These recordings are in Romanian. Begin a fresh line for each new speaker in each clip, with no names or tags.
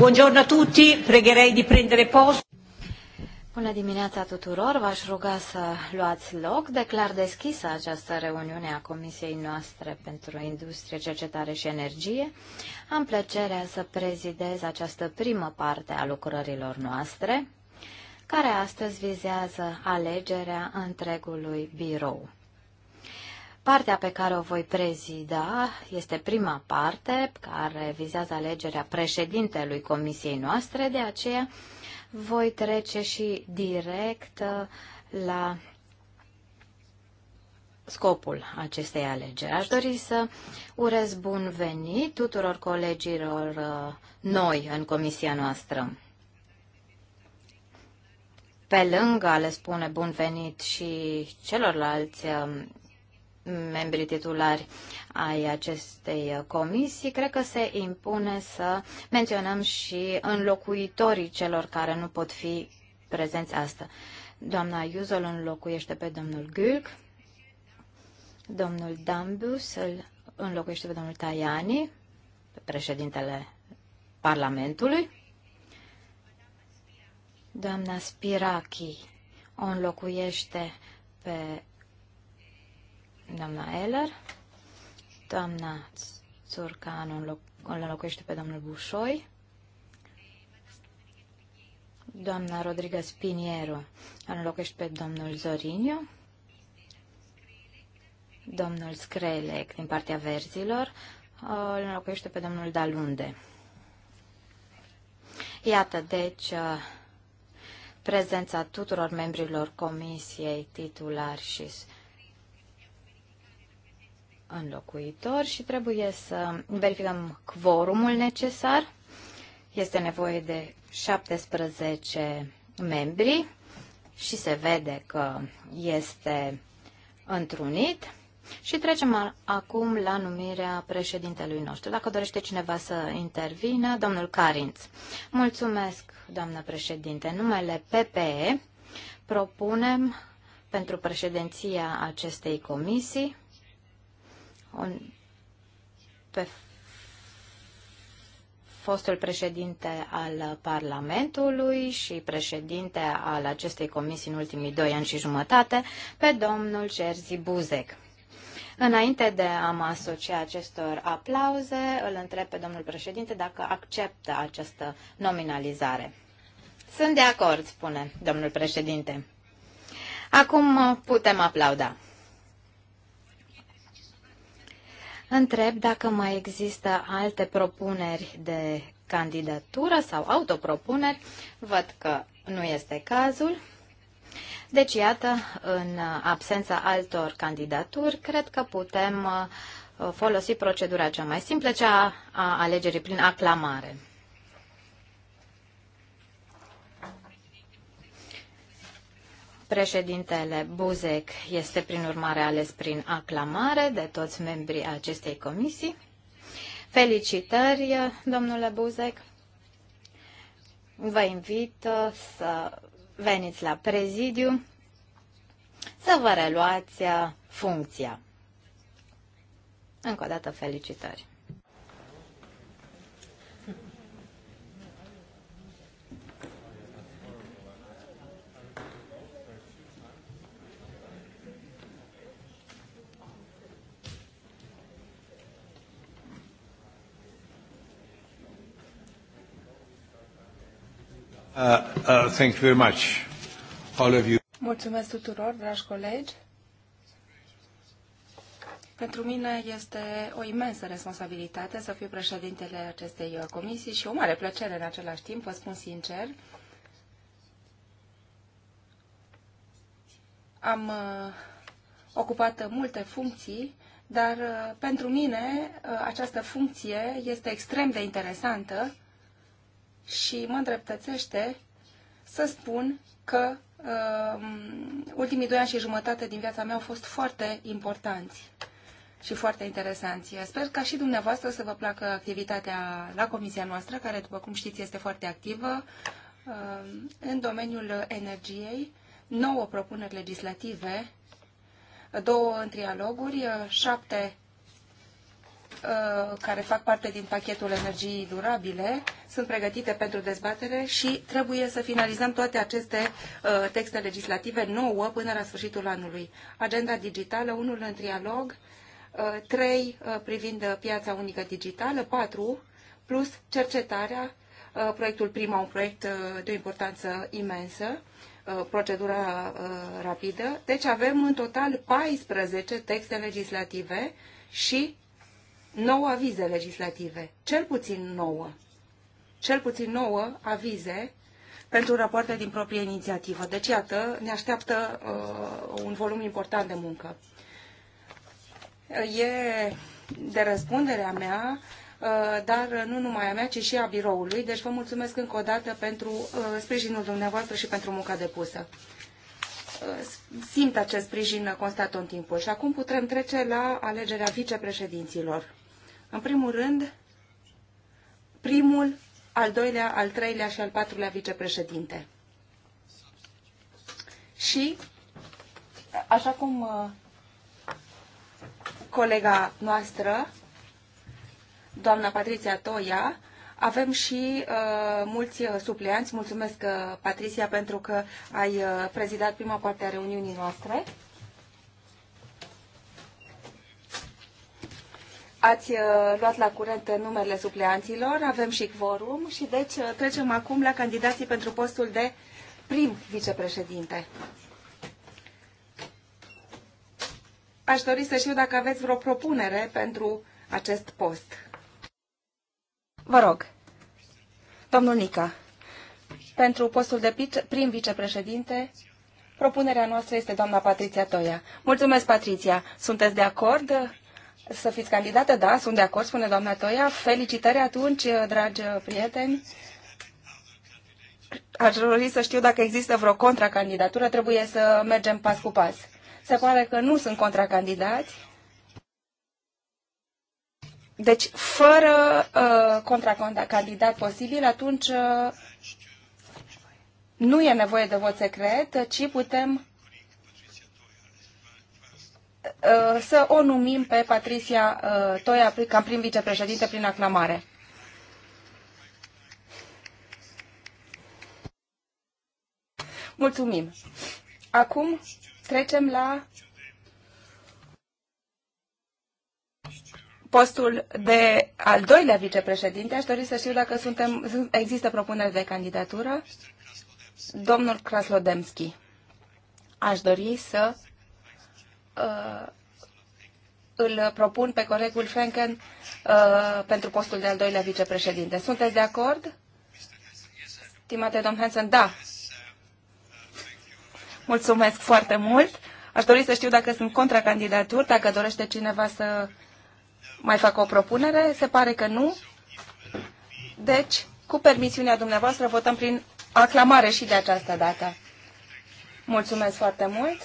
Buongiorno a tutti, pregherei di prendere posto.
Bună dimineața tuturor, v-aș ruga să luați loc. Declar deschisă această reuniune a Comisiei noastre pentru Industrie, Cercetare și Energie. Am plăcerea să prezidez această primă parte a lucrărilor noastre, care astăzi vizează alegerea întregului birou. Partea pe care o voi prezida este prima parte care vizează alegerea președintelui comisiei noastre, de aceea voi trece și direct uh, la scopul acestei alegeri. Aș dori să urez bun venit tuturor colegilor uh, noi în comisia noastră. Pe lângă le spune bun venit și celorlalți um, membrii titulari ai acestei comisii, cred că se impune să menționăm și înlocuitorii celor care nu pot fi prezenți astăzi. Doamna Iuzol înlocuiește pe domnul Gülk, domnul Dambus îl înlocuiește pe domnul Tajani, președintele Parlamentului, doamna Spiraki o înlocuiește pe doamna Eller. Doamna Țurcanu înloc îl înlocuiește pe domnul Bușoi. Doamna Rodriguez Piniero îl înlocuiește pe domnul Zorinio. Domnul Screlec din partea verzilor îl înlocuiește pe domnul Dalunde. Iată, deci, uh, prezența tuturor membrilor comisiei titulari și înlocuitor și trebuie să verificăm quorumul necesar. Este nevoie de 17 membri și se vede că este întrunit. Și trecem acum la numirea președintelui nostru. Dacă dorește cineva să intervină, domnul Carinț. Mulțumesc, doamnă președinte. Numele PPE propunem pentru președinția acestei comisii pe fostul președinte al Parlamentului și președinte al acestei comisii în ultimii doi ani și jumătate, pe domnul Jerzy Buzek. Înainte de a mă asocia acestor aplauze, îl întreb pe domnul președinte dacă acceptă această nominalizare. Sunt de acord, spune domnul președinte. Acum putem aplauda. întreb dacă mai există alte propuneri de candidatură sau autopropuneri. Văd că nu este cazul. Deci, iată, în absența altor candidaturi, cred că putem uh, folosi procedura cea mai simplă, cea a alegerii prin aclamare. Președintele Buzek este prin urmare ales prin aclamare de toți membrii acestei comisii. Felicitări, domnule Buzek! Vă invit uh, să veniți la prezidiu să vă reluați uh, funcția. Încă o dată felicitări!
Uh, uh, thank you very much, all of you.
Mulțumesc tuturor, dragi colegi. Pentru mine este o imensă responsabilitate să fiu președintele acestei comisii și o mare plăcere în același timp, vă spun sincer. Am uh, ocupat multe funcții, dar pentru mine această funcție este extrem de interesantă și mă îndreptățește să spun că uh, ultimii doi ani și jumătate din viața mea au fost foarte importanți și foarte interesanți. Sper ca și dumneavoastră să vă placă activitatea la comisia noastră, care, după cum știți, este foarte activă uh, în domeniul energiei. Nouă propuneri legislative, două în trialoguri, șapte Uh, care fac parte din pachetul energiei durabile sunt pregătite pentru dezbatere și trebuie să finalizăm toate aceste uh, texte legislative nouă până la sfârșitul anului. Agenda digitală, unul în trialog, uh, trei privind piața unică digitală, patru plus cercetarea, proiectul Prima, un proiect de o importanță imensă, procedura rapidă. Deci avem în total 14 texte legislative și nouă avize legislative, cel puțin nouă, cel puțin nouă avize pentru rapoarte din proprie inițiativă. Deci, iată, ne așteaptă uh, un volum important de muncă. E de răspunderea mea, uh, dar nu numai a mea, ci și a biroului. Deci vă mulțumesc încă o dată pentru uh, sprijinul dumneavoastră și pentru munca depusă. Uh, simt acest sprijin constat în timpul și acum putem trece la alegerea vicepreședinților. În primul rând, primul, al doilea, al treilea și al patrulea vicepreședinte. Și, așa cum uh, colega noastră, doamna Patricia Toia, avem și uh, mulți uh, supleanți. Mulțumesc, uh, Patricia, pentru că ai prezidat prima parte a reuniunii noastre. ați uh, luat la curent numele supleanților, avem și quorum și deci uh, trecem acum la candidații pentru postul de prim vicepreședinte. Aș dori să știu dacă aveți vreo propunere pentru acest post. Vă rog, domnul Nica, pentru postul de prim vicepreședinte, propunerea noastră este doamna Patriția Toia. Mulțumesc, Patriția. Sunteți de acord? să fiți candidată? Da, sunt de acord, spune doamna Toia. Felicitări atunci, dragi prieteni. Aș dori să știu dacă există vreo contracandidatură. Trebuie să mergem pas cu pas. Se pare că nu sunt contracandidați. Deci, fără uh, contracandidat posibil, atunci uh, nu e nevoie de vot secret, ci putem Uh, să o numim pe Patricia uh, Toia ca prim vicepreședinte prin aclamare. Mulțumim. Acum trecem la postul de al doilea vicepreședinte. Aș dori să știu dacă suntem, există propuneri de candidatură. Domnul Kraslodemski. Aș dori să uh, îl propun pe colegul Franken uh, pentru postul de al doilea vicepreședinte. Sunteți de acord? Stimate domn Hansen, da. Mulțumesc foarte mult. Aș dori să știu dacă sunt contracandidaturi, dacă dorește cineva să mai facă o propunere. Se pare că nu. Deci, cu permisiunea dumneavoastră, votăm prin aclamare și de această dată. Mulțumesc foarte mult.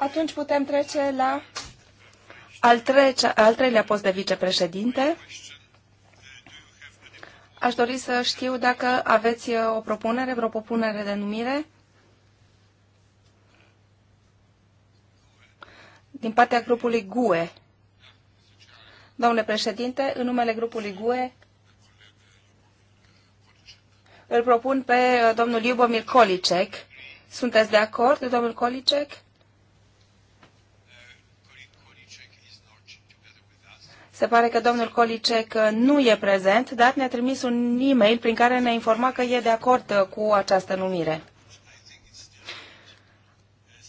Atunci putem trece la al, trece, al treilea post de vicepreședinte. Aș dori să știu dacă aveți uh, o propunere, vreo propunere de numire. Din partea grupului GUE. Domnule președinte, în numele grupului GUE îl propun pe uh, domnul Iubomir Kolicek. Sunteți de acord, domnul Kolicek? Se pare că domnul Colicec uh, nu e prezent, dar ne-a trimis un e-mail prin care ne informa că e de acord uh, cu această numire.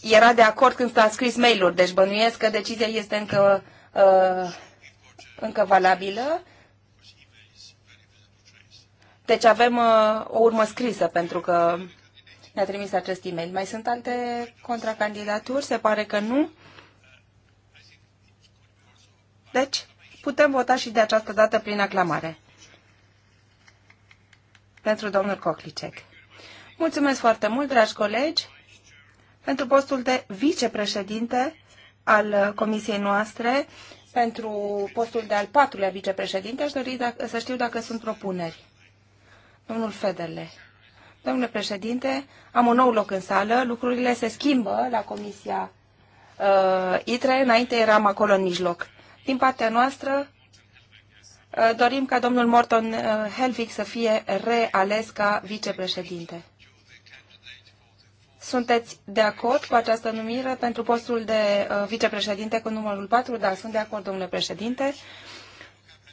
Era de acord când s-a scris mail-ul, deci bănuiesc că decizia este încă, uh, încă valabilă. Deci avem uh, o urmă scrisă pentru că ne-a trimis acest e-mail. Mai sunt alte contracandidaturi? Se pare că nu. Deci, Putem vota și de această dată prin aclamare. Pentru domnul Cochlicek. Mulțumesc foarte mult, dragi colegi, pentru postul de vicepreședinte al comisiei noastre, pentru postul de al patrulea vicepreședinte. Aș dori să știu dacă sunt propuneri. Domnul Federle. Domnule președinte, am un nou loc în sală, lucrurile se schimbă la comisia uh, ITRE, înainte eram acolo în mijloc. Din partea noastră, uh, dorim ca domnul Morton uh, Helvig să fie reales ca vicepreședinte. Sunteți de acord cu această numire pentru postul de uh, vicepreședinte cu numărul 4? Da, sunt de acord, domnule președinte.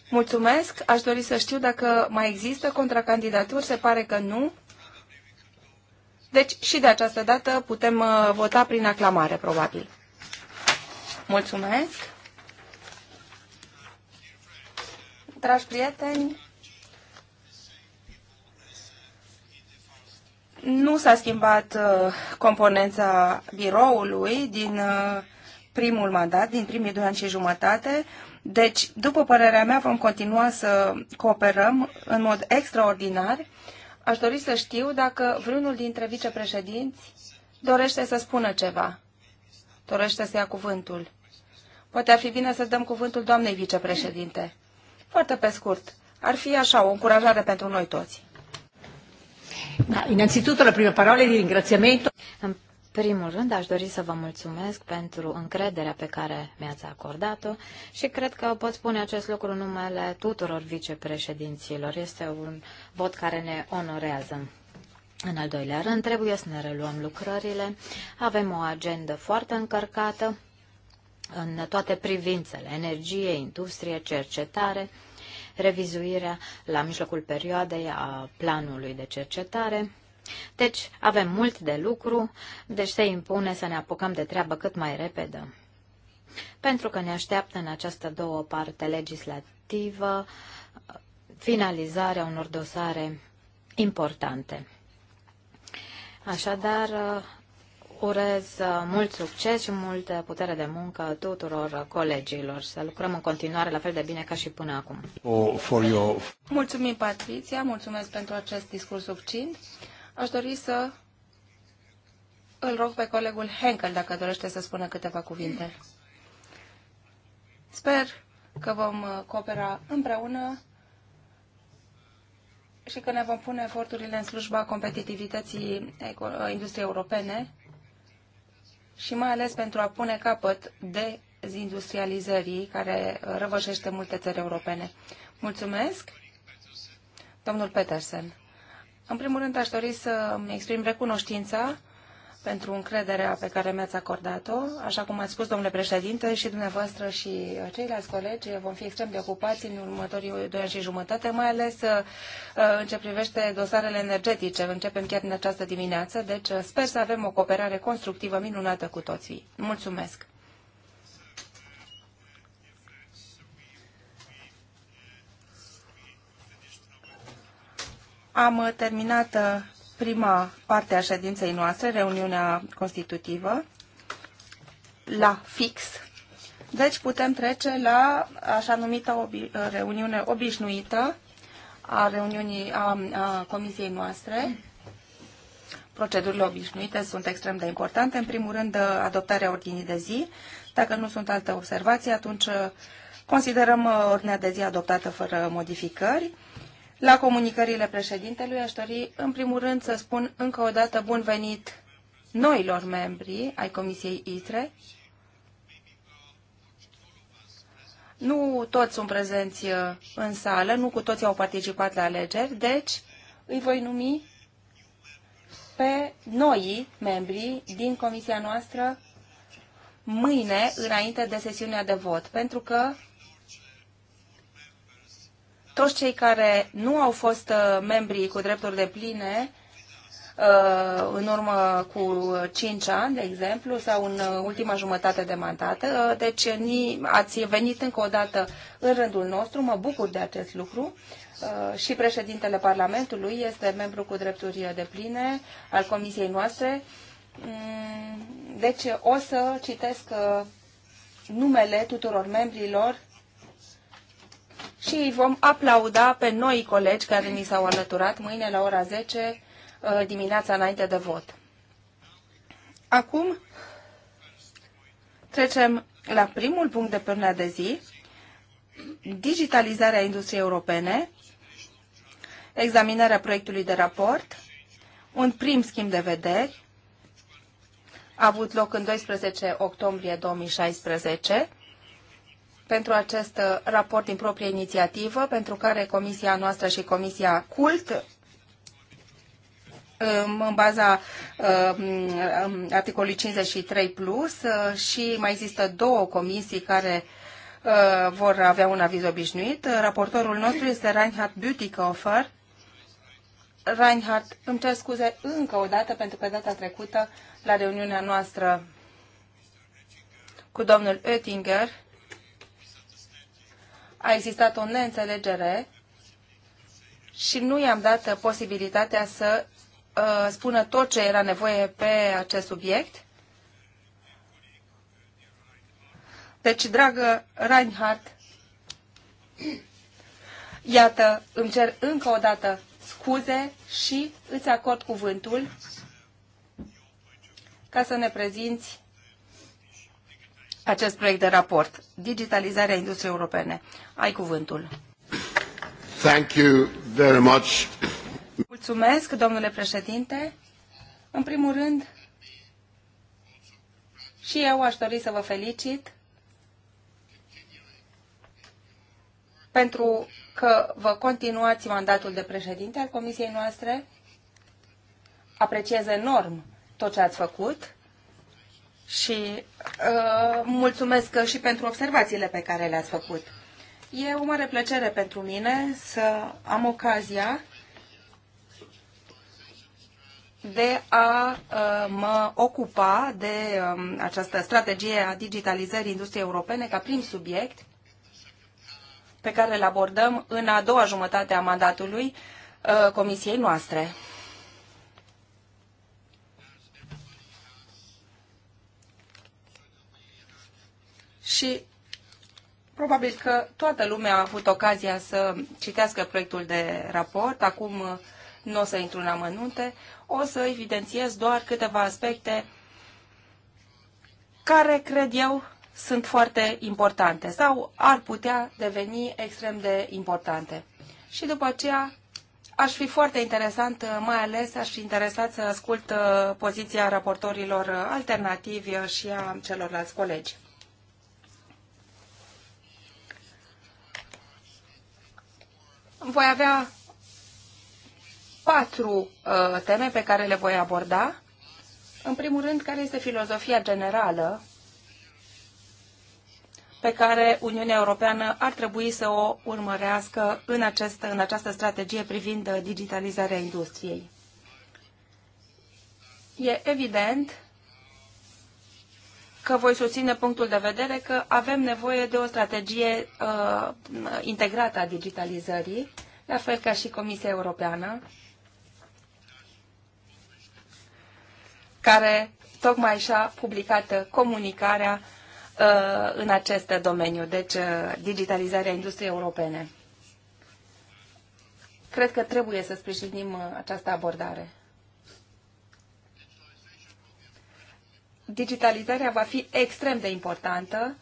Mulțumesc. Aș dori să știu dacă mai există contracandidaturi. Se pare că nu. Deci și de această dată putem vota prin aclamare, probabil. Mulțumesc. dragi prieteni, nu s-a schimbat uh, componența biroului din uh, primul mandat, din primii doi ani și jumătate. Deci, după părerea mea, vom continua să cooperăm în mod extraordinar. Aș dori să știu dacă vreunul dintre vicepreședinți dorește să spună ceva. Dorește să ia cuvântul. Poate ar fi bine să dăm cuvântul doamnei vicepreședinte. Foarte pe scurt. Ar fi așa o încurajare pentru noi toți.
Da, innanzitutto la prima parola di ringraziamento. În primul rând, aș dori să vă mulțumesc pentru încrederea pe care mi-ați acordat-o și cred că pot spune acest lucru în numele tuturor vicepreședinților. Este un vot care ne onorează. În al doilea rând, trebuie să ne reluăm lucrările. Avem o agendă foarte încărcată în toate privințele, energie, industrie, cercetare, revizuirea la mijlocul perioadei a planului de cercetare. Deci avem mult de lucru, deci se impune să ne apucăm de treabă cât mai repede. Pentru că ne așteaptă în această două parte legislativă finalizarea unor dosare importante. Așadar, urez uh, mult succes și multă putere de muncă tuturor colegilor. Să lucrăm în continuare la fel de bine ca și până acum.
Oh, for your...
Mulțumim, Patriția,
mulțumesc pentru acest discurs succint. Aș dori să îl rog pe colegul Henkel dacă dorește să spună câteva cuvinte. Sper că vom uh, coopera împreună și că ne vom pune eforturile în slujba competitivității industriei europene și mai ales pentru a pune capăt de dezindustrializării care uh, răvășește multe țări europene. Mulțumesc, domnul Petersen. În primul rând, aș dori să exprim recunoștința pentru încrederea pe care mi-ați acordat-o. Așa cum ați spus, domnule președinte, și dumneavoastră și uh, ceilalți colegi vom fi extrem de ocupați în următorii doi ani și jumătate, mai ales uh, uh, în ce privește dosarele energetice. Începem chiar în această dimineață, deci sper să avem o cooperare constructivă minunată cu toții. Mulțumesc! Am terminat prima parte a ședinței noastre, reuniunea constitutivă, la fix. Deci putem trece la așa numită obi reuniune obișnuită a reuniunii a, a comisiei noastre. Procedurile obișnuite sunt extrem de importante. În primul rând, adoptarea ordinii de zi. Dacă nu sunt alte observații, atunci considerăm uh, ordinea de zi adoptată fără modificări. La comunicările președintelui aș dori în primul rând să spun încă o dată bun venit noilor membri ai Comisiei ITRE. Nu toți sunt prezenți uh, în sală, nu cu toți au participat la alegeri, deci îi voi numi pe noi membri din comisia noastră mâine, înainte de sesiunea de vot, pentru că toți cei care nu au fost uh, membri cu drepturi de pline uh, în urmă cu 5 ani, de exemplu, sau în uh, ultima jumătate de mandat. Deci ați venit încă o dată în rândul nostru, mă bucur de acest lucru. Și președintele Parlamentului este membru cu drepturi de pline al comisiei noastre. Mm, deci o să citesc numele tuturor membrilor și îi vom aplauda pe noi colegi care ni s-au alăturat mâine la ora 10 uh, dimineața înainte de vot. Acum trecem la primul punct de până de zi, digitalizarea industriei europene, examinarea proiectului de raport, un prim schimb de vederi, a avut loc în 12 octombrie 2016 pentru acest uh, raport din proprie inițiativă, pentru care Comisia noastră și Comisia CULT uh, în baza uh, um, articolului 53 plus și mai există două comisii care vor avea un aviz obișnuit. Raportorul nostru este Reinhard Bütikofer. Reinhard, îmi cer scuze încă o dată pentru că data trecută la reuniunea noastră cu domnul Oettinger a existat o neînțelegere și nu i-am dat posibilitatea să uh, spună tot ce era nevoie pe acest subiect. Deci, dragă Reinhardt, iată, îmi cer încă o dată scuze și îți acord cuvântul ca să ne prezinți acest proiect de raport. Digitalizarea industriei europene. Ai cuvântul.
Thank you very much.
Mulțumesc, domnule președinte. În primul rând, și eu aș dori să vă felicit pentru că vă continuați mandatul de președinte al comisiei noastre. Apreciez enorm tot ce ați făcut și uh, mulțumesc și pentru observațiile pe care le-ați făcut. E o mare plăcere pentru mine să am ocazia de a uh, mă ocupa de um, această strategie a digitalizării industriei europene ca prim subiect pe care îl abordăm în a doua jumătate a mandatului uh, comisiei noastre. și probabil că toată lumea a avut ocazia să citească proiectul de raport. Acum uh, nu o să intru în amănunte, o să evidențiez doar câteva aspecte care, cred eu, sunt foarte importante sau ar putea deveni extrem de importante. Și după aceea aș fi foarte interesant, uh, mai ales aș fi interesat să ascult uh, poziția raportorilor alternativi și a
celorlalți colegi.
voi avea patru uh, teme pe care le voi aborda. În primul rând, care este filozofia generală pe care Uniunea Europeană ar trebui să o urmărească în, acest, în această strategie privind uh, digitalizarea industriei. E evident că voi susține punctul de vedere că avem nevoie de o strategie uh, integrată a digitalizării, la fel ca și Comisia Europeană, care tocmai și-a publicat comunicarea uh, în acest domeniu, deci uh, digitalizarea industriei europene. Cred că trebuie să sprijinim uh, această abordare. digitalizarea va fi extrem de importantă,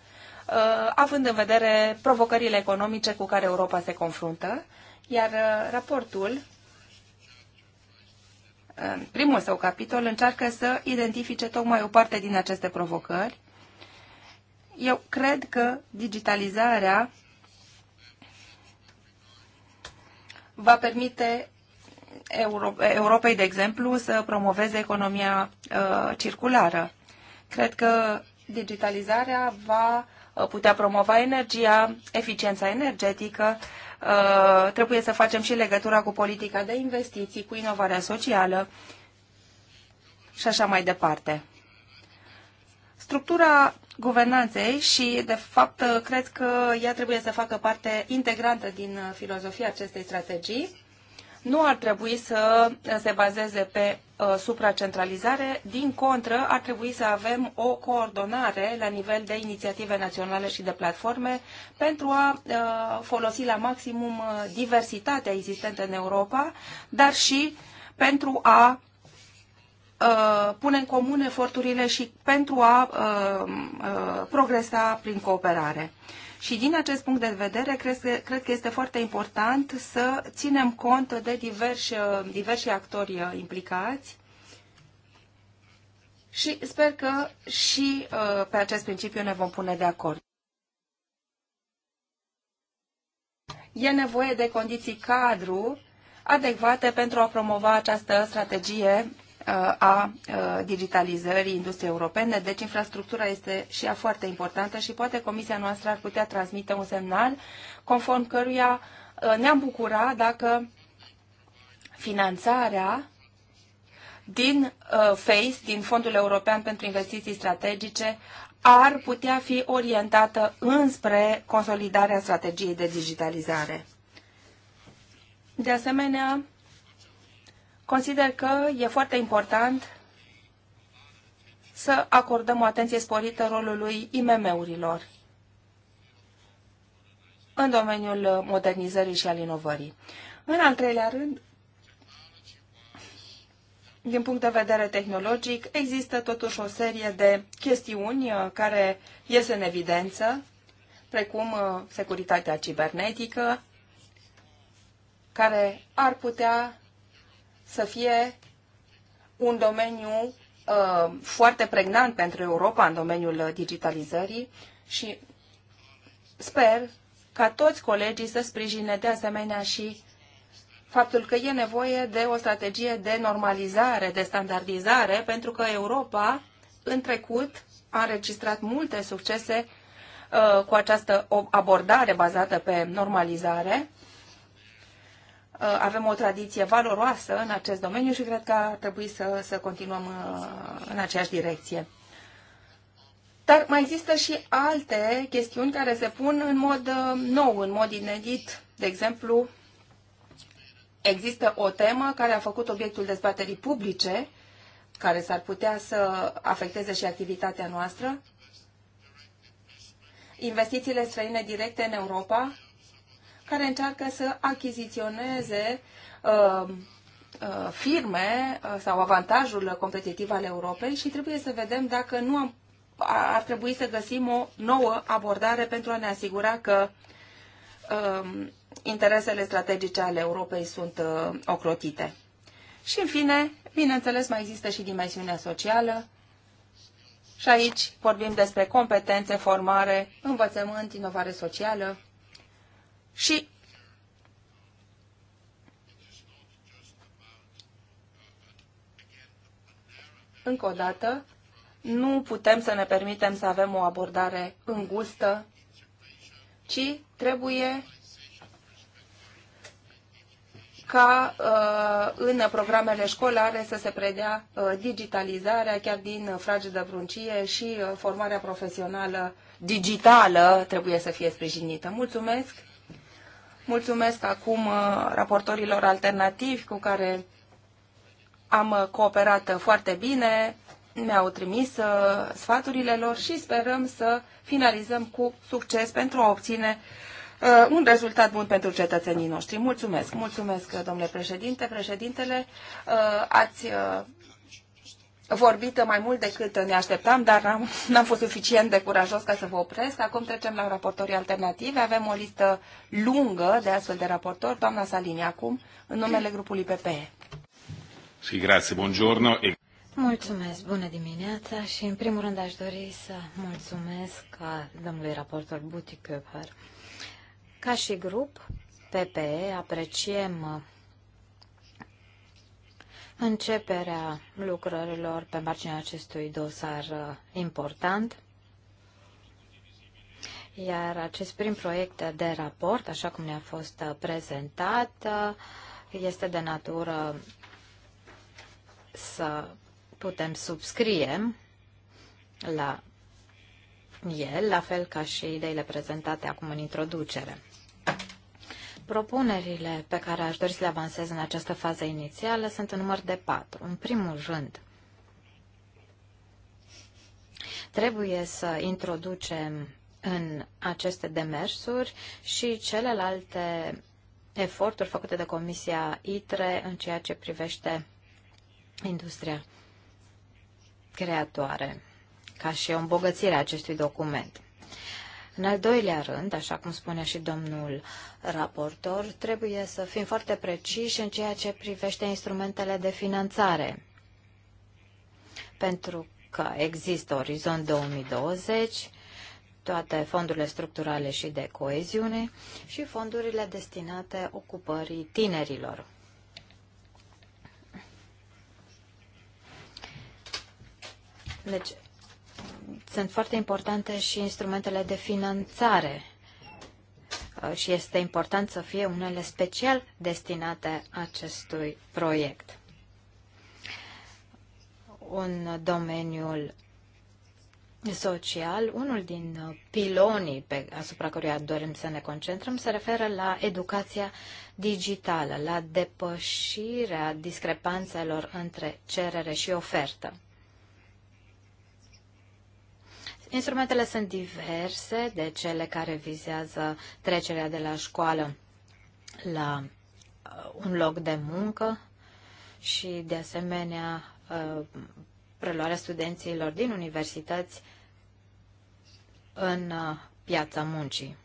uh, având în vedere provocările economice cu care Europa se confruntă, iar uh, raportul, în uh, primul său capitol, încearcă să identifice tocmai o parte din aceste provocări. Eu cred că digitalizarea va permite Europei, de exemplu, să promoveze economia uh, circulară. Cred că digitalizarea va uh, putea promova energia, eficiența energetică, uh, trebuie să facem și legătura cu politica de investiții, cu inovarea socială și așa mai departe. Structura guvernanței și, de fapt, uh, cred că ea trebuie să facă parte integrantă din filozofia acestei strategii. Nu ar trebui să se bazeze pe Uh, supracentralizare. Din contră, ar trebui să avem o coordonare la nivel de inițiative naționale și de platforme pentru a uh, folosi la maximum uh, diversitatea existentă în Europa, dar și pentru a Uh, pune în comun eforturile și pentru a uh, uh, progresa prin cooperare. Și din acest punct de vedere, cred că, cred că este foarte important să ținem cont de diversi, diversi actori implicați și sper că și pe acest principiu ne vom pune de acord. E nevoie de condiții cadru adecvate pentru a promova această strategie a digitalizării industriei europene, deci infrastructura este și ea foarte importantă și poate comisia noastră ar putea transmite un semnal conform căruia uh, ne-am bucura dacă finanțarea din uh, FACE, din Fondul European pentru Investiții Strategice, ar putea fi orientată înspre consolidarea strategiei de digitalizare. De asemenea, Consider că e foarte important să acordăm o atenție sporită rolului IMM-urilor în domeniul modernizării și al inovării. În al treilea rând, din punct de vedere tehnologic, există totuși o serie de chestiuni uh, care ies în evidență, precum uh, securitatea cibernetică, care ar putea să fie un domeniu uh, foarte pregnant pentru Europa în domeniul digitalizării și sper ca toți colegii să sprijine de asemenea și faptul că e nevoie de o strategie de normalizare, de standardizare, pentru că Europa în trecut a înregistrat multe succese uh, cu această abordare bazată pe normalizare Uh, avem o tradiție valoroasă în acest domeniu și cred că ar trebui să, să continuăm uh, în aceeași direcție. Dar mai există și alte chestiuni care se pun în mod uh, nou, în mod inedit. De exemplu, există o temă care a făcut obiectul dezbaterii publice, care s-ar putea să afecteze și activitatea noastră. Investițiile străine directe în Europa care încearcă să achiziționeze uh, uh, firme uh, sau avantajul competitiv al Europei și trebuie să vedem dacă nu am, ar trebui să găsim o nouă abordare pentru a ne asigura că um, interesele strategice ale Europei sunt uh, ocrotite. Și în fine, bineînțeles, mai există și dimensiunea socială, și aici vorbim despre competențe, formare, învățământ, inovare socială și încă o dată, nu putem să ne permitem să avem o abordare îngustă, ci trebuie ca uh, în programele școlare să se predea uh, digitalizarea chiar din frage de pruncie și uh, formarea profesională digitală trebuie să fie sprijinită. Mulțumesc! Mulțumesc acum uh, raportorilor alternativi cu care am uh, cooperat uh, foarte bine, mi-au trimis sfaturile lor și sperăm să finalizăm cu succes pentru a obține un rezultat bun pentru cetățenii noștri. Mulțumesc, mulțumesc, domnule președinte. Președintele, ați vorbit mai mult decât ne așteptam, dar n-am fost suficient de curajos ca să vă opresc. Acum trecem la raportorii alternative. Avem o listă lungă de astfel de raportori. Doamna Salini, acum, în numele grupului PPE.
Și grație, buongiorno.
Mulțumesc, bună dimineața și în primul rând aș dori să mulțumesc domnului raportor Buti Köper. Ca și grup, PPE apreciem începerea lucrărilor pe marginea acestui dosar uh, important. Iar acest prim proiect de raport, așa cum ne-a fost uh, prezentat, uh, este de natură să putem subscrie la el, la fel ca și ideile prezentate acum în introducere. Propunerile pe care aș dori să le avansez în această fază inițială sunt în număr de patru. În primul rând, trebuie să introducem în aceste demersuri și celelalte eforturi făcute de Comisia ITRE în ceea ce privește industria creatoare, ca și o îmbogățire a acestui document. În al doilea rând, așa cum spunea și domnul raportor, trebuie să fim foarte preciși în ceea ce privește instrumentele de finanțare. Pentru că există Orizont 2020, toate fondurile structurale și de coeziune și fondurile destinate ocupării tinerilor. Deci, sunt foarte importante și instrumentele de finanțare uh, și este important să fie unele special destinate acestui proiect. Un domeniul social, unul din pilonii pe, asupra căruia dorim să ne concentrăm se referă la educația digitală, la depășirea discrepanțelor între cerere și ofertă. Instrumentele sunt diverse de cele care vizează trecerea de la școală la uh, un loc de muncă și, de asemenea, uh, preluarea studenților din universități în uh, piața muncii.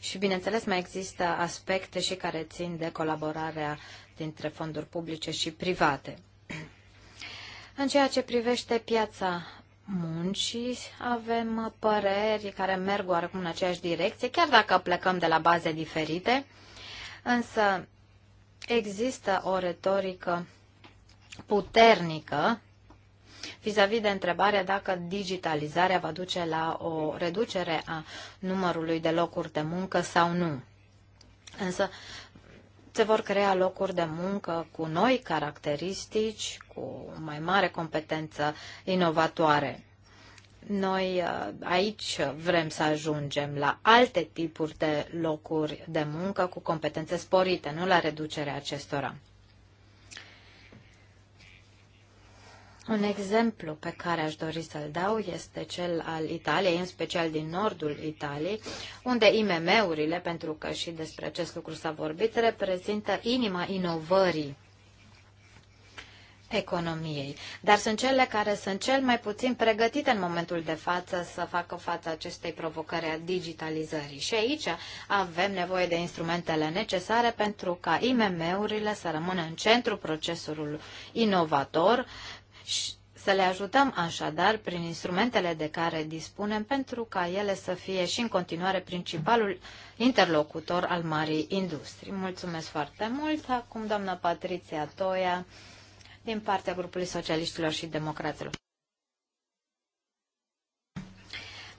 Și, bineînțeles, mai există aspecte și care țin de colaborarea dintre fonduri publice și private. În ceea ce privește piața muncii avem păreri care merg oarecum în aceeași direcție, chiar dacă plecăm de la baze diferite, însă există o retorică puternică vis-a-vis -vis de întrebarea dacă digitalizarea va duce la o reducere a numărului de locuri de muncă sau nu. Însă se vor crea locuri de muncă cu noi caracteristici, cu mai mare competență inovatoare. Noi uh, aici vrem să ajungem la alte tipuri de locuri de muncă cu competențe sporite, nu la reducerea acestora. Un exemplu pe care aș dori să-l dau este cel al Italiei, în special din nordul Italiei, unde IMM-urile, pentru că și despre acest lucru s-a vorbit, reprezintă inima inovării economiei, dar sunt cele care sunt cel mai puțin pregătite în momentul de față să facă față acestei provocări a digitalizării. Și aici avem nevoie de instrumentele necesare pentru ca IMM-urile să rămână în centrul procesului inovator și să le ajutăm așadar prin instrumentele de care dispunem pentru ca ele să fie și în continuare principalul interlocutor al marii industrii. Mulțumesc foarte mult. Acum doamna Patriția Toia din partea grupului socialiștilor și democraților.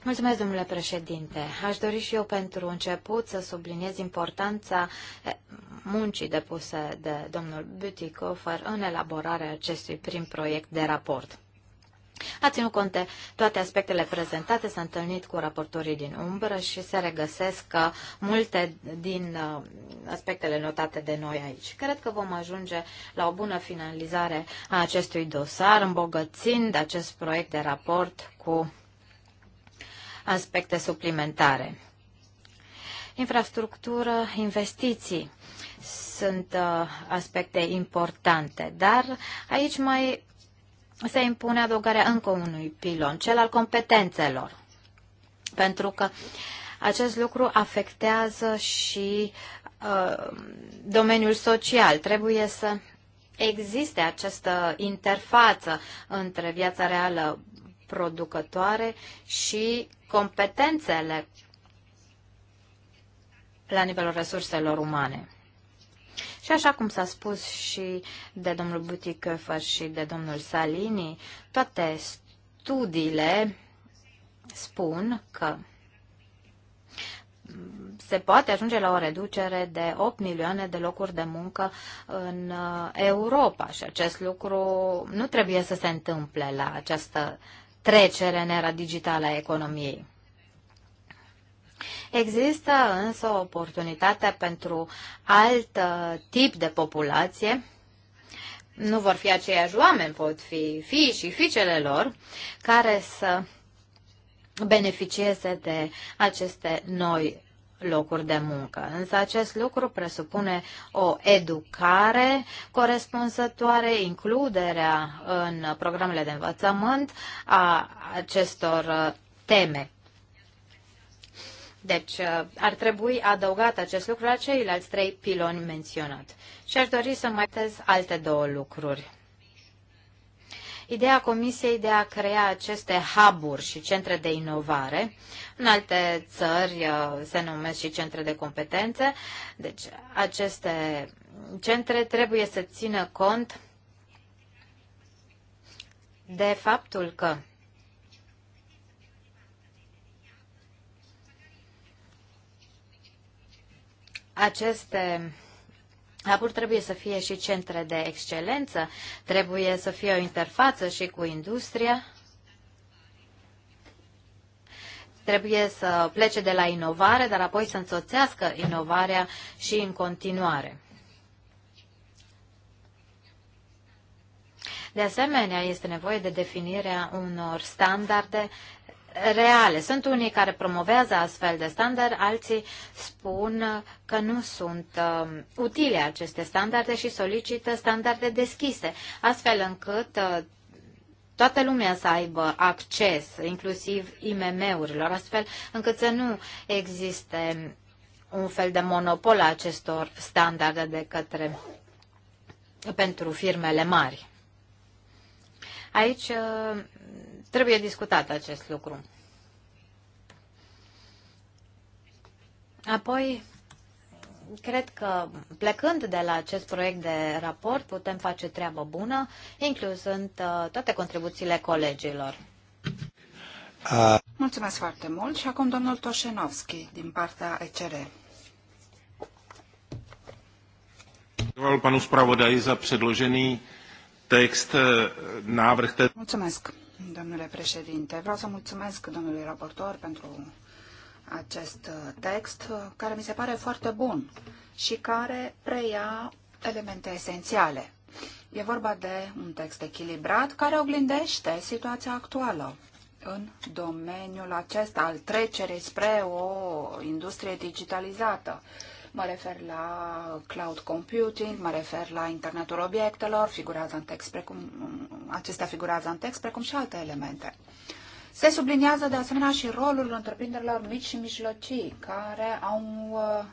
Mulțumesc, domnule președinte. Aș dori și eu pentru început să subliniez importanța eh, muncii depuse de domnul Butikofer în elaborarea acestui prim proiect de raport. A ținut cont de toate aspectele prezentate, s-a întâlnit cu raportorii din umbră și se regăsesc uh, multe din uh, aspectele notate de noi aici. Cred că vom ajunge la o bună finalizare a acestui dosar, îmbogățind acest proiect de raport cu aspecte suplimentare. Infrastructură, investiții sunt uh, aspecte importante, dar aici mai se impune adăugarea încă unui pilon, cel al competențelor. Pentru că acest lucru afectează și uh, domeniul social. Trebuie să existe această interfață între viața reală producătoare și competențele la nivelul resurselor umane. Și așa cum s-a spus și de domnul Butiköfer și de domnul Salini, toate studiile spun că se poate ajunge la o reducere de 8 milioane de locuri de muncă în uh, Europa și acest lucru nu trebuie să se întâmple la această trecere în era digitală a economiei. Există însă o oportunitate pentru alt uh, tip de populație. Nu vor fi aceiași oameni, pot fi fii și fiicele lor, care să beneficieze de aceste noi locuri de muncă. Însă acest lucru presupune o educare corespunzătoare, includerea în programele de învățământ a acestor uh, teme. Deci uh, ar trebui adăugat acest lucru la ceilalți trei piloni menționat. Și aș dori să mai tez alte două lucruri. Ideea Comisiei de a crea aceste hub-uri și centre de inovare, în alte țări uh, se numesc și centre de competențe, deci aceste centre trebuie să țină cont de faptul că aceste Apoi trebuie să fie și centre de excelență, trebuie să fie o interfață și cu industria, trebuie să plece de la inovare, dar apoi să însoțească inovarea și în continuare. De asemenea, este nevoie de definirea unor standarde reale. Sunt unii care promovează astfel de standard, alții spun că nu sunt uh, utile aceste standarde și solicită standarde deschise, astfel încât uh, toată lumea să aibă acces, inclusiv IMM-urilor, astfel încât să nu existe un fel de monopol a acestor standarde de către pentru firmele mari. Aici uh, Trebuie discutat acest lucru. Apoi, cred că plecând de la acest proiect de raport putem face treabă bună, incluzând uh, toate contribuțiile colegilor. Uh. Mulțumesc foarte mult și acum domnul Toșenovski din partea ECR.
Panu zpravodaji za předložený text, eh, návrh Mulțumesc
domnule președinte. Vreau să mulțumesc domnului raportor pentru acest uh, text, uh, care mi se pare foarte bun și care preia elemente esențiale. E vorba de un text echilibrat care oglindește situația actuală în domeniul acesta al trecerii spre o industrie digitalizată Mă refer la cloud computing, mă refer la internetul obiectelor, figurează în text precum, acestea figurează în text, precum și alte elemente. Se subliniază de asemenea și rolul întreprinderilor mici și mijlocii, care au un, uh,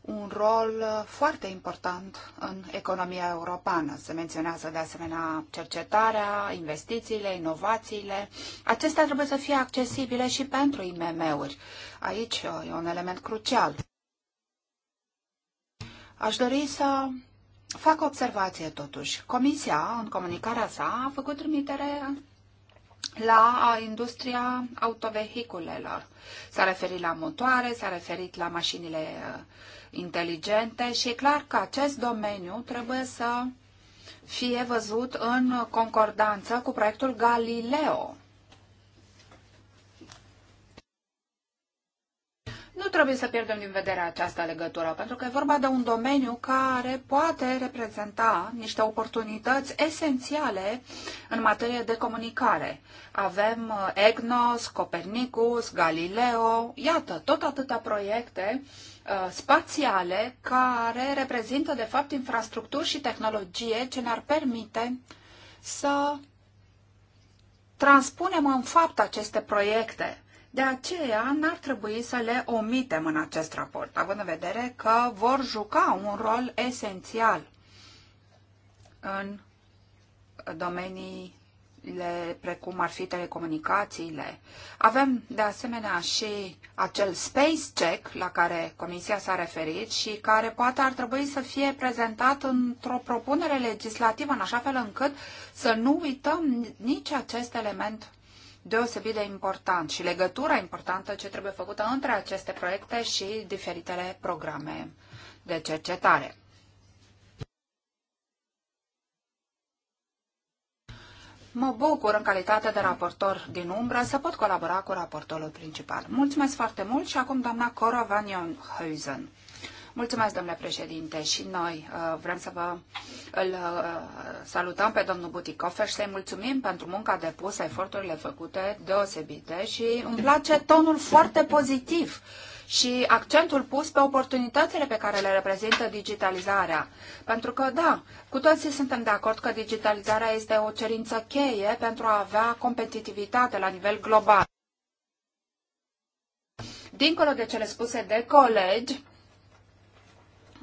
un rol uh, foarte important în economia europeană. Se menționează de asemenea cercetarea, investițiile, inovațiile. Acestea trebuie să fie accesibile și pentru IMM-uri. Aici uh, e un element crucial. Aș dori să fac observație totuși. Comisia, în comunicarea sa, a făcut trimitere la industria autovehiculelor. S-a referit la motoare, s-a referit la mașinile uh, inteligente și e clar că acest domeniu trebuie să fie văzut în concordanță cu proiectul Galileo, trebuie să pierdem din vedere această legătură, pentru că e vorba de un domeniu care poate reprezenta niște oportunități esențiale în materie de comunicare. Avem uh, EGNOS, Copernicus, Galileo, iată, tot atâtea proiecte uh, spațiale care reprezintă, de fapt, infrastructuri și tehnologie ce ne-ar permite să transpunem în fapt aceste proiecte de aceea n-ar trebui să le omitem în acest raport, având în vedere că vor juca un rol esențial în domeniile precum ar fi telecomunicațiile. Avem de asemenea și acel space check la care Comisia s-a referit și care poate ar trebui să fie prezentat într-o propunere legislativă în așa fel încât să nu uităm nici acest element deosebit de important și legătura importantă ce trebuie făcută între aceste proiecte și diferitele programe de cercetare. Mă bucur în calitate de raportor din umbră să pot colabora cu raportorul principal. Mulțumesc foarte mult și acum doamna Cora Van Heusen. Mulțumesc, domnule președinte, și noi uh, vrem să vă îl uh, salutăm pe domnul Buticofer și să-i mulțumim pentru munca depusă, eforturile făcute deosebite și îmi place tonul foarte pozitiv și accentul pus pe oportunitățile pe care le reprezintă digitalizarea. Pentru că, da, cu toții suntem de acord că digitalizarea este o cerință cheie pentru a avea competitivitate la nivel global. Dincolo de cele spuse de colegi,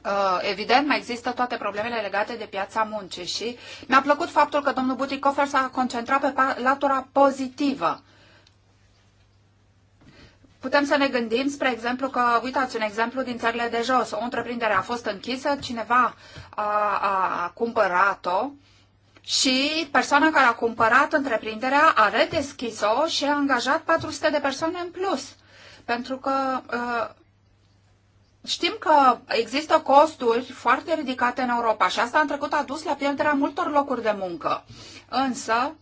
Uh, evident, mai există toate problemele legate de piața muncii și mi-a plăcut faptul că domnul Butikofer s-a concentrat pe latura pozitivă. Putem să ne gândim, spre exemplu, că, uitați, un exemplu din țările de jos. O întreprindere a fost închisă, cineva a, a cumpărat-o și persoana care a cumpărat întreprinderea a redeschis-o și a angajat 400 de persoane în plus. Pentru că uh, Știm că există costuri foarte ridicate în Europa și asta în trecut a dus la pierderea multor locuri de muncă. Însă,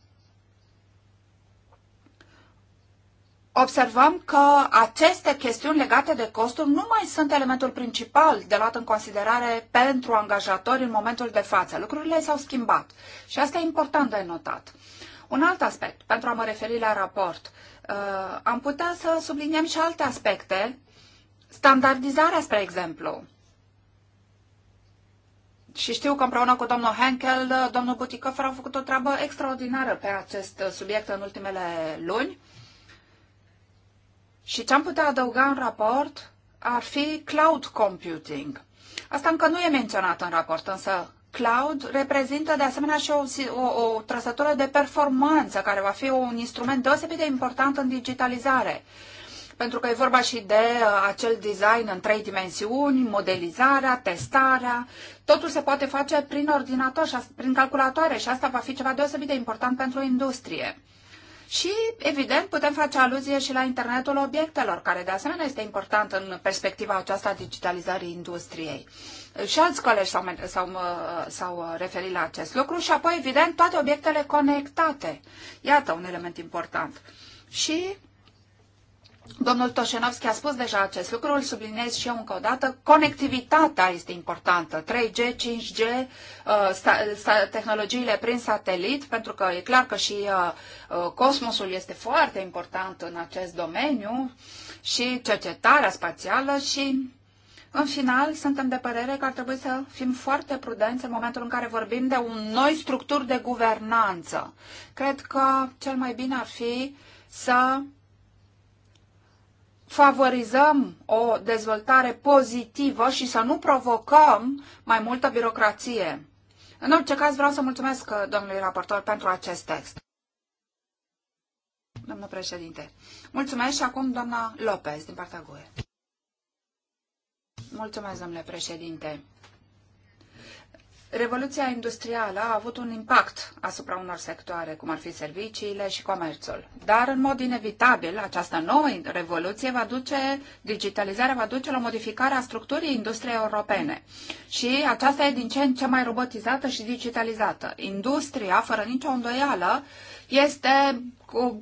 observăm că aceste chestiuni legate de costuri nu mai sunt elementul principal de luat în considerare pentru angajatori în momentul de față. Lucrurile s-au schimbat și asta e important de notat. Un alt aspect, pentru a mă referi la raport, uh, am putea să subliniem și alte aspecte Standardizarea, spre exemplu. Și știu că împreună cu domnul Henkel, domnul Buticăfer au făcut o treabă extraordinară pe acest subiect în ultimele luni. Și ce am putea adăuga în raport ar fi cloud computing. Asta încă nu e menționat în raport, însă cloud reprezintă de asemenea și o, o, o trăsătură de performanță, care va fi un instrument deosebit de important în digitalizare. Uh, pentru că e vorba și de uh, acel design în trei dimensiuni, modelizarea, testarea. Totul se poate face prin ordinator și prin calculatoare și asta va fi ceva deosebit de important pentru industrie. Și, evident, putem face aluzie și la internetul obiectelor, care de asemenea este important în perspectiva aceasta a digitalizării industriei. Și alți colegi s-au, s-au, uh, s-au uh, referit la acest lucru și apoi, evident, toate obiectele conectate. Iată un element important. Și Domnul Toșenovski a spus deja acest lucru, îl subliniez și eu încă o dată. Conectivitatea este importantă. 3G, 5G, uh, tehnologiile prin satelit, pentru că e clar că și uh, uh, cosmosul este foarte important în acest domeniu și cercetarea spațială și în final, suntem de părere că ar trebui să fim foarte prudenți în momentul în care vorbim de un noi structuri de guvernanță. Cred că cel mai bine ar fi să favorizăm o dezvoltare pozitivă și să nu provocăm mai multă birocrație. În orice caz, vreau să mulțumesc uh, domnului raportor pentru acest text. Domnul președinte, mulțumesc și acum doamna Lopez din partea GUE. Mulțumesc, domnule președinte. Revoluția industrială a avut un impact asupra unor sectoare, cum ar fi serviciile și comerțul. Dar, în mod inevitabil, această nouă revoluție va duce, digitalizarea va duce la modificarea structurii industriei europene. Și aceasta e din ce în ce mai robotizată și digitalizată. Industria, fără nicio îndoială, este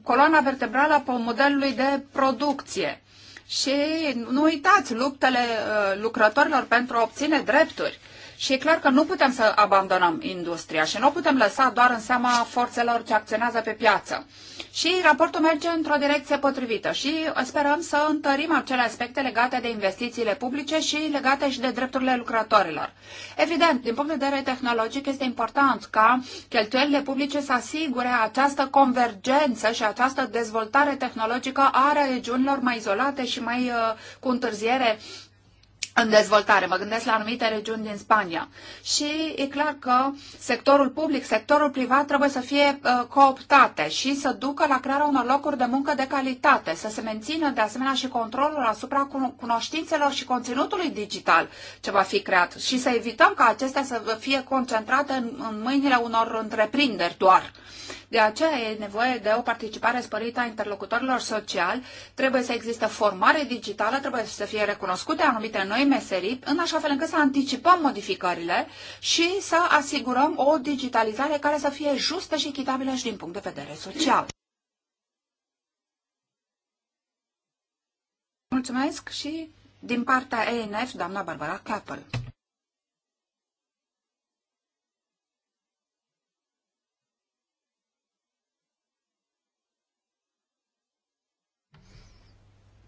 coloana vertebrală a modelului de producție. Și nu uitați luptele uh, lucrătorilor pentru a obține drepturi și e clar că nu putem să abandonăm industria și nu putem lăsa doar în seama forțelor ce acționează pe piață. Și raportul merge într-o direcție potrivită și sperăm să întărim acele aspecte legate de investițiile publice și legate și de drepturile lucrătorilor. Evident, din punct de vedere tehnologic este important ca cheltuielile publice să asigure această convergență și această dezvoltare tehnologică a regiunilor mai izolate și mai uh, cu întârziere în dezvoltare. Mă gândesc la anumite regiuni din Spania. Și e clar că sectorul public, sectorul privat trebuie să fie uh, cooptate și să ducă la crearea unor locuri de muncă de calitate, să se mențină de asemenea și controlul asupra cunoștințelor și conținutului digital ce va fi creat și să evităm ca acestea să fie concentrate în, în mâinile unor întreprinderi doar de aceea e nevoie de o participare sporită a interlocutorilor sociali, trebuie să existe formare digitală, trebuie să fie recunoscute anumite noi meserii, în așa fel încât să anticipăm modificările și să asigurăm o digitalizare care să fie justă și echitabilă și din punct de vedere social. Mulțumesc și din partea ENF, doamna Barbara Capel.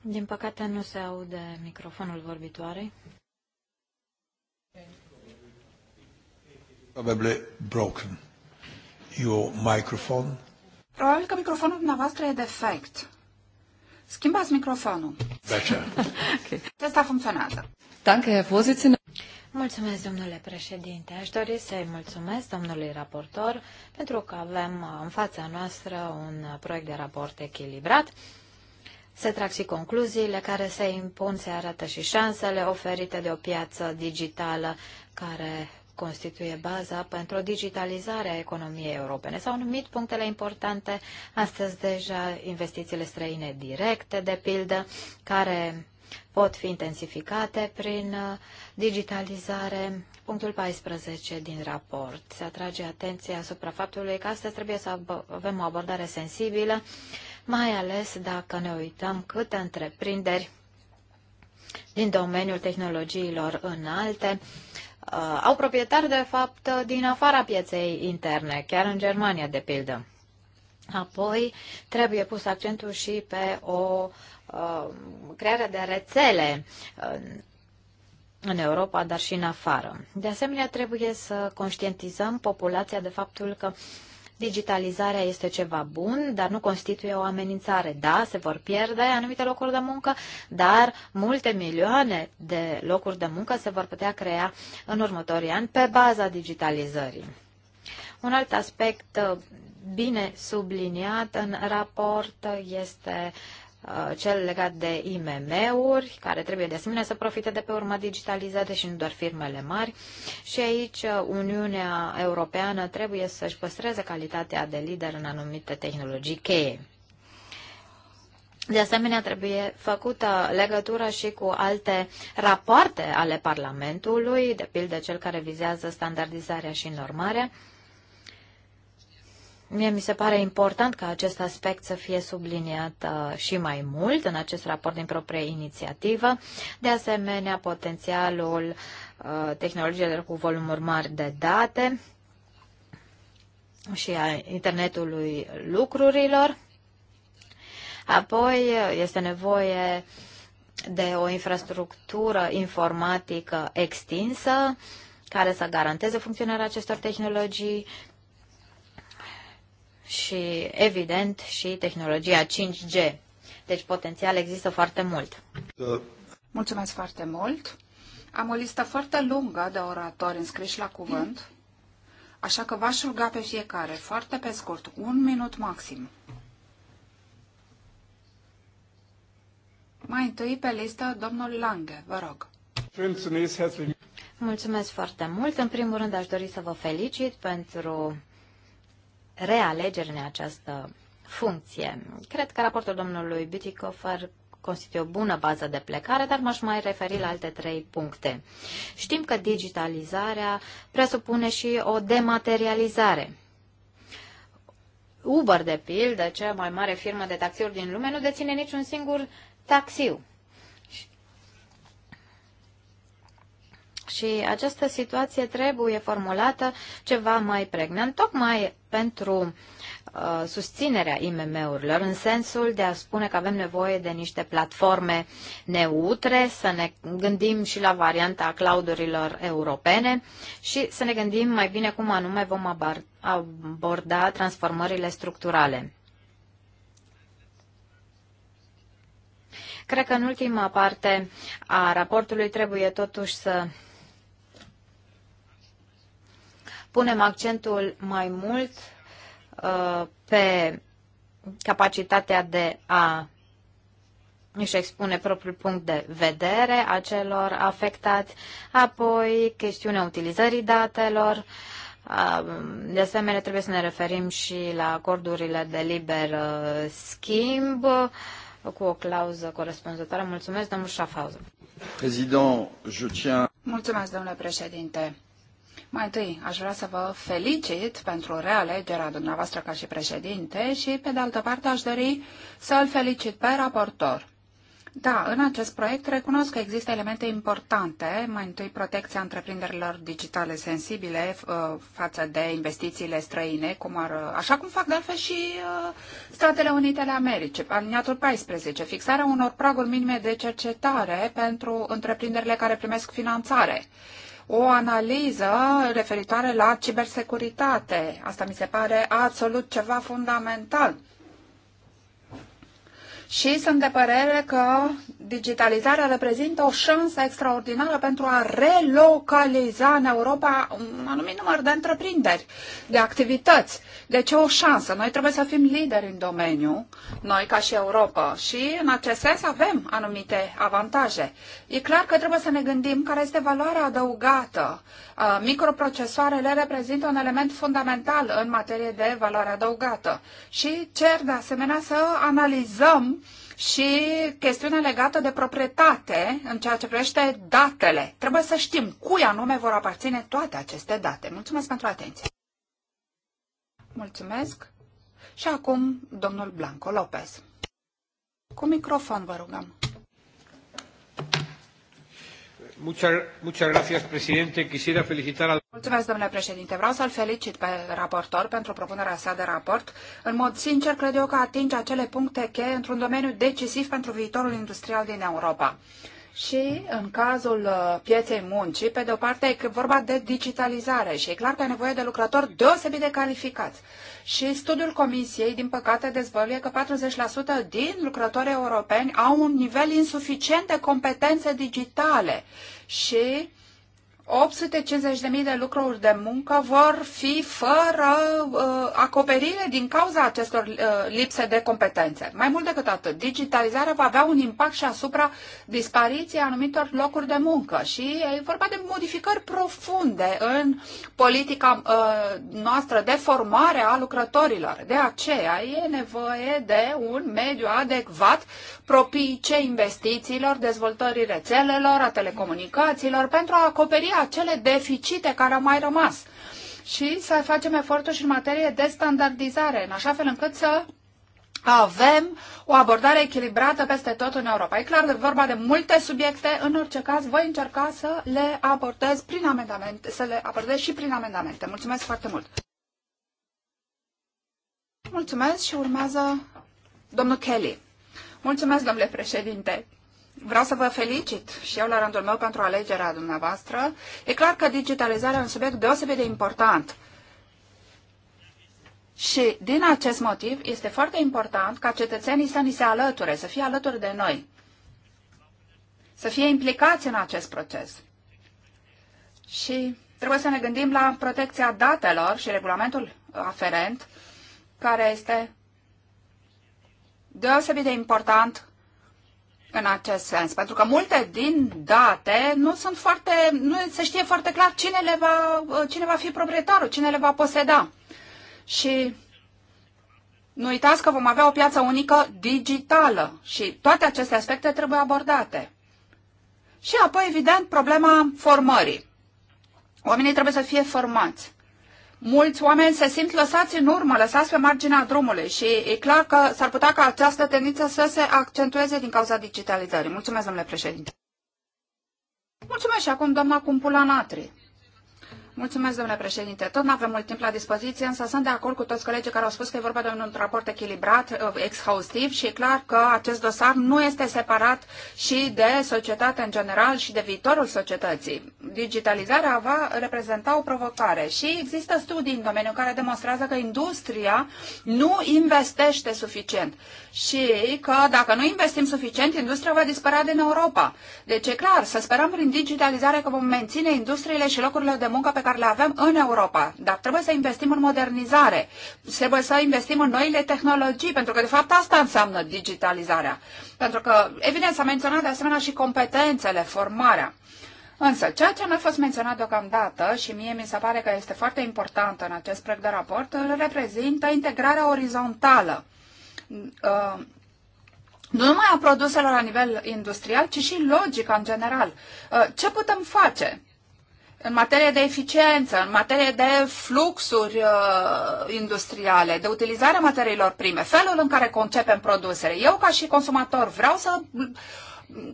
Din păcate nu se aude microfonul vorbitoarei.
Probably broken. Your microphone.
Probabil că microfonul dumneavoastră e defect.
Schimbați microfonul. Better. okay. Testa funcționează. Danke, Herr Vorsitzender. Mulțumesc, domnule președinte. Aș dori să-i mulțumesc domnului raportor pentru că avem în fața noastră un proiect de raport echilibrat se trag și concluziile care se impun, se arată și șansele oferite de o piață digitală care constituie baza pentru digitalizarea economiei europene. S-au numit punctele importante astăzi deja investițiile străine directe, de pildă, care pot fi intensificate prin digitalizare. Punctul 14 din raport se atrage atenția asupra faptului că astăzi trebuie să avem o abordare sensibilă mai ales dacă ne uităm câte întreprinderi din domeniul tehnologiilor înalte uh, au proprietari, de fapt, din afara pieței interne, chiar în Germania, de pildă. Apoi, trebuie pus accentul și pe o uh, creare de rețele uh, în Europa, dar și în afară. De asemenea, trebuie să conștientizăm populația de faptul că uh, Digitalizarea este ceva bun, dar nu constituie o amenințare. Da, se vor pierde anumite locuri de muncă, dar multe milioane de locuri de muncă se vor putea crea în următorii ani pe baza digitalizării. Un alt aspect uh, bine subliniat în raport este uh, Uh, cel legat de IMM-uri, care trebuie de asemenea să profite de pe urma digitalizate și nu doar firmele mari. Și aici uh, Uniunea Europeană trebuie să-și păstreze calitatea de lider în anumite tehnologii cheie. De asemenea, trebuie făcută legătură și cu alte rapoarte ale Parlamentului, de pildă cel care vizează standardizarea și normarea, Mie mi se pare important ca acest aspect să fie subliniat uh, și mai mult în acest raport din proprie inițiativă. De asemenea, potențialul uh, tehnologiilor cu volumuri mari de date și a internetului lucrurilor. Apoi uh, este nevoie de o infrastructură informatică extinsă care să garanteze funcționarea acestor tehnologii, și, evident, și tehnologia 5G. Deci, potențial există foarte mult. Mulțumesc foarte mult! Am o
listă foarte lungă de oratori înscriși la cuvânt, așa că v-aș ruga pe fiecare, foarte pe scurt, un minut maxim.
Mai întâi pe listă, domnul Lange, vă rog. Mulțumesc foarte mult. În primul rând aș dori să vă felicit pentru realegeri în această funcție. Cred că raportul domnului ar constituie o bună bază de plecare, dar m-aș mai referi la alte trei puncte. Știm că digitalizarea presupune și o dematerializare. Uber, de pildă, cea mai mare firmă de taxiuri din lume, nu deține niciun singur taxiu. Și această situație trebuie formulată ceva mai pregnant, tocmai pentru uh, susținerea IMM-urilor, în sensul de a spune că avem nevoie de niște platforme neutre, să ne gândim și la varianta cloudurilor europene și să ne gândim mai bine cum anume vom aborda transformările structurale. Cred că în ultima parte a raportului trebuie totuși să punem accentul mai mult uh, pe capacitatea de a își expune propriul punct de vedere a celor afectați, apoi chestiunea utilizării datelor, uh, de asemenea, trebuie să ne referim și la acordurile de liber uh, schimb cu o clauză corespunzătoare. Mulțumesc, domnul Schaffhauser.
Mulțumesc, domnule președinte. Mai întâi, aș vrea să vă felicit pentru realegerea dumneavoastră ca și președinte și, pe de altă parte, aș dori să îl felicit pe raportor. Da, în acest proiect recunosc că există elemente importante, mai întâi protecția întreprinderilor digitale sensibile uh, față de investițiile străine, cum ar, uh, așa cum fac de altfel și uh, Statele Unite ale Americii, aliniatul 14, fixarea unor praguri minime de cercetare pentru întreprinderile care primesc finanțare o analiză referitoare la cibersecuritate. Asta mi se pare absolut ceva fundamental. Și sunt de părere că digitalizarea reprezintă o șansă extraordinară pentru a relocaliza în Europa un anumit număr de întreprinderi, de activități deci e o șansă. Noi trebuie să fim lideri în domeniu, noi ca și Europa. Și în acest sens avem anumite avantaje. E clar că trebuie să ne gândim care este valoarea adăugată. Uh, microprocesoarele reprezintă un element fundamental în materie de valoare adăugată. Și cer de asemenea să analizăm și chestiunea legată de proprietate în ceea ce privește datele. Trebuie să știm cui anume vor aparține toate aceste date. Mulțumesc pentru atenție. Mulțumesc. Și acum, domnul Blanco Lopez. Cu microfon, vă rugăm. Mulțumesc, domnule președinte. Vreau să-l felicit pe raportor pentru propunerea sa de raport. În mod sincer, cred eu că atinge acele puncte cheie într-un domeniu decisiv pentru viitorul industrial din Europa și în cazul uh, pieței muncii, pe de o parte, e vorba de digitalizare și e clar că e nevoie de lucrători deosebit de calificați. Și studiul Comisiei, din păcate, dezvăluie că 40% din lucrători europeni au un nivel insuficient de competențe digitale și 850.000 de lucruri de muncă vor fi fără uh, acoperire din cauza acestor uh, lipse de competențe. Mai mult decât atât, digitalizarea va avea un impact și asupra dispariției anumitor locuri de muncă și e vorba de modificări profunde în politica uh, noastră de formare a lucrătorilor. De aceea e nevoie de un mediu adecvat propice investițiilor, dezvoltării rețelelor, a telecomunicațiilor pentru a acoperi acele deficite care au mai rămas și să facem eforturi și în materie de standardizare, în așa fel încât să avem o abordare echilibrată peste tot în Europa. E clar, de vorba de multe subiecte, în orice caz voi încerca să le abordez prin amendamente, să le abordez și prin amendamente. Mulțumesc foarte mult! Mulțumesc și urmează domnul Kelly. Mulțumesc, domnule președinte. Vreau să vă felicit și eu la rândul meu pentru alegerea dumneavoastră. E clar că digitalizarea e un subiect deosebit de important. Și din acest motiv este foarte important ca cetățenii să ni se alăture, să fie alături de noi, să fie implicați în acest proces. Și trebuie să ne gândim la protecția datelor și regulamentul aferent, care este deosebit de important în acest sens, pentru că multe din date nu sunt foarte, nu se știe foarte clar cine, le va, cine va fi proprietarul, cine le va poseda. Și nu uitați că vom avea o piață unică digitală și toate aceste aspecte trebuie abordate. Și apoi, evident, problema formării. Oamenii trebuie să fie formați mulți oameni se simt lăsați în urmă, lăsați pe marginea drumului și e clar că s-ar putea ca această tendință să se accentueze din cauza digitalizării. Mulțumesc, domnule președinte. Mulțumesc și acum doamna Cumpula Natri. Mulțumesc, domnule președinte. Tot nu avem mult timp la dispoziție, însă sunt de acord cu toți colegii care au spus că e vorba de un raport echilibrat, uh, exhaustiv și e clar că acest dosar nu este separat și de societate în general și de viitorul societății. Digitalizarea va reprezenta o provocare și există studii în domeniu care demonstrează că industria nu investește suficient și că dacă nu investim suficient, industria va dispărea din Europa. Deci e clar, să sperăm prin digitalizare că vom menține industriile și locurile de muncă pe care le avem în Europa, dar trebuie să investim în modernizare, trebuie să investim în noile tehnologii, pentru că de fapt asta înseamnă digitalizarea. Pentru că, evident, s-a menționat de asemenea și competențele, formarea. Însă, ceea ce nu a fost menționat deocamdată și mie mi se pare că este foarte important în acest proiect de raport, îl reprezintă integrarea orizontală. Uh, nu numai a produselor la nivel industrial, ci și logica în general. Uh, ce putem face? în materie de eficiență, în materie de fluxuri uh, industriale, de utilizarea materiilor prime, felul în care concepem produsele. Eu, ca și consumator, vreau să mm,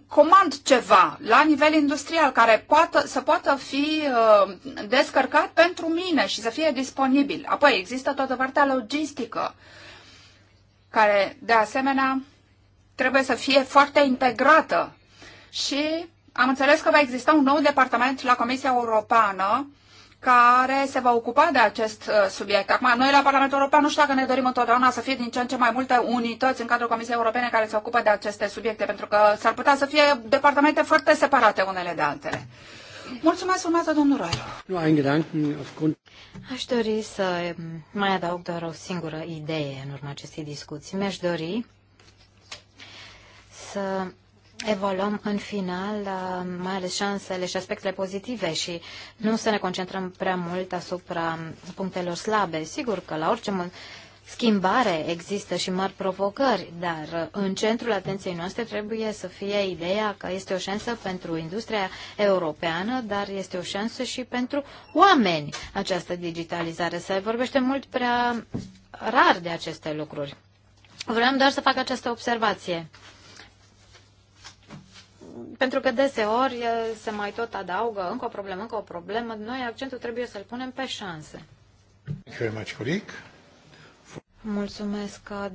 comand ceva la nivel industrial care poată, să poată fi uh, descărcat pentru mine și să fie disponibil. Apoi există toată partea logistică, care, de asemenea, trebuie să fie foarte integrată și am înțeles că va exista un nou departament la Comisia Europeană care se va ocupa de acest uh, subiect. Acum, noi la Parlamentul European nu știu dacă ne dorim întotdeauna să fie din ce în ce mai multe unități în cadrul Comisiei Europene care se ocupă de aceste subiecte, pentru că s-ar putea să fie departamente foarte separate unele de altele.
Mulțumesc, urmează domnul
Roilu.
Aș dori să mai adaug doar o singură idee în urma acestei discuții. Mi-aș dori să evoluăm în final uh, mai ales șansele și aspectele pozitive și nu să ne concentrăm prea mult asupra punctelor slabe. Sigur că la orice schimbare există și mari provocări, dar uh, în centrul atenției noastre trebuie să fie ideea că este o șansă pentru industria europeană, dar este o șansă și pentru oameni această digitalizare. Se vorbește mult prea rar de aceste lucruri. Vreau doar să fac această observație pentru că deseori eh, se mai tot adaugă încă o problemă, încă o problemă. Noi accentul trebuie să-l punem pe șanse. Mulțumesc, eh,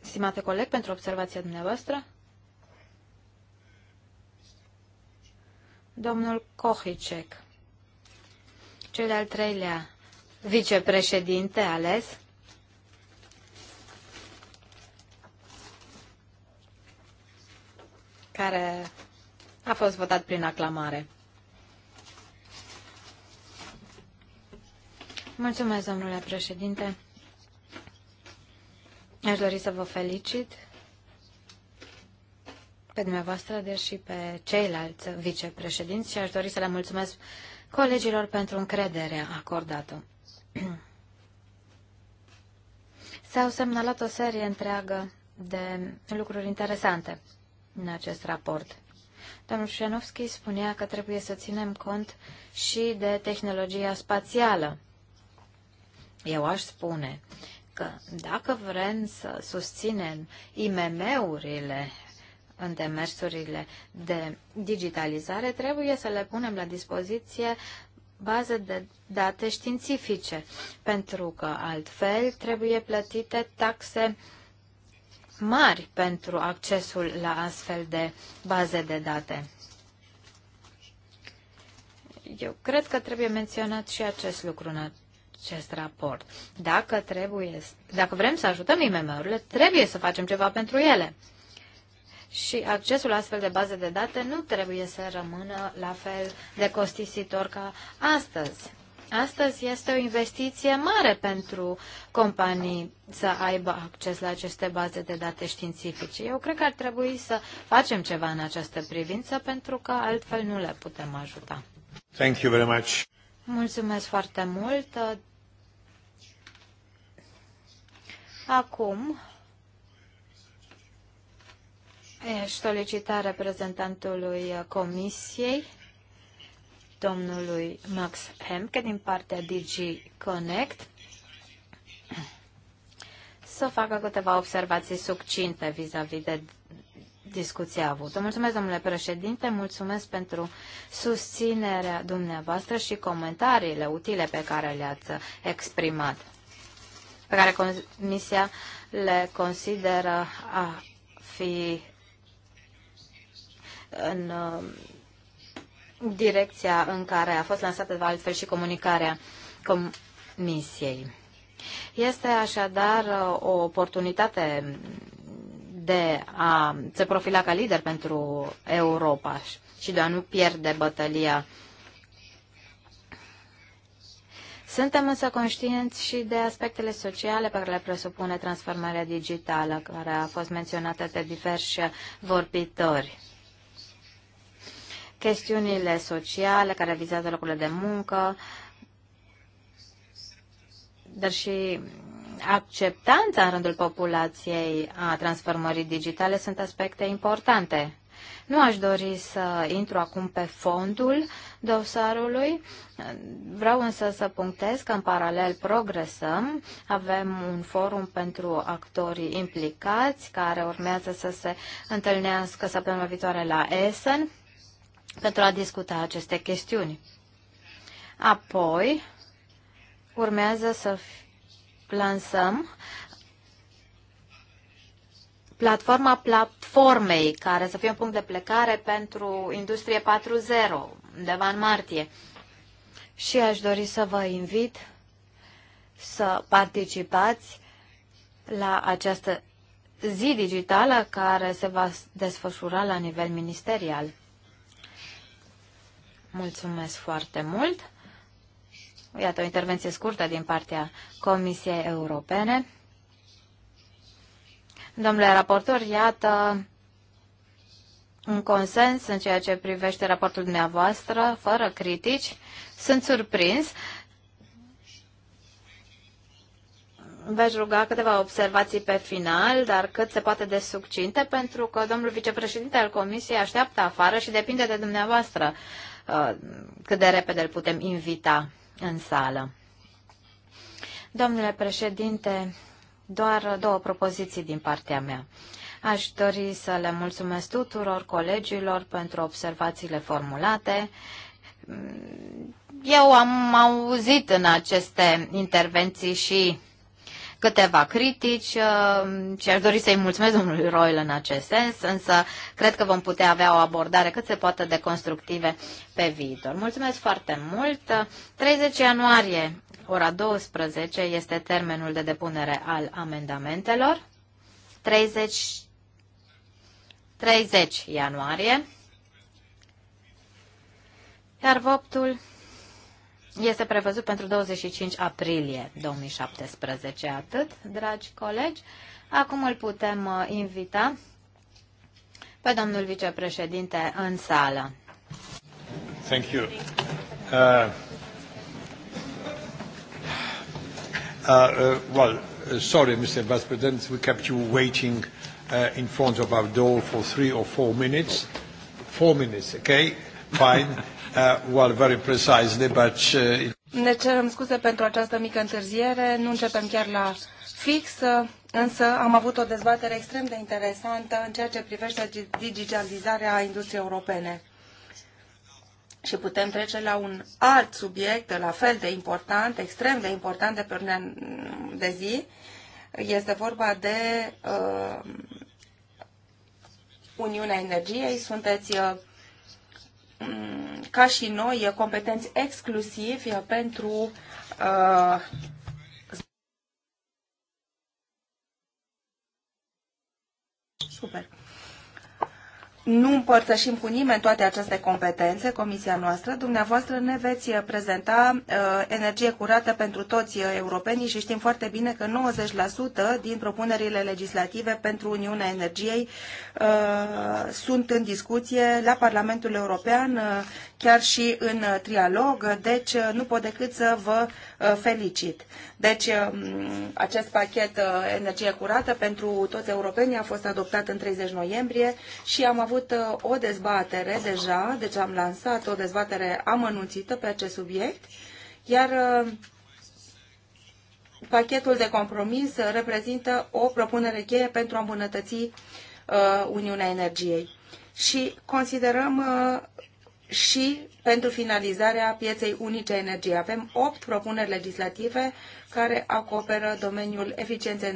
stimate coleg, pentru observația dumneavoastră. Domnul Kohicek, cel de-al treilea vicepreședinte ales, care a fost votat prin aclamare. Mulțumesc, domnule președinte. Aș dori să vă felicit pe dumneavoastră, deși și pe ceilalți vicepreședinți și aș dori să le mulțumesc colegilor pentru încrederea acordată. S-au semnalat o serie întreagă de lucruri interesante în acest raport. Domnul Șenovski spunea că trebuie să ținem cont și de tehnologia spațială. Eu aș spune că dacă vrem să susținem IMM-urile în demersurile de digitalizare, trebuie să le punem la dispoziție baze de date științifice, pentru că altfel trebuie plătite taxe uh, mari pentru accesul la astfel de baze de date. Eu cred că trebuie menționat și acest lucru în acest raport. Dacă, trebuie, dacă vrem să ajutăm IMM-urile, trebuie să facem ceva pentru ele. Și accesul la astfel de baze de date nu trebuie să rămână la fel de costisitor ca astăzi. Astăzi este o investiție mare pentru companii să aibă acces la aceste baze de date științifice. Eu cred că ar trebui să facem ceva în această privință pentru că altfel nu le putem ajuta.
Thank you very much.
Mulțumesc foarte mult. Acum ești solicitat reprezentantului Comisiei domnului Max Hemke din partea DG Connect să facă câteva observații succinte vis-a-vis -vis de discuția avută. Mulțumesc, domnule președinte, mulțumesc pentru susținerea dumneavoastră și comentariile utile pe care le-ați exprimat, pe care Comisia le consideră a fi în direcția în care a fost lansată altfel și comunicarea Comisiei. Este așadar uh, o oportunitate de a se profila ca lider pentru Europa și de a nu pierde bătălia. Suntem însă conștienți și de aspectele sociale pe care le presupune transformarea digitală, care a fost menționată de diversi vorbitori chestiunile sociale care vizează locurile de muncă, dar și acceptanța în rândul populației a transformării digitale sunt aspecte importante. Nu aș dori să intru acum pe fondul dosarului, vreau însă să punctez că în paralel progresăm, avem un forum pentru actorii implicați care urmează să se întâlnească săptămâna viitoare la Essen pentru a discuta aceste chestiuni. Apoi, urmează să lansăm platforma platformei, care să fie un punct de plecare pentru Industrie 4.0, undeva în martie. Și aș dori să vă invit să participați la această zi digitală care se va desfășura la nivel ministerial. Mulțumesc foarte mult. Iată o intervenție scurtă din partea Comisiei Europene. Domnule raportor, iată un consens în ceea ce privește raportul dumneavoastră, fără critici. Sunt surprins. V-aș ruga câteva observații pe final, dar cât se poate de succinte, pentru că domnul vicepreședinte al Comisiei așteaptă afară și depinde de dumneavoastră Uh, cât de repede îl putem invita în sală. Domnule președinte, doar două propoziții din partea mea. Aș dori să le mulțumesc tuturor colegilor pentru observațiile formulate. Eu am auzit în aceste intervenții și câteva critici uh, și aș dori să-i mulțumesc domnului Roil în acest sens, însă cred că vom putea avea o abordare cât se poate de constructive pe viitor. Mulțumesc foarte mult! 30 ianuarie, ora 12, este termenul de depunere al amendamentelor. 30, 30 ianuarie. Iar votul este prevăzut pentru 25 aprilie 2017. Atât, dragi colegi. Acum îl putem uh, invita pe domnul vicepreședinte în sală.
Thank you. Uh, uh, well, uh, sorry, Mr. Vice President, we kept you waiting uh, in front of our door for three or four minutes. Four minutes, okay? Fine. Uh, well, very precisely, but... Uh,
ne cerem scuze pentru această mică întârziere, nu începem chiar la fix, însă am avut o dezbatere extrem de interesantă în ceea ce privește digitalizarea industriei europene. Și putem trece la un alt subiect, la fel de important, extrem de important de pe ordinea de zi. Este vorba de uh, Uniunea Energiei. Sunteți uh, Mm, ca și noi, competenți exclusiv pentru uh, Super nu împărtășim cu nimeni toate aceste competențe, comisia noastră. Dumneavoastră ne veți uh, prezenta uh, energie curată pentru toți uh, europenii și știm foarte bine că 90% din propunerile legislative pentru Uniunea Energiei uh, sunt în discuție la Parlamentul European, uh, chiar și în uh, trialog. Deci uh, nu pot decât să vă uh, Uh, felicit. Deci, um, acest pachet uh, energie curată pentru toți europenii a fost adoptat în 30 noiembrie și am avut uh, o dezbatere deja, deci am lansat o dezbatere amănunțită pe acest subiect, iar pachetul de compromis reprezintă o propunere cheie pentru a îmbunătăți Uniunea Energiei. Și considerăm și pentru finalizarea pieței unice energie Avem opt propuneri legislative care acoperă domeniul eficienței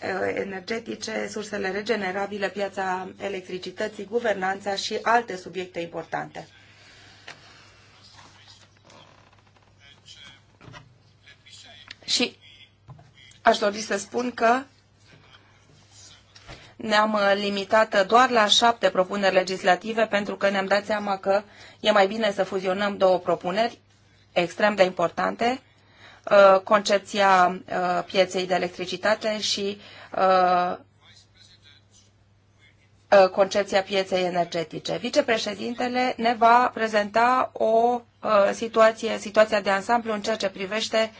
eh, energetice, sursele regenerabile, piața electricității, guvernanța și alte subiecte importante. Și aș dori să spun că ne-am uh, limitat uh, doar la șapte propuneri legislative pentru că ne-am dat seama că e mai bine să fuzionăm două propuneri extrem de importante, uh, concepția pieței de electricitate și concepția pieței energetice. Vicepreședintele ne va prezenta o situație, situația de ansamblu în ceea ce privește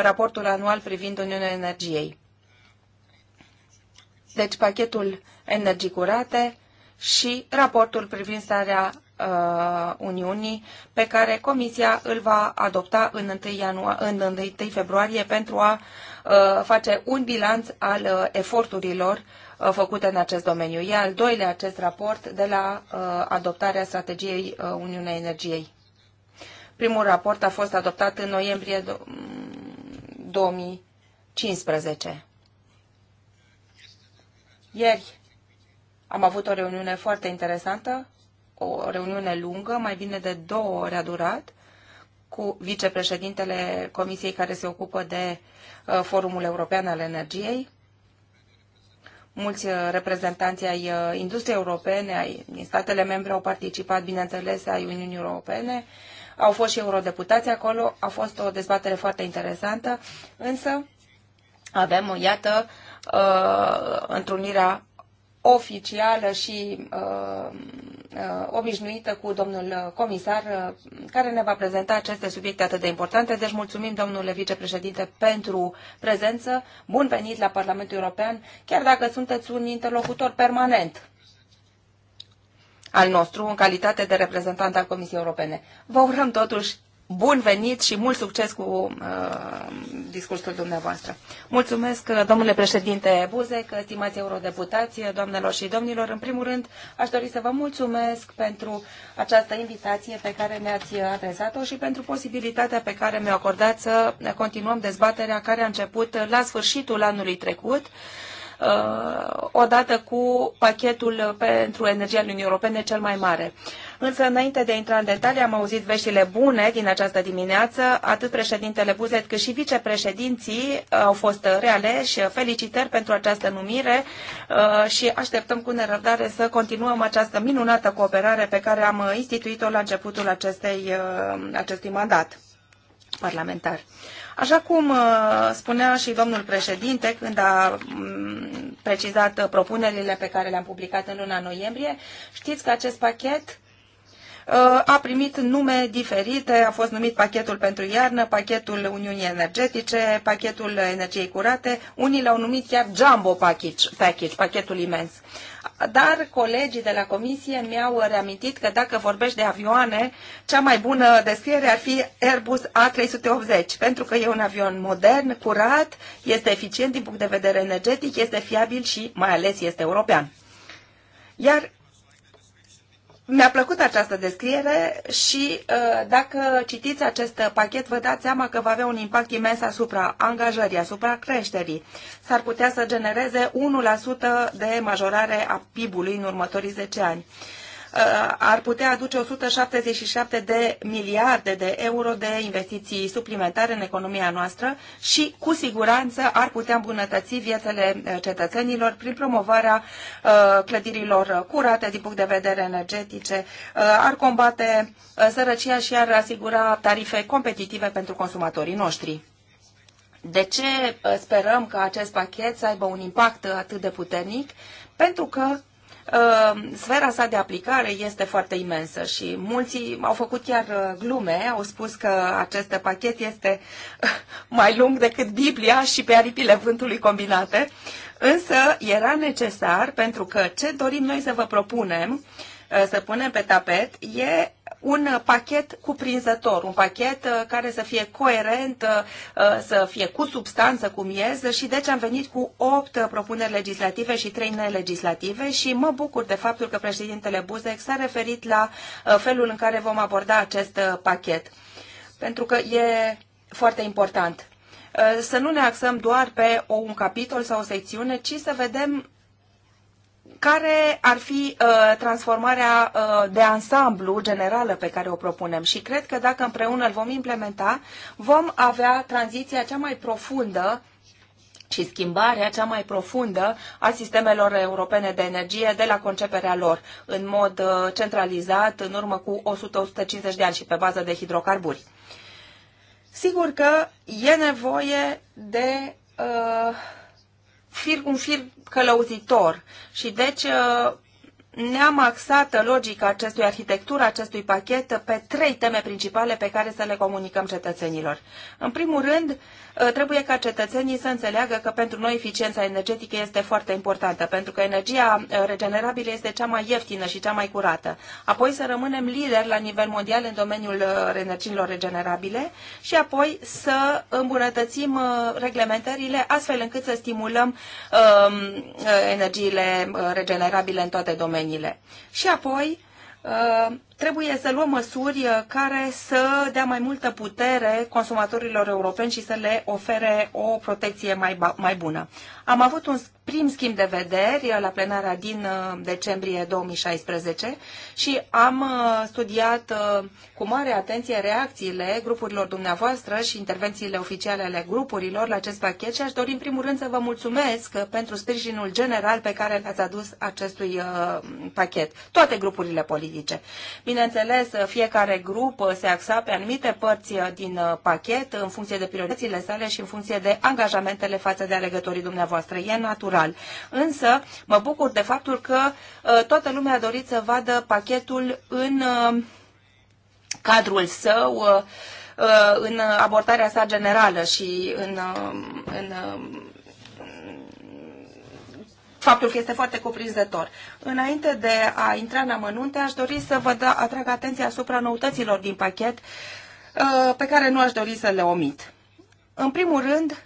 raportul anual privind Uniunea Energiei deci pachetul energii curate și raportul privind starea uh, Uniunii, pe care Comisia îl va adopta în 1, ianuar, în 1 februarie pentru a uh, face un bilanț al uh, eforturilor uh, făcute în acest domeniu. E al doilea acest raport de la uh, adoptarea strategiei uh, Uniunea Energiei. Primul raport a fost adoptat în noiembrie 2015. Mm, ieri am avut o reuniune foarte interesantă, o reuniune lungă, mai bine de două ore a durat, cu vicepreședintele Comisiei care se ocupă de uh, Forumul European al Energiei, mulți uh, reprezentanți ai uh, industriei europene, ai, statele membre au participat, bineînțeles, ai Uniunii Europene, au fost și eurodeputați acolo, a fost o dezbatere foarte interesantă, însă avem, iată, uh, întrunirea oficială și uh, uh, obișnuită cu domnul comisar uh, care ne va prezenta aceste subiecte atât de importante. Deci mulțumim, domnule vicepreședinte, pentru prezență. Bun venit la Parlamentul European, chiar dacă sunteți un interlocutor permanent al nostru în calitate de reprezentant al Comisiei Europene. Vă urăm totuși bun venit și mult succes cu uh, discursul dumneavoastră. Mulțumesc, uh, domnule președinte Buzec, stimați eurodeputați, uh, doamnelor și domnilor. În primul rând, aș dori să vă mulțumesc pentru această invitație pe care mi-ați adresat-o și pentru posibilitatea pe care mi-o acordat să continuăm dezbaterea care a început la sfârșitul anului trecut. Uh, Uh, odată cu pachetul pentru energia Uniunii Europene cel mai mare. Însă, înainte de a intra în detalii, am auzit veștile bune din această dimineață. Atât președintele Buzet cât și vicepreședinții uh, au fost realeși. Felicitări pentru această numire uh, și așteptăm cu nerăbdare să continuăm această minunată cooperare pe care am instituit-o la începutul acestei, acestui mandat parlamentar. Așa cum uh, spunea și domnul președinte când a mm, precizat uh, propunerile pe care le-am publicat în luna noiembrie, știți că acest pachet uh, a primit nume diferite, a fost numit pachetul pentru iarnă, pachetul Uniunii Energetice, pachetul Energiei Curate, unii l-au numit chiar Jumbo Package, package pachetul imens dar colegii de la comisie mi-au reamintit că dacă vorbești de avioane, cea mai bună descriere ar fi Airbus A380, pentru că e un avion modern, curat, este eficient din punct de vedere energetic, este fiabil și mai ales este european. Iar mi-a plăcut această descriere și uh, dacă citiți acest pachet, vă dați seama că va avea un impact imens asupra angajării, asupra creșterii. S-ar putea să genereze 1% de majorare a PIB-ului în următorii 10 ani. Uh, ar putea aduce 177 de miliarde de euro de investiții suplimentare în economia noastră și cu siguranță ar putea îmbunătăți viețile uh, cetățenilor prin promovarea uh, clădirilor curate din punct de vedere energetice, ar combate sărăcia și ar asigura tarife competitive pentru consumatorii noștri. De ce sperăm că acest pachet să aibă un impact atât de puternic? Pentru că Ehm, sfera sa de aplicare este foarte imensă și mulți au făcut chiar uh, glume, au spus că acest pachet este mai lung decât Biblia și pe aripile vântului combinate, însă era necesar pentru că ce dorim noi să vă propunem, uh, să punem pe tapet, e un pachet cuprinzător, un pachet uh, care să fie coerent, uh, uh, să fie cu substanță, cu miez și deci am venit cu opt propuneri legislative și trei nelegislative și mă bucur de faptul că președintele Buzek s-a referit la felul în care vom aborda acest pachet. Pentru că e foarte important să nu ne axăm doar pe un capitol sau o secțiune, ci să vedem care ar fi uh, transformarea uh, de ansamblu generală pe care o propunem. Și cred că dacă împreună îl vom implementa, vom avea tranziția cea mai profundă și schimbarea cea mai profundă a sistemelor europene de energie de la conceperea lor, în mod uh, centralizat, în urmă cu 100-150 de ani și pe bază de hidrocarburi. Sigur că e nevoie de uh, fir un fir călăuzitor și deci uh, ne-am axat logica acestui arhitectură, acestui pachet, pe trei teme principale pe care să le comunicăm cetățenilor. În primul rând, ă, trebuie ca cetățenii să înțeleagă că pentru noi eficiența energetică este foarte importantă, pentru că energia ă, regenerabilă este cea mai ieftină și cea mai curată. Apoi să rămânem lideri la nivel mondial în domeniul ă, energiilor regenerabile și apoi să îmbunătățim reglementările astfel încât să stimulăm energiile regenerabile în toate domeniile domeniile. Și apoi, uh, trebuie să luăm măsuri uh, care să dea mai multă putere consumatorilor europeni și să le ofere o protecție mai, mai bună. Am avut un prim schimb de vederi uh, la plenarea din uh, decembrie 2016 și am studiat cu mare atenție reacțiile grupurilor dumneavoastră și intervențiile oficiale ale grupurilor la acest pachet și aș dori în primul rând să vă mulțumesc pentru sprijinul general pe care l-ați adus acestui pachet, toate grupurile politice. Bineînțeles, fiecare grup se axa pe anumite părți din pachet în funcție de prioritățile sale și în funcție de angajamentele față de alegătorii dumneavoastră. E natural. Însă, mă bucur de faptul că uh, toată lumea a dorit să vadă pachetul în uh, cadrul său, uh, în abordarea sa generală și în, în faptul că este foarte cuprinzător. Înainte de a intra în amănunte, aș dori să vă da, atrag atenția asupra noutăților din pachet uh, pe care nu aș dori să le omit. În primul rând,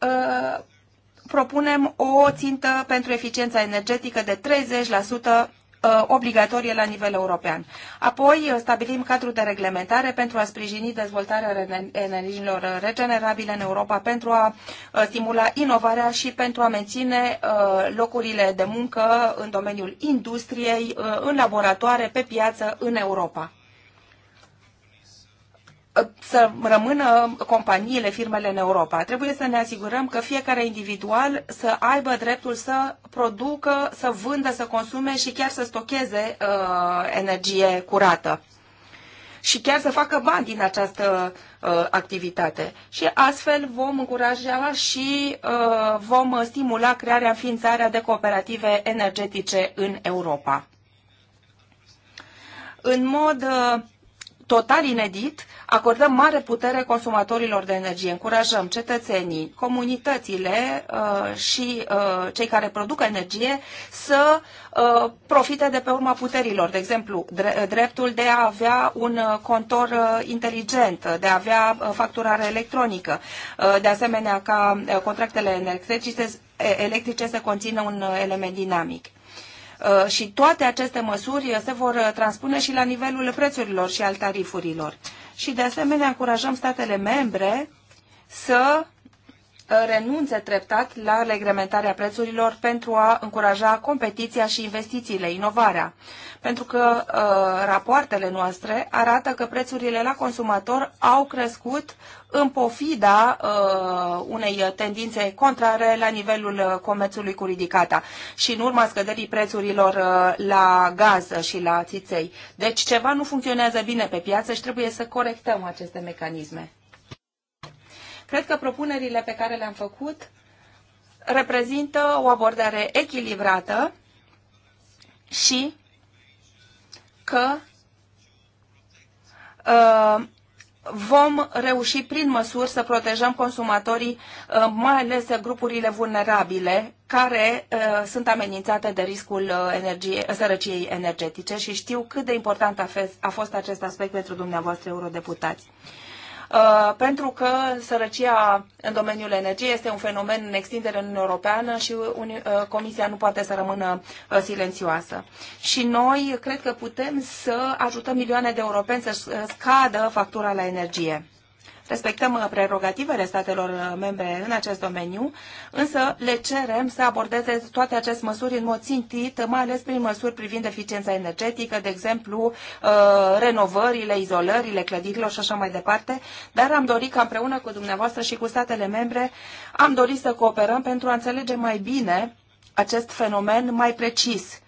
uh, propunem o țintă pentru eficiența energetică de 30% Uh, obligatorie la nivel european. Apoi uh, stabilim cadrul de reglementare pentru a sprijini dezvoltarea energiilor regenerabile în Europa, pentru a uh, stimula inovarea și pentru a menține locurile de muncă în domeniul industriei, în laboratoare, pe piață, în Europa să rămână companiile, firmele în Europa. Trebuie să ne asigurăm că fiecare individual să aibă dreptul să producă, să vândă, să consume și chiar să stocheze uh, energie curată și chiar să facă bani din această uh, activitate. Și astfel vom încuraja și uh, vom stimula crearea, înființarea de cooperative energetice în Europa. În mod uh, total inedit, acordăm mare putere consumatorilor de energie, încurajăm cetățenii, comunitățile uh, și uh, cei care produc energie să uh, profite de pe urma puterilor, de exemplu, dreptul de a avea un uh, contor uh, inteligent, de a avea uh, facturare electronică, uh, de asemenea ca uh, contractele electrice, electrice să conțină un element dinamic. Uh, și toate aceste măsuri se vor uh, transpune și la nivelul prețurilor și al tarifurilor. Și de asemenea încurajăm statele membre să renunțe treptat la reglementarea prețurilor pentru a încuraja competiția și investițiile, inovarea. Pentru că uh, rapoartele noastre arată că prețurile la consumator au crescut în pofida uh, unei tendințe contrare la nivelul comerțului cu ridicata și în urma scăderii prețurilor uh, la gaz și la țiței. Deci ceva nu funcționează bine pe piață și trebuie să corectăm aceste mecanisme. Cred că propunerile pe care le-am făcut reprezintă o abordare echilibrată și că uh, vom reuși prin măsuri să protejăm consumatorii, uh, mai ales grupurile vulnerabile care uh, sunt amenințate de riscul uh, energie, sărăciei energetice și știu cât de important a, a fost acest aspect pentru dumneavoastră eurodeputați. Uh, Uh, pentru că sărăcia în domeniul energiei este un fenomen în extindere în Uniunea Europeană și uh, Comisia nu poate să rămână uh, silențioasă. Și noi cred că putem să ajutăm milioane de europeni să scadă factura la energie respectăm uh, prerogativele statelor uh, membre în acest domeniu, însă le cerem să abordeze toate aceste măsuri în mod țintit, mai ales prin măsuri privind eficiența energetică, de exemplu, uh, renovările, izolările clădirilor și așa mai departe, dar am dorit ca împreună cu dumneavoastră și cu statele membre, am dorit să cooperăm pentru a înțelege mai bine acest fenomen mai precis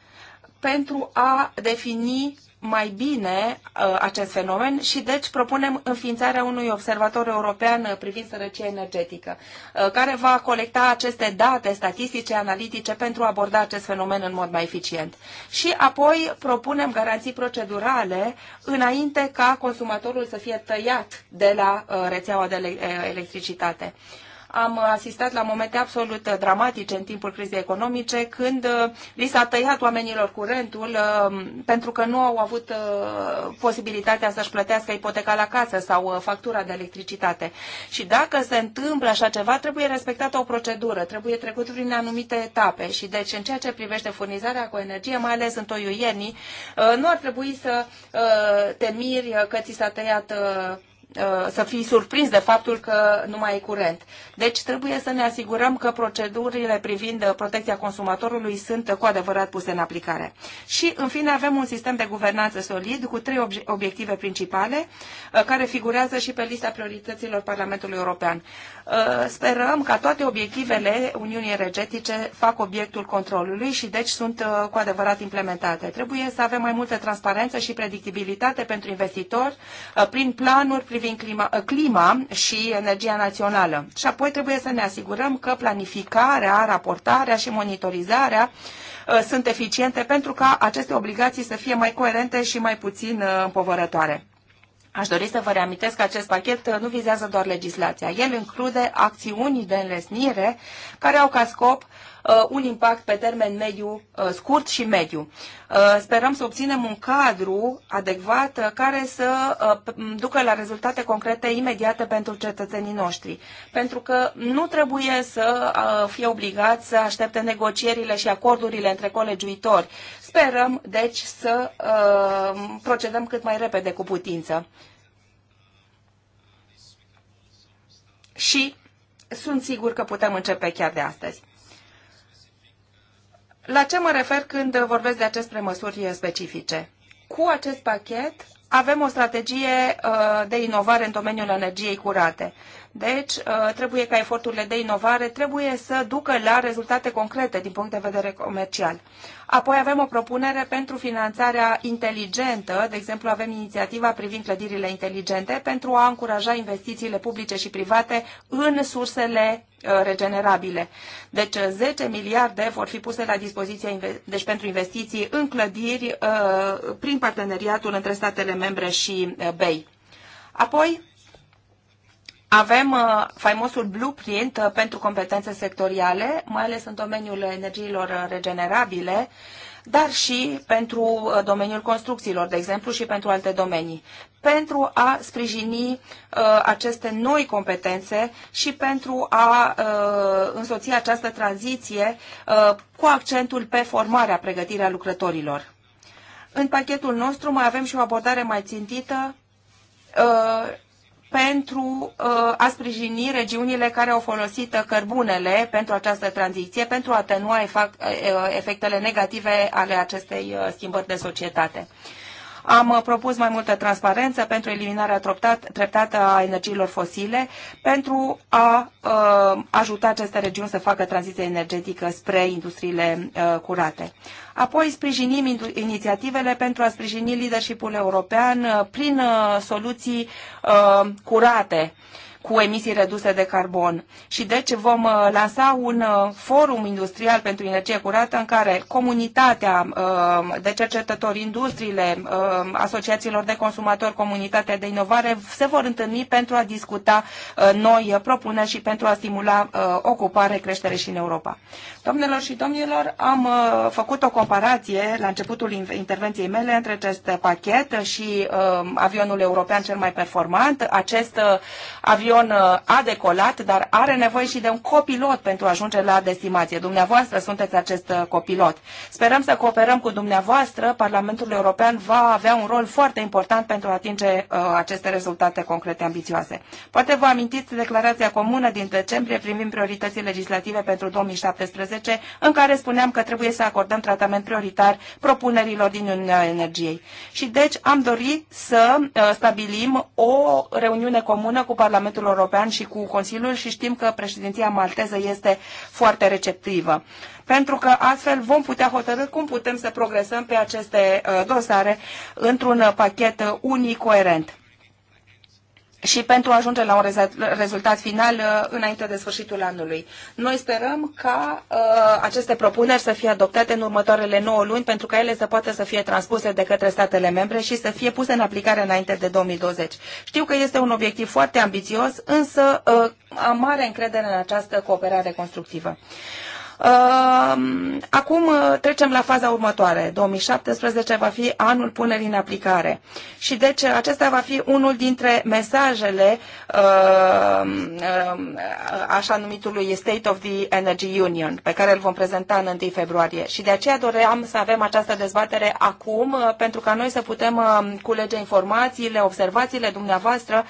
pentru a defini mai bine uh, acest fenomen și deci propunem înființarea unui observator european uh, privind sărăcia energetică, uh, care va colecta aceste date statistice, analitice pentru a aborda acest fenomen în mod mai eficient. Și apoi propunem garanții procedurale înainte ca consumatorul să fie tăiat de la rețeaua de electricitate am asistat la momente absolut dramatice în timpul crizei economice, când uh, li s-a tăiat oamenilor curentul uh, pentru că nu au avut uh, posibilitatea să-și plătească ipoteca la casă sau factura de electricitate. Și dacă se întâmplă așa ceva, trebuie respectată o procedură, trebuie trecut prin anumite etape. Și deci, în ceea ce privește furnizarea cu energie, mai ales în toiuienii, nu ar trebui să te miri că ți s-a tăiat Uh, să fii surprins de faptul că nu mai e curent. Deci trebuie să ne asigurăm că procedurile privind protecția consumatorului sunt cu adevărat puse în aplicare. Și, în fine, avem un sistem de guvernanță solid cu trei obiective principale uh, care figurează și pe lista priorităților Parlamentului European. Uh, sperăm ca toate obiectivele Uniunii Energetice fac obiectul controlului și deci sunt cu adevărat implementate. Trebuie să avem mai multă transparență și predictibilitate pentru investitori prin planuri privind privind clima, uh, clima și energia națională. Și apoi trebuie să ne asigurăm că planificarea, raportarea și monitorizarea uh, sunt eficiente pentru ca aceste obligații să fie mai coerente și mai puțin uh, împovărătoare. Aș dori să vă reamintesc că acest pachet nu vizează doar legislația. El include acțiuni de înlesnire care au ca scop Uh, un impact pe termen mediu, uh, scurt și mediu. Uh, sperăm să obținem un cadru adecvat care să ducă la rezultate concrete imediate pentru cetățenii noștri. Pentru că nu trebuie să fie obligat să aștepte negocierile și acordurile între colegiuitori. Sperăm, deci, să procedăm cât mai repede cu putință. Și sunt sigur că putem începe chiar de astăzi. La ce mă refer când vorbesc de aceste măsuri specifice? Cu acest pachet avem o strategie uh, de inovare în domeniul energiei curate. Deci, uh, trebuie ca eforturile de inovare trebuie să ducă la rezultate concrete din punct de vedere comercial. Apoi avem o propunere pentru finanțarea inteligentă, de exemplu avem inițiativa privind clădirile inteligente pentru a încuraja investițiile publice și private în sursele Uh, regenerabile. Deci 10 uh, miliarde vor fi puse la dispoziție deci pentru investiții în clădiri uh, prin parteneriatul între statele membre și BEI. Apoi, avem faimosul blueprint pentru competențe sectoriale, mai ales în domeniul energiilor regenerabile, dar și pentru uh, domeniul construcțiilor, de exemplu, și pentru alte domenii, pentru a sprijini uh, aceste noi competențe și pentru a uh, însoți această tranziție uh, cu accentul pe formarea, pregătirea lucrătorilor. În pachetul nostru mai avem și o abordare mai țintită uh, pentru uh, a sprijini regiunile care au folosit cărbunele pentru această tranziție, pentru a atenua uh, efectele negative ale acestei uh, schimbări de societate. Am uh, propus mai multă transparență pentru eliminarea treptată a energiilor fosile, pentru a uh, ajuta aceste regiuni să facă tranziție energetică spre industriile uh, curate. Apoi sprijinim inițiativele pentru a sprijini leadership european prin soluții curate cu emisii reduse de carbon. Și deci vom uh, lansa un uh, forum industrial pentru energie curată în care comunitatea uh, de cercetători, industriile, asociațiilor de consumatori, comunitatea de inovare se vor întâlni pentru a discuta noi propuneri și pentru a stimula ocupare, creștere și în Europa. Domnilor și domnilor, am uh, făcut o comparație la începutul intervenției mele între acest pachet și um, avionul european cel mai performant. Acest uh, avion uh, a decolat, dar are nevoie și de un copilot pentru a ajunge la destinație. Dumneavoastră sunteți acest copilot. Sperăm să cooperăm cu dumneavoastră. Parlamentul European va avea un rol foarte important pentru a atinge aceste rezultate concrete ambițioase. Poate vă amintiți declarația comună din decembrie privind priorității legislative pentru 2017 2015, în care spuneam că trebuie să acordăm tratament prioritar propunerilor din Uniunea Energiei. Și deci am dorit să uh, stabilim o reuniune comună cu Parlamentul European și cu Consiliul și știm că președinția malteză este foarte receptivă pentru că astfel vom putea hotărâ cum putem să progresăm pe aceste uh, dosare într-un pachet unic coerent și pentru a ajunge la un rezultat final uh, înainte de sfârșitul anului. Noi sperăm ca uh, aceste propuneri să fie adoptate în următoarele 9 luni pentru ca ele să poată să fie transpuse de către statele membre și să fie puse în aplicare înainte de 2020. Știu că este un obiectiv foarte ambițios, însă uh, am mare încredere în această cooperare constructivă. Ehm, acum eh, trecem la faza următoare. 2017 va fi anul punerii în aplicare. Și deci eh, acesta va fi unul dintre mesajele ehm, ehm, așa numitului State of the Energy Union, pe care îl vom prezenta în 1 februarie. Și de aceea doream să avem această dezbatere acum, eh, pentru ca noi să putem culege informațiile, observațiile dumneavoastră,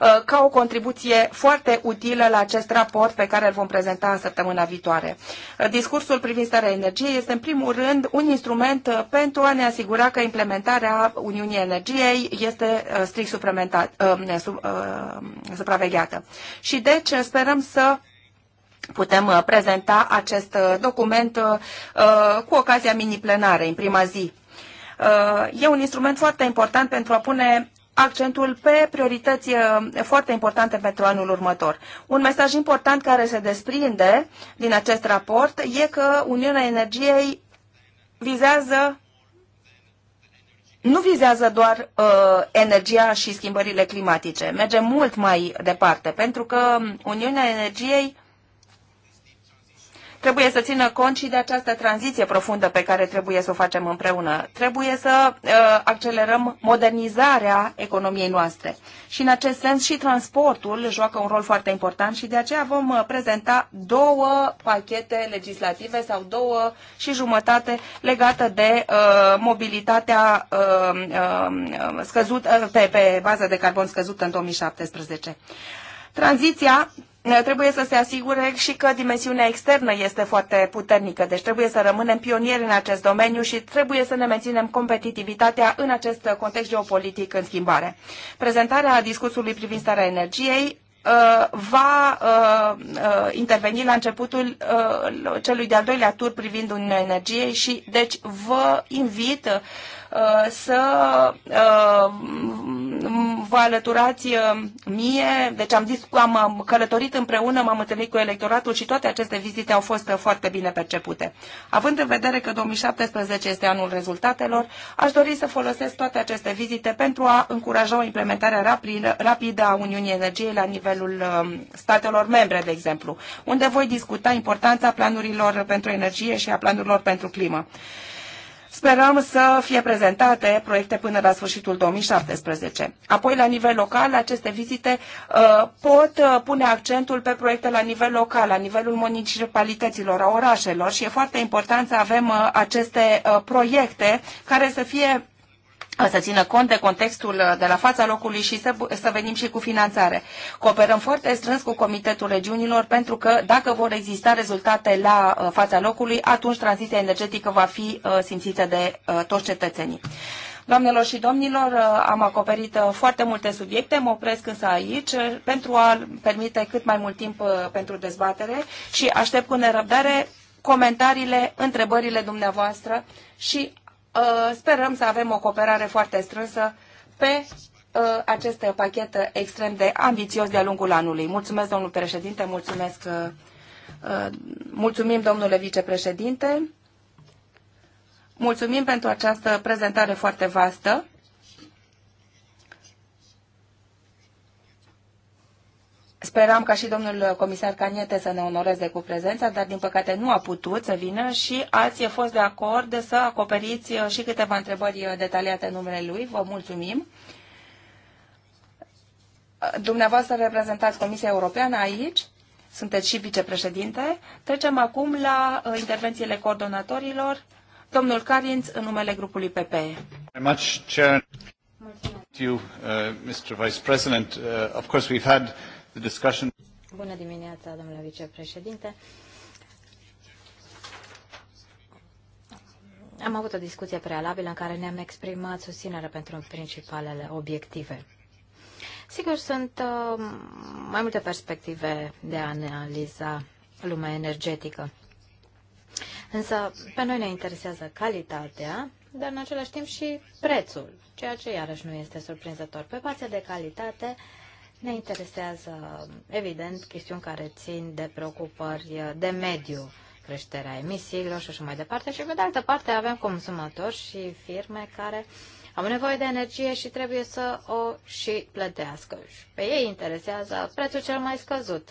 Uh, ca o contribuție foarte utilă la acest raport pe care îl vom prezenta în săptămâna viitoare. Uh, discursul privind starea energiei este în primul rând un instrument uh, pentru a ne asigura că implementarea Uniunii Energiei este strict supravegheată. Și deci sperăm să putem prezenta acest document cu ocazia mini plenare în prima zi. E un instrument foarte important pentru a pune accentul pe priorități uh, foarte importante pentru anul următor. Un mesaj important care se desprinde din acest raport e că Uniunea Energiei vizează nu vizează doar uh, energia și schimbările climatice. Merge mult mai departe, pentru că Uniunea Energiei trebuie să țină cont și de această tranziție profundă pe care trebuie să o facem împreună. Trebuie să uh, accelerăm modernizarea economiei noastre. Și în acest sens și transportul joacă un rol foarte important și de aceea vom uh, prezenta două pachete legislative sau două și jumătate legată de uh, mobilitatea uh, uh, scăzută, uh, pe, pe bază de carbon scăzută în 2017. Tranziția trebuie să se asigure și că dimensiunea externă este foarte puternică, deci trebuie să rămânem pionieri în acest domeniu și trebuie să ne menținem competitivitatea în acest context geopolitic în schimbare. Prezentarea discursului privind starea energiei uh, va uh, uh, interveni la începutul celui de-al doilea tur privind Uniunea Energiei și deci vă invit Uh, să uh, vă alăturați uh, mie, deci am zis că am călătorit împreună, m-am întâlnit cu electoratul și toate aceste vizite au fost foarte bine percepute. Având în vedere că 2017 este anul rezultatelor, aș dori să folosesc toate aceste vizite pentru a încuraja o implementare rapidă a Uniunii Energiei la nivelul um, statelor membre, de exemplu, unde voi discuta importanța planurilor pentru energie și a planurilor pentru climă. Sperăm să fie prezentate proiecte până la sfârșitul 2017. Apoi, la nivel local, aceste vizite uh, pot uh, pune accentul pe proiecte la nivel local, la nivelul municipalităților, a orașelor și e foarte important să avem uh, aceste uh, proiecte care să fie să țină cont de contextul uh, de la fața locului și să, să venim și cu finanțare. Cooperăm foarte strâns cu Comitetul Regiunilor pentru că dacă vor exista rezultate la uh, fața locului, atunci tranziția energetică va fi uh, simțită de toți cetățenii. Doamnelor și domnilor, am acoperit foarte multe subiecte, mă opresc însă aici pentru a permite cât mai mult timp pentru dezbatere și aștept cu nerăbdare comentariile, întrebările dumneavoastră și Uh, sperăm să avem o cooperare foarte strânsă pe uh, acest pachet extrem de ambițios de-a lungul anului. Mulțumesc, domnul președinte, mulțumesc, uh, mulțumim, domnule vicepreședinte, mulțumim pentru această prezentare foarte vastă Speram ca și domnul comisar Caniete să ne onoreze cu prezența, dar din păcate nu a putut să vină și ați fost de acord să acoperiți și câteva întrebări detaliate în numele lui. Vă mulțumim. Dumneavoastră reprezentați Comisia Europeană aici, sunteți și vicepreședinte. Trecem acum la uh, intervențiile coordonatorilor. Domnul Carinț,
în numele grupului PPE.
Mulțumesc. The discussion...
Bună dimineața, domnule vicepreședinte. Am avut o discuție prealabilă în care ne-am exprimat susținere pentru principalele obiective. Sigur, sunt uh, mai multe perspective de a analiza lumea energetică. Însă, pe noi ne interesează calitatea, dar în același timp și prețul, ceea ce iarăși nu este surprinzător. Pe partea de calitate, uh, ne interesează, evident, chestiuni care țin de preocupări de mediu, creșterea emisiilor și așa mai departe. Și, pe de altă parte, avem consumatori și firme care au nevoie de energie și trebuie să o și plătească. Și pe ei interesează prețul cel mai scăzut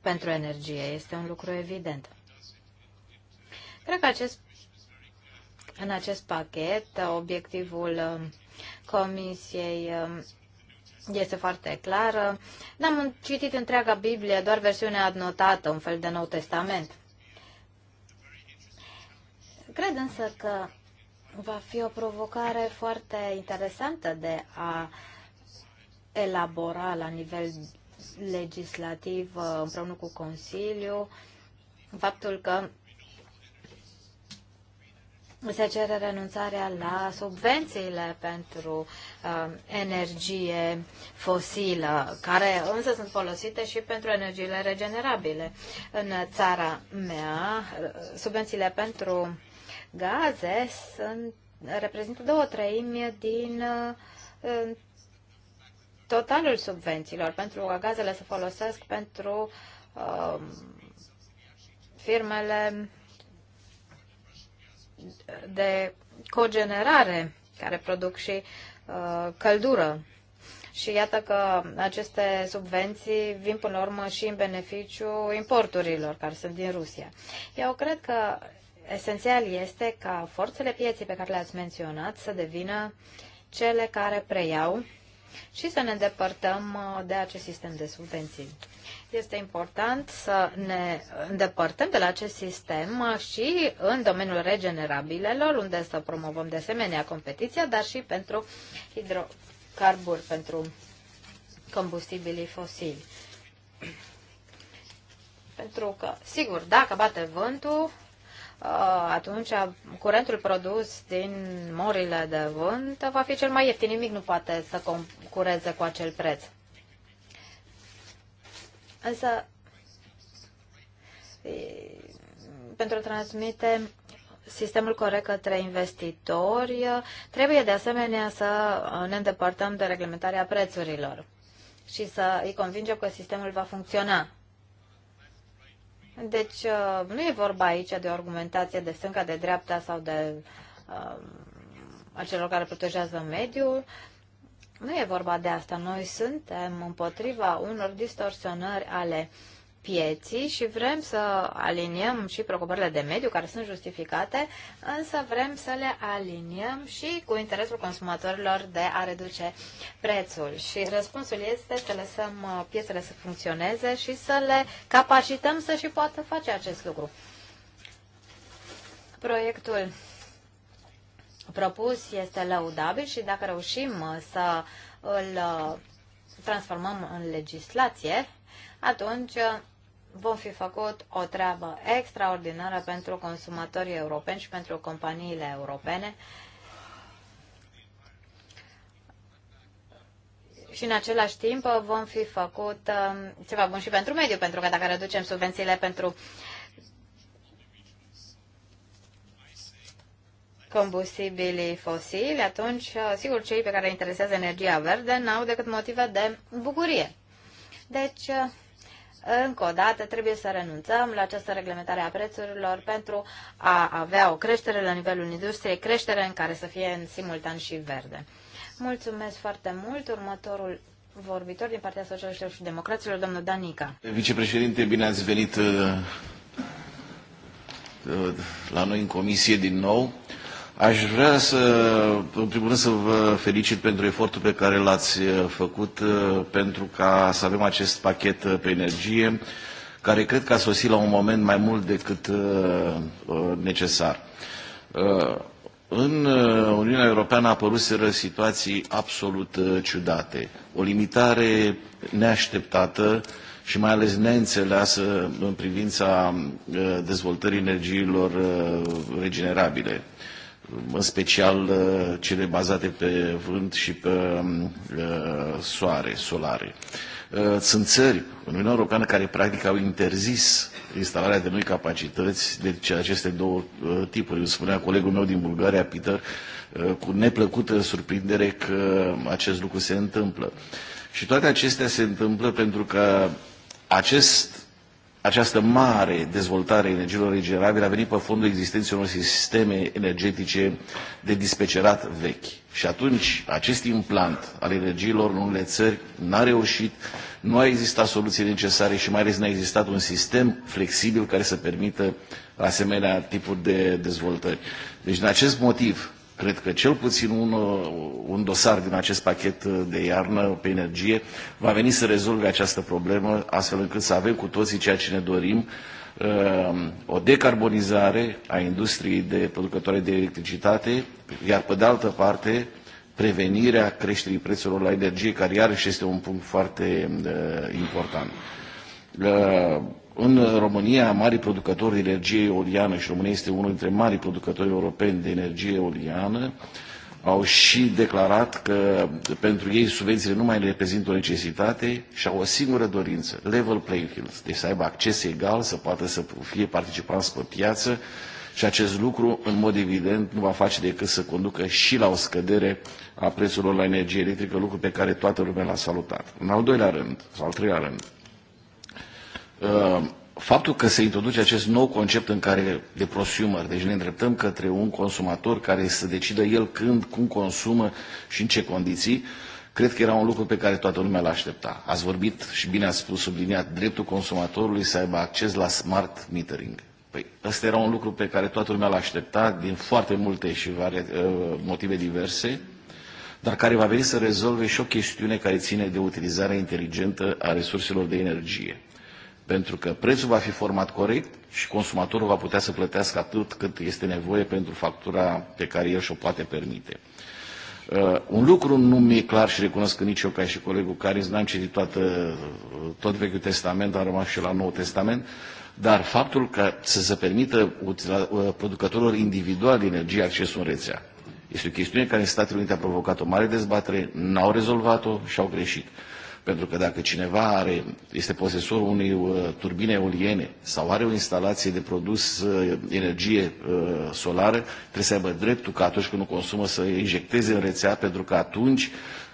pentru energie. Este un lucru evident. Cred că acest, în acest pachet, obiectivul uh, Comisiei uh, este foarte clară. N-am citit întreaga Biblie, doar versiunea adnotată, un fel de Nou Testament. Cred însă că va fi o provocare foarte interesantă de a elabora la nivel legislativ uh, împreună cu Consiliu faptul că se cere renunțarea la subvențiile pentru Um, energie fosilă, care însă sunt folosite și pentru energiile regenerabile. În țara mea, subvențiile pentru gaze sunt, reprezintă două treimi din uh, totalul subvențiilor, pentru că gazele se folosesc pentru uh, firmele de cogenerare care produc și Uh, căldură. Și iată că aceste subvenții vin până la urmă și în beneficiu importurilor care sunt din Rusia. Eu cred că esențial este ca forțele pieții pe care le-ați menționat să devină cele care preiau și să ne îndepărtăm uh, de acest sistem de subvenții. Este important să ne îndepărtăm de la acest sistem și în domeniul regenerabilelor, unde să promovăm de asemenea competiția, dar și pentru hidrocarburi, pentru combustibilii fosili. Pentru că, sigur, dacă bate vântul, uh, atunci curentul produs din morile de vânt va fi cel mai ieftin. Nimic nu poate să concureze cu acel preț. Însă, pentru a transmite sistemul corect către investitori, trebuie de asemenea să ne îndepărtăm de reglementarea prețurilor și să îi convingem că sistemul va funcționa. Deci nu e vorba aici de o argumentație de stânga, de dreapta sau de um, a celor care protejează mediul, nu e vorba de asta. Noi suntem împotriva unor distorsionări ale pieții și vrem să aliniem și preocupările de mediu care sunt justificate, însă vrem să le aliniem și cu interesul consumatorilor de a reduce prețul. Și răspunsul este să lăsăm uh, piețele să funcționeze și să le capacităm să și poată face acest lucru. Proiectul propus este lăudabil și dacă reușim uh, să îl uh, transformăm în legislație, atunci uh, vom fi făcut o treabă extraordinară pentru consumatorii europeni și pentru companiile europene. Și în același timp vom fi făcut ceva bun și pentru mediu, pentru că dacă reducem subvențiile pentru uh, combustibilii fosili, atunci, uh, sigur, cei pe care interesează energia verde n-au decât motive de bucurie. Deci, uh, încă o dată, trebuie să renunțăm la această reglementare a prețurilor pentru a avea o creștere la nivelul industriei, creștere în care să fie în simultan și verde. Mulțumesc foarte mult. Următorul vorbitor din partea Socialiștilor și Democraților, domnul Danica.
Vicepreședinte, bine ați venit uh, la noi în comisie din nou. Aș vrea să, în primul rând, să vă felicit pentru efortul pe care l-ați uh, făcut uh, pentru ca să avem acest pachet uh, pe energie, care cred că a sosit la un moment mai mult decât necesar. În Uniunea Europeană apăruseră situații absolut ciudate. O limitare neașteptată și mai ales neînțeleasă în privința dezvoltării energiilor regenerabile în special uh, cele bazate pe vânt și pe um, uh, soare, solare. Uh, sunt țări în Uniunea Europeană care practic au interzis instalarea de noi capacități, deci aceste două tipuri. Îmi spunea colegul meu din Bulgaria, Peter, cu neplăcută surprindere că acest lucru se întâmplă. Și toate acestea se întâmplă pentru că acest această mare dezvoltare a energiilor regenerabile a venit pe fondul existenței unor sisteme energetice de dispecerat vechi. Și atunci, acest implant al energiilor în unele țări n-a reușit, nu a existat soluții necesare și mai ales n-a existat un sistem flexibil care să permită asemenea tipuri de dezvoltări. Deci, din acest motiv, Cred că cel puțin un, un dosar din acest pachet de iarnă pe energie va veni să rezolve această problemă, astfel încât să avem cu toții ceea ce ne dorim, um, o decarbonizare a industriei de producătoare de electricitate, iar pe de altă parte prevenirea creșterii prețurilor la energie, care iarăși este un punct foarte uh, important. Uh, în România, mari producători de energie eoliană și România este unul dintre mari producători europeni de energie eoliană, au și declarat că pentru ei subvențiile nu mai reprezintă o necesitate și au o singură dorință, level playing field, deci să aibă acces egal, să poată să fie participanți pe piață și acest lucru, în mod evident, nu va face decât să conducă și la o scădere a prețurilor la energie electrică, lucru pe care toată lumea l-a salutat. În al doilea rând, sau al treilea rând, Uh, faptul că se introduce acest nou concept în care de prosumer, deci ne îndreptăm către un consumator care să decidă el când, cum consumă și în ce condiții, cred că era un lucru pe care toată lumea l-aștepta. Ați vorbit și bine ați spus, subliniat, dreptul consumatorului să aibă acces la smart metering. Păi ăsta era un lucru pe care toată lumea l-aștepta din foarte multe și vari, uh, motive diverse, dar care va veni să rezolve și o chestiune care ține de utilizarea inteligentă a resurselor de energie pentru că prețul va fi format corect și consumatorul va putea să plătească atât cât este nevoie pentru factura pe care el și-o poate permite. Uh, un lucru nu mi-e clar și recunosc că nici eu ca și colegul care n-am citit toată, uh, tot Vechiul Testament, am rămas și la Noul Testament, dar faptul că să se permită uh, producătorilor individual de energie accesul în rețea este o chestiune care în Statele Unite a provocat o mare dezbatere, n-au rezolvat-o și au greșit. Pentru că dacă cineva are, este posesorul unei uh, turbine eoliene sau are o instalație de produs uh, energie uh, solară, trebuie să aibă dreptul ca atunci când o consumă să injecteze în rețea, pentru că atunci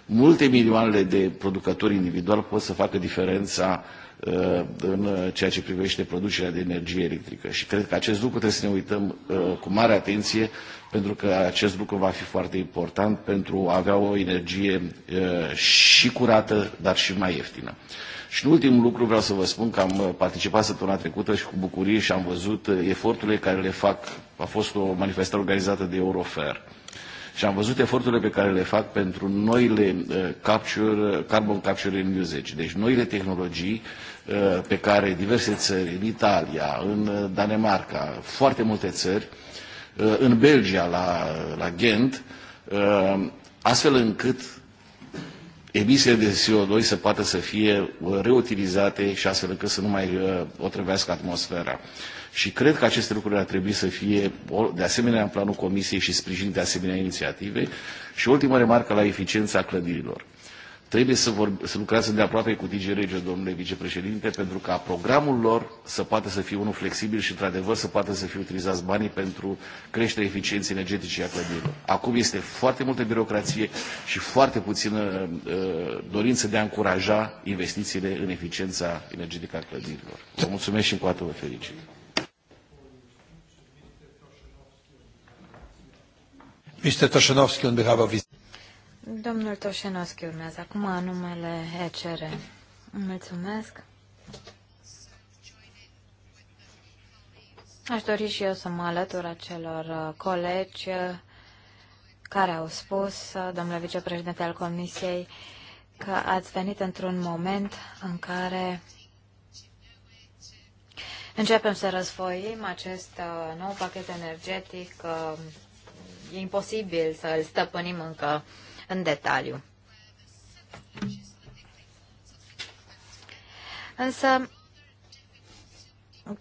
multe milioane de producători individuali pot să facă diferența Uh, în uh, ceea ce privește producerea de energie electrică. Și cred că acest lucru trebuie să ne uităm uh, cu mare atenție, pentru că acest lucru va fi foarte important pentru a avea o energie și curată, dar și mai ieftină. Și în ultimul lucru vreau să vă spun că am participat săptămâna trecută și cu bucurie și am văzut eforturile care le fac, a fost o manifestare organizată de Eurofair. Și am văzut eforturile pe care le fac pentru noile capture, carbon capture in usage, deci noile tehnologii uh, Eh, pe care diverse țări, în Italia, în eh, Danemarca, foarte multe țări, eh, în Belgia, la, la Ghent, astfel încât emisiile de CO2 să poată să fie reutilizate și astfel încât să nu mai otrăvească atmosfera. Și cred că aceste lucruri ar trebui să fie de asemenea în planul Comisiei și sprijinite de asemenea inițiative. Și ultima remarcă la eficiența clădirilor. Trebuie să, vor, să lucrează de aproape cu DG Regio, domnule vicepreședinte, pentru ca programul lor să poată să fie unul flexibil și, într-adevăr, să poată să fie utilizați banii pentru creșterea eficienței energetice a clădirilor. Acum este foarte multă birocrație și foarte puțină uh, dorință de a încuraja investițiile în eficiența energetică a clădirilor. Vă mulțumesc și încă o dată vă felicit. Mr. Toshanovsky on behalf of his
Domnul Toșenoschi urmează acum numele ECR. Mulțumesc. Aș dori și eu să mă alătur acelor uh, colegi uh, care au spus, uh, domnule vicepreședinte al Comisiei, că ați venit într-un moment în care începem să răsfoim acest nou pachet energetic. E imposibil să îl stăpânim încă în detaliu. Însă,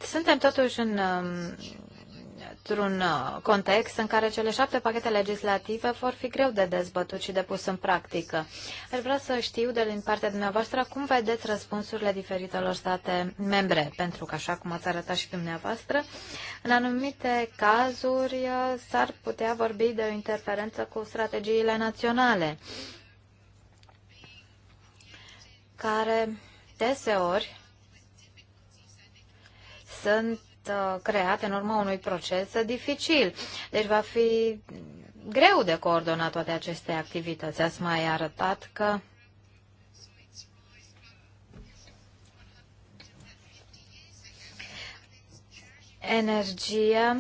suntem totuși în um, într-un uh, context în care cele șapte pachete legislative vor fi greu de dezbătut și de pus în practică. Aș vrea să știu de din partea dumneavoastră cum vedeți răspunsurile diferitelor state membre, pentru că, așa cum ați arătat și dumneavoastră, în anumite cazuri uh, s-ar putea vorbi de o interferență cu strategiile naționale, care deseori sunt Uh, creat în urma unui proces dificil. Deci va fi greu de coordonat toate aceste activități. Ați mai arătat că energia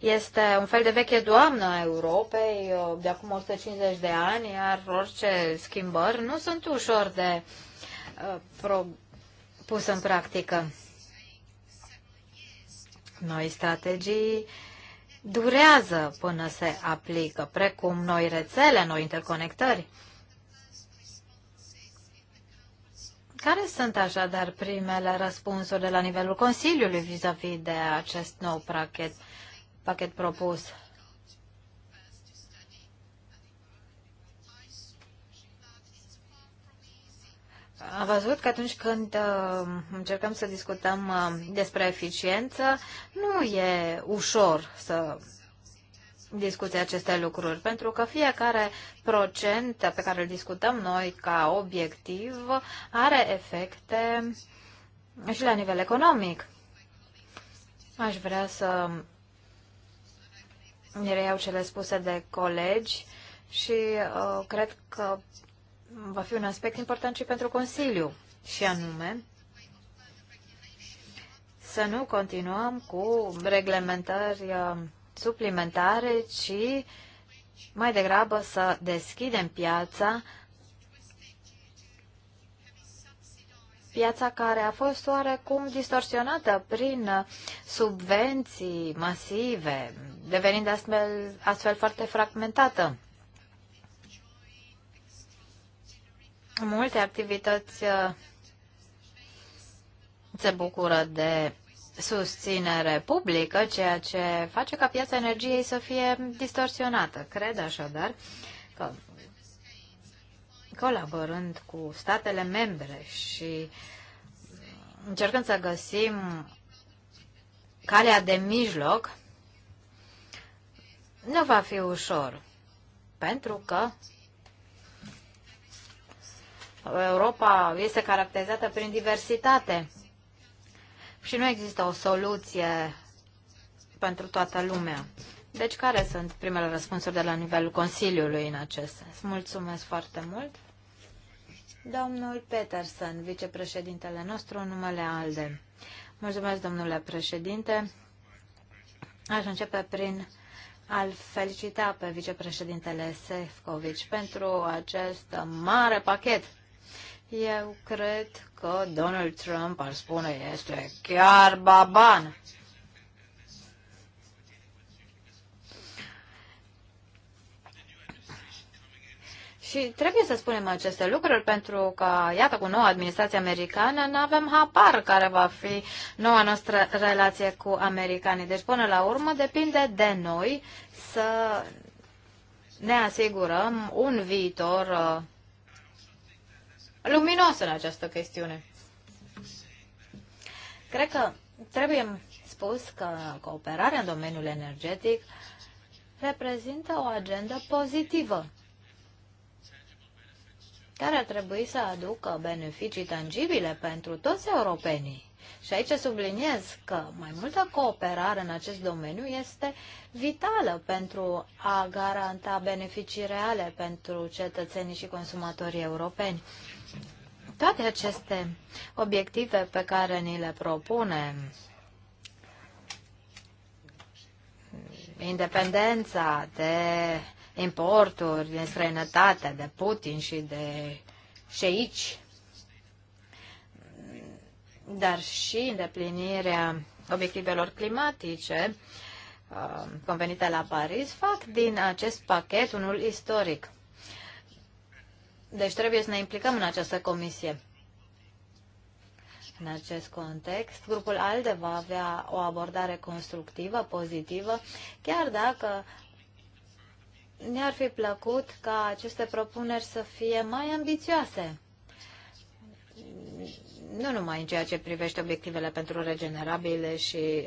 este un fel de veche doamnă a Europei uh, de acum 150 de ani, iar orice schimbări nu sunt ușor de uh, pro, pus în practică. Noi strategii durează până se aplică, precum noi rețele, noi interconectări. Care sunt așadar primele răspunsuri de la nivelul Consiliului vis-a-vis -vis de acest nou pachet, pachet propus? am văzut că atunci când uh, încercăm să discutăm uh, despre eficiență, nu e ușor să discuți aceste lucruri, pentru că fiecare procent pe care îl discutăm noi ca obiectiv are efecte și la nivel economic. Aș vrea să reiau cele spuse de colegi și uh, cred că va fi un aspect important și pentru Consiliu, și anume să nu continuăm cu reglementări uh, suplimentare, ci mai degrabă să deschidem piața, piața care a fost oarecum distorsionată prin subvenții masive, devenind astfel, astfel foarte fragmentată. Multe activități uh, se bucură de susținere publică, ceea ce face ca piața energiei să fie distorsionată. Cred așadar că colaborând cu statele membre și încercând să găsim calea de mijloc, nu va fi ușor, pentru că Europa este caracterizată prin diversitate și nu există o soluție pentru toată lumea. Deci care sunt primele răspunsuri de la nivelul Consiliului în acest sens? Mulțumesc foarte mult. Domnul Peterson, vicepreședintele nostru, numele ALDE. Mulțumesc, domnule președinte. Aș începe prin a felicita pe vicepreședintele Sefcovici pentru acest mare pachet eu cred că Donald Trump ar spune este chiar baban. Și trebuie să spunem aceste lucruri pentru că, iată, cu noua administrație americană nu avem hapar care va fi noua noastră relație cu americanii. Deci, până la urmă, depinde de noi să ne asigurăm un viitor uh, luminoasă în această chestiune. Cred că trebuie spus că cooperarea în domeniul energetic reprezintă o agendă pozitivă care ar trebui să aducă beneficii tangibile pentru toți europenii. Și aici subliniez că mai multă cooperare în acest domeniu este vitală pentru a garanta beneficii reale pentru cetățenii și consumatorii europeni. Toate aceste obiective pe care ni le propunem, independența de importuri din străinătate, de Putin și de șeici, dar și îndeplinirea obiectivelor climatice uh, convenite la Paris, fac din acest pachet unul istoric. Deci trebuie să ne implicăm în această comisie. În acest context, grupul ALDE va avea o abordare constructivă, pozitivă, chiar dacă ne-ar fi plăcut ca aceste propuneri să fie mai ambițioase. Nu numai în ceea ce privește obiectivele pentru regenerabile și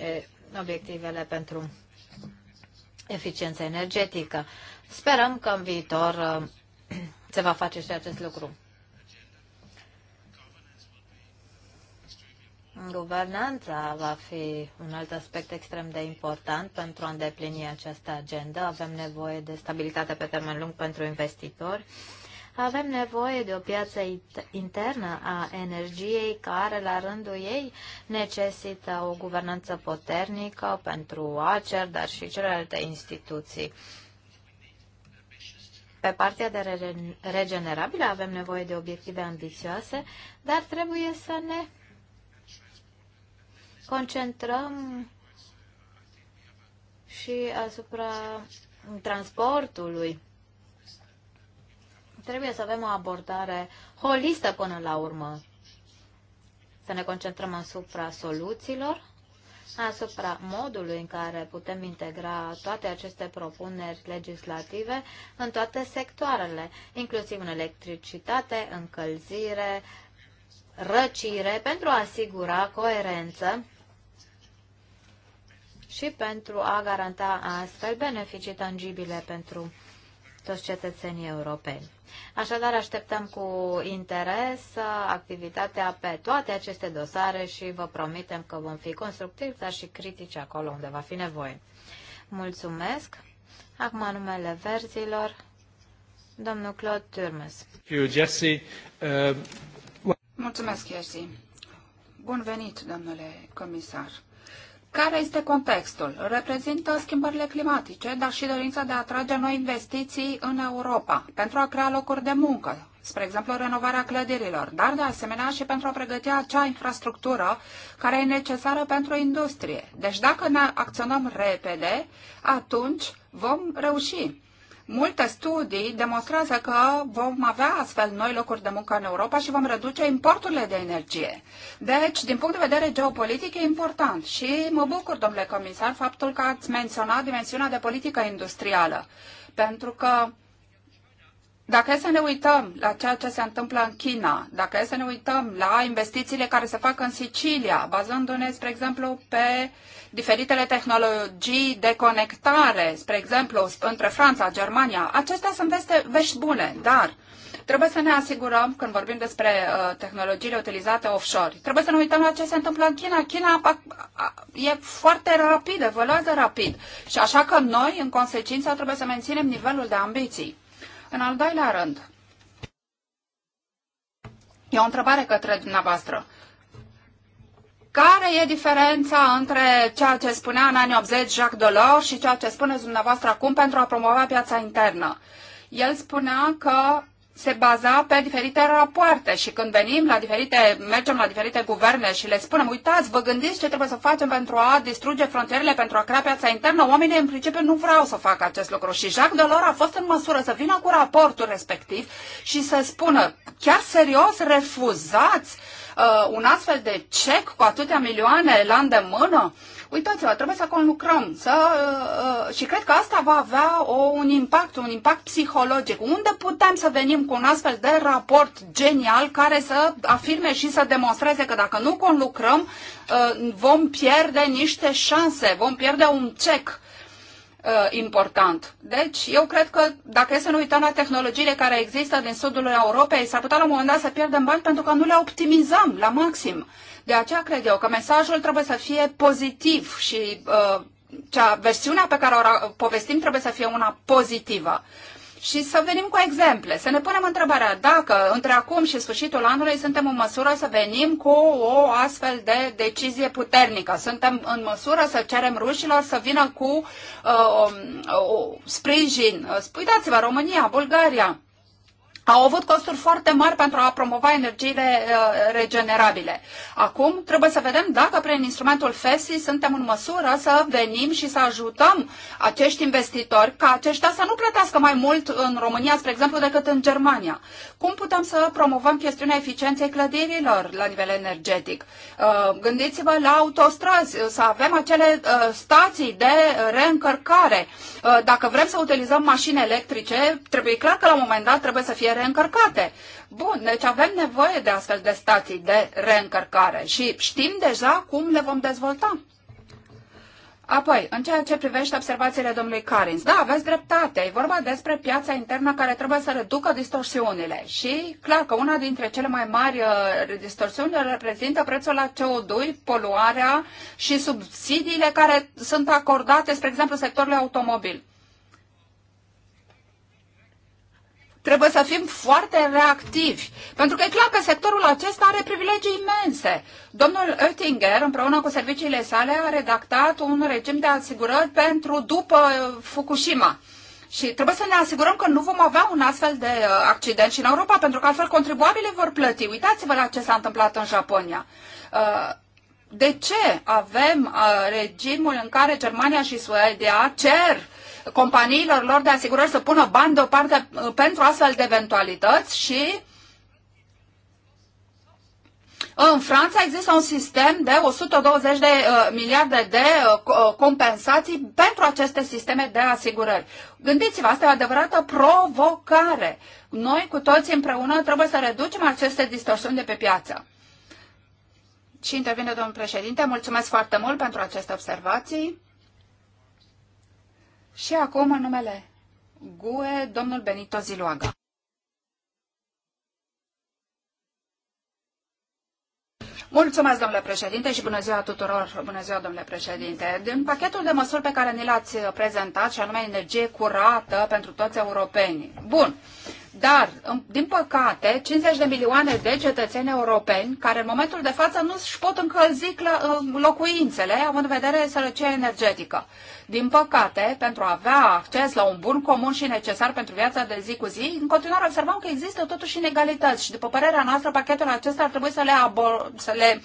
obiectivele pentru eficiență energetică. Sperăm că în viitor se va face și acest lucru. Guvernanța va fi un alt aspect extrem de important pentru a îndeplini această agendă. Avem nevoie de stabilitate pe termen lung pentru investitori. Avem nevoie de o piață internă a energiei care, la rândul ei, necesită o guvernanță puternică pentru ACER, dar și celelalte instituții pe partea de regenerabile avem nevoie de obiective ambițioase, dar trebuie să ne concentrăm și asupra transportului. Trebuie să avem o abordare holistă până la urmă. Să ne concentrăm asupra soluțiilor asupra modului în care putem integra toate aceste propuneri legislative în toate sectoarele, inclusiv în electricitate, încălzire, răcire, pentru a asigura coerență și pentru a garanta astfel beneficii tangibile pentru toți cetățenii europeni. Așadar, așteptăm cu interes activitatea pe toate aceste dosare și vă promitem că vom fi constructivi, dar și critici acolo unde va fi nevoie. Mulțumesc! Acum numele verzilor, domnul Claude Turmes.
Uh, Mulțumesc,
Jesse. Bun venit, domnule comisar.
Care este contextul? Reprezintă schimbările climatice, dar și dorința de a atrage noi investiții în Europa pentru a crea locuri de muncă, spre exemplu renovarea clădirilor, dar de asemenea și pentru a pregăti acea infrastructură care e necesară pentru industrie. Deci dacă ne acționăm repede, atunci vom reuși. Multe studii demonstrează că vom avea astfel noi locuri de muncă în Europa și vom reduce importurile de energie. Deci, din punct de vedere geopolitic, e important. Și mă bucur, domnule comisar, faptul că ați menționat dimensiunea de politică industrială. Pentru că dacă e să ne uităm la ceea ce se întâmplă în China, dacă e să ne uităm la investițiile care se fac în Sicilia, bazându-ne, spre exemplu, pe diferitele tehnologii de conectare, spre exemplu, între Franța, Germania, acestea sunt veste, vești bune, dar trebuie să ne asigurăm, când vorbim despre uh, tehnologiile utilizate offshore, trebuie să ne uităm la ce se întâmplă în China. China a, a, e foarte rapid, evoluează rapid și așa că noi, în consecință, trebuie să menținem nivelul de ambiții. În al doilea rând, e o întrebare către dumneavoastră. Care e diferența între ceea ce spunea în anii 80 Jacques Delors și ceea ce spuneți dumneavoastră acum pentru a promova piața internă? El spunea că se baza pe diferite rapoarte și când venim la diferite, mergem la diferite guverne și le spunem, uitați, vă gândiți ce trebuie să facem pentru a distruge frontierele, pentru a crea piața internă, oamenii în principiu nu vreau să facă acest lucru. Și Jacques Delors a fost în măsură să vină cu raportul respectiv și să spună, chiar serios refuzați uh, un astfel de cec cu atâtea milioane la îndemână? Uh, uitați-vă, trebuie să conlucrăm să, uh, uh, și cred că asta va avea o, un impact, un impact psihologic. Unde putem să venim cu un astfel de raport genial care să afirme și să demonstreze că dacă nu conlucrăm, uh, vom pierde niște șanse, vom pierde un cec uh, important. Deci, eu cred că dacă e să ne uităm la tehnologiile care există din sudul Europei, s-ar putea la un moment dat să pierdem bani pentru că nu le optimizăm la maxim. Uh, de aceea cred eu că mesajul trebuie să fie pozitiv și uh, cea, versiunea pe care o povestim trebuie să fie una pozitivă. Și să venim cu exemple, să ne punem întrebarea dacă între acum și sfârșitul anului suntem în măsură să venim cu o astfel de decizie puternică. Suntem în măsură să cerem rușilor să vină cu uh, o, um, o, uh, sprijin. Uitați-vă, România, Bulgaria, au avut costuri foarte mari pentru a promova energiile uh, regenerabile. Acum trebuie să vedem dacă prin instrumentul FESI suntem în măsură să venim și să ajutăm acești investitori ca aceștia să nu plătească mai mult în România, spre exemplu, decât în Germania. Cum putem să promovăm chestiunea eficienței clădirilor la nivel energetic? Uh, gândiți-vă la autostrăzi, uh, să avem acele stații de reîncărcare. Dacă vrem să utilizăm mașini electrice, trebuie clar că la un moment dat trebuie să fie reîncărcate. Bun, deci avem nevoie de astfel de stații de reîncărcare și știm deja cum le vom dezvolta. Apoi, în ceea ce privește observațiile domnului Carins, da, aveți dreptate, e vorba despre piața internă care trebuie să reducă distorsiunile și clar că una dintre cele mai mari uh, distorsiuni reprezintă prețul la CO2, poluarea și subsidiile care sunt acordate, spre exemplu, sectorului automobil. Trebuie să fim foarte reactivi, pentru că e clar că sectorul acesta are privilegii imense. Domnul Oettinger, împreună cu serviciile sale, a redactat un regim de asigurări pentru după uh, Fukushima. Și trebuie să ne asigurăm că nu vom avea un astfel de uh, accident și în Europa, pentru că altfel contribuabile vor plăti. Uitați-vă la ce s-a întâmplat în Japonia. Uh, de ce avem regimul în care Germania și Suedia cer companiilor lor de asigurări să pună bani deoparte uh, pentru astfel de eventualități și uh, în Franța există un sistem de 120 de uh, miliarde de uh, uh, compensații pentru aceste sisteme de asigurări. Gândiți-vă, asta e o adevărată provocare. Noi cu toți împreună trebuie să reducem aceste distorsiuni de pe piață. Și intervine domnul președinte, mulțumesc foarte mult pentru aceste observații. Și acum, în numele GUE, domnul Benito Ziluaga. Mulțumesc, domnule președinte, și bună ziua tuturor. Bună ziua, domnule președinte. Din pachetul de măsuri pe care ni l-ați prezentat, și anume energie curată pentru toți europenii. Bun. Dar, din păcate, 50 de milioane de cetățeni europeni, care în momentul de față nu își pot încălzi ă, locuințele, având în vedere sărăcia energetică. Din păcate, pentru a avea acces la un bun comun și necesar pentru viața de zi cu zi, în continuare observăm că există totuși inegalități și, după părerea noastră, pachetul acesta ar trebui să le, abor- să le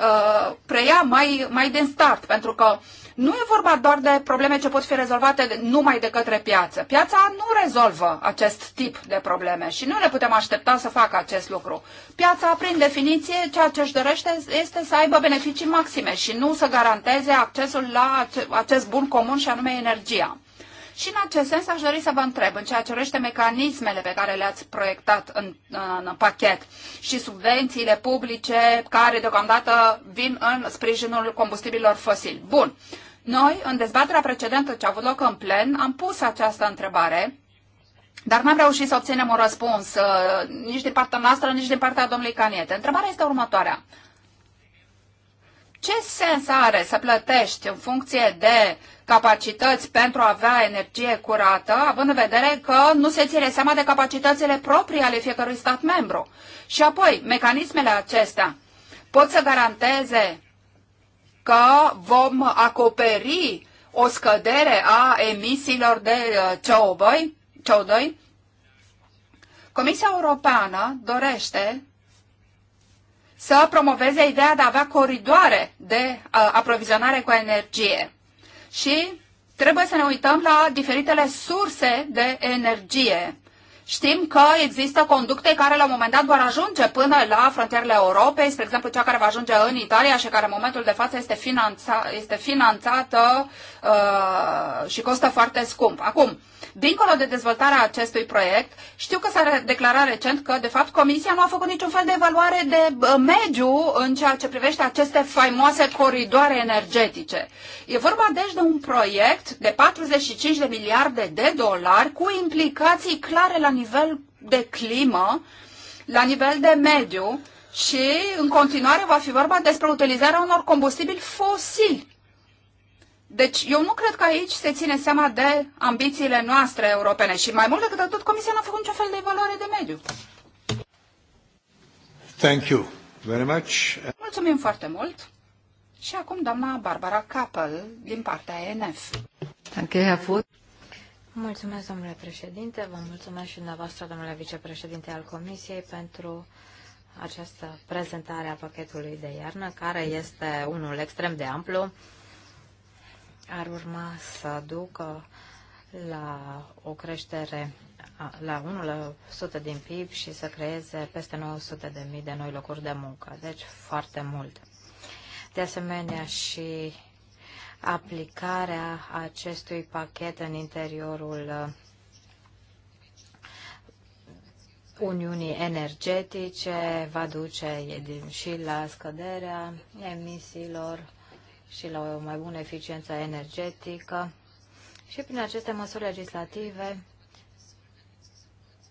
uh, preia mai, mai din start, pentru că uh, nu e vorba doar de probleme ce pot fi rezolvate numai de către piață. Piața nu rezolvă acest tip de probleme și nu ne putem aștepta să facă acest lucru. Piața, prin definiție, ceea ce își dorește este să aibă beneficii maxime și nu să garanteze accesul la acest bun comun și anume energia. Și în acest sens aș dori să vă întreb în ceea ce urește mecanismele pe care le-ați proiectat în, în pachet și subvențiile publice care deocamdată vin în sprijinul combustibilor fosili. Bun. Uh, noi, în dezbaterea precedentă ce a avut loc în plen, am pus această întrebare, dar n-am reușit să obținem un răspuns uh, nici din partea noastră, nici din partea domnului Caniete. Întrebarea este următoarea. Ce sens are să plătești în funcție de capacități pentru a avea energie curată, având în vedere că nu se ține seama de capacitățile proprii ale fiecărui stat membru? Și apoi, mecanismele acestea pot să garanteze că vom acoperi o scădere a emisiilor de uh, CO2, Comisia Europeană dorește să promoveze ideea de a avea coridoare de uh, aprovizionare cu energie. Și trebuie să ne uităm la diferitele surse de energie Știm că există conducte care la un moment dat vor ajunge până la frontierele Europei, spre exemplu cea care va ajunge în Italia și care în momentul de față este, finanța, este finanțată uh, și costă foarte scump. Acum, uh, Dincolo de dezvoltarea acestui proiect, știu că s-a declarat recent că, de fapt, Comisia nu a făcut niciun fel de evaluare de mediu în ceea ce privește aceste faimoase coridoare energetice. E vorba, deci, de un proiect de 45 de miliarde de dolari cu implicații clare la nivel de climă, la nivel de mediu și, în continuare, va fi vorba despre utilizarea unor combustibili fosili deci eu nu cred că aici se ține seama de ambițiile noastre europene și mai mult decât atât, Comisia nu a făcut niciun fel de evaluare de mediu.
Thank you very much.
Mulțumim foarte mult. Și acum doamna Barbara
Capel din partea ENF.
Danke, Herr fost.
Mulțumesc, domnule președinte. Vă mulțumesc și dumneavoastră, domnule vicepreședinte al Comisiei, pentru această prezentare a pachetului de iarnă, care este unul extrem de amplu ar urma să ducă la o creștere la 1% din PIB și să creeze peste 900.000 de, de noi locuri de muncă, deci foarte mult. De asemenea și aplicarea acestui pachet în interiorul uh, Uniunii energetice va duce și la scăderea emisiilor și la o mai bună eficiență energetică și prin aceste măsuri legislative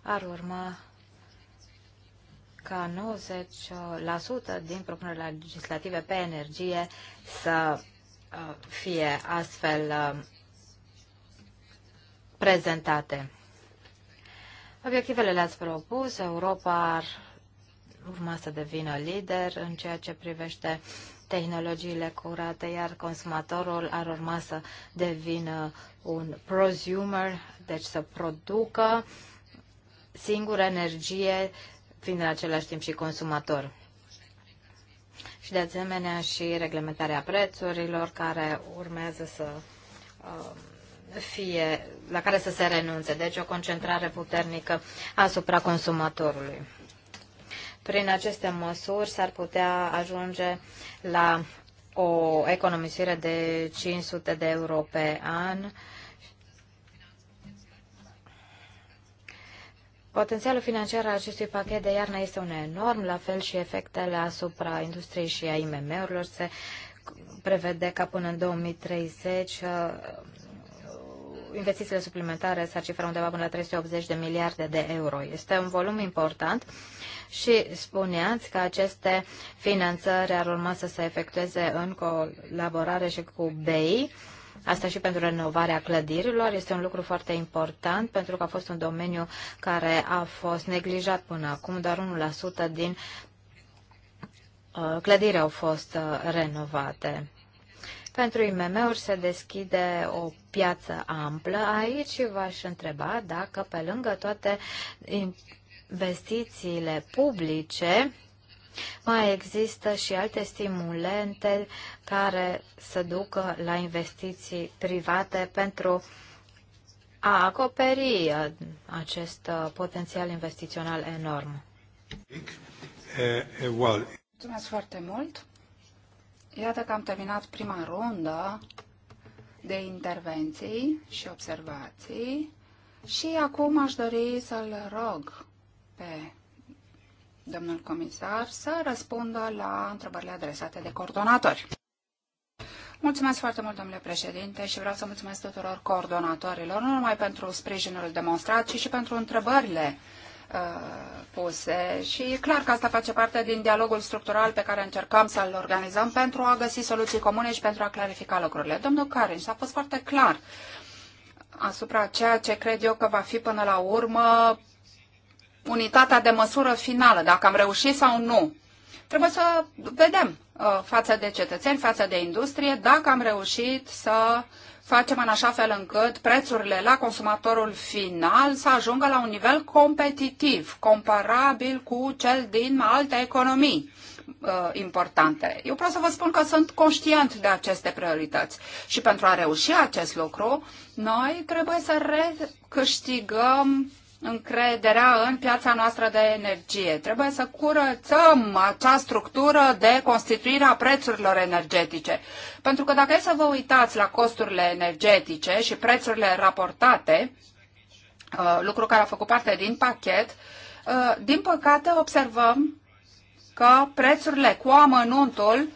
ar urma ca 90% din propunerile legislative pe energie să uh, fie astfel uh, prezentate. Obiectivele le-ați propus, Europa ar urma să devină lider în ceea ce privește tehnologiile curate, iar consumatorul ar urma să devină un prosumer, deci să producă singură energie, fiind în același timp și consumator. Și de asemenea și reglementarea prețurilor care urmează să um, fie, la care să se renunțe. Deci o concentrare puternică asupra consumatorului. Prin aceste măsuri s-ar putea ajunge la o economisire de 500 de euro pe an. Potențialul financiar al acestui pachet de iarnă este un enorm, la fel și efectele asupra industriei și a IMM-urilor se prevede ca până în 2030 investițiile suplimentare s-ar cifra undeva până la 380 de miliarde de euro. Este un volum important și spuneați că aceste finanțări ar urma să se efectueze în colaborare și cu BEI. Asta și pentru renovarea clădirilor este un lucru foarte important pentru că a fost un domeniu care a fost neglijat până acum, doar 1% din uh, clădiri au fost uh, renovate. Pentru IMM-uri se deschide o piață amplă. Aici v-aș întreba dacă pe lângă toate investițiile publice mai există și alte stimulente care să ducă la investiții private pentru a acoperi uh, acest uh, potențial investițional enorm.
Eh, eh, Mulțumesc
foarte mult. Iată că am
terminat prima
rundă de intervenții și observații și acum aș dori să-l rog pe domnul comisar să răspundă la întrebările adresate de coordonatori. Mulțumesc foarte mult, domnule președinte, și vreau să mulțumesc tuturor coordonatorilor, nu numai pentru sprijinul demonstrat, ci și pentru întrebările Uh, puse și e clar că asta face parte din dialogul structural pe care încercăm să-l organizăm pentru a găsi soluții comune și pentru a clarifica lucrurile. Domnul Carin, s-a fost foarte clar asupra ceea ce cred eu că va fi până la urmă unitatea de măsură finală, dacă am reușit sau nu. Trebuie să vedem uh, față de cetățeni, față de industrie, dacă am reușit să facem în așa fel încât prețurile la consumatorul final să ajungă la un nivel competitiv, comparabil cu cel din alte economii uh, importante. Eu vreau să vă spun că sunt conștient de aceste priorități și pentru a reuși acest lucru, noi trebuie să recâștigăm încrederea în piața noastră de energie. Trebuie să curățăm acea structură de constituire a prețurilor energetice. Pentru că dacă e să vă uitați la costurile energetice și prețurile raportate, uh, lucru care a făcut parte din pachet, uh, din păcate observăm că prețurile cu amănuntul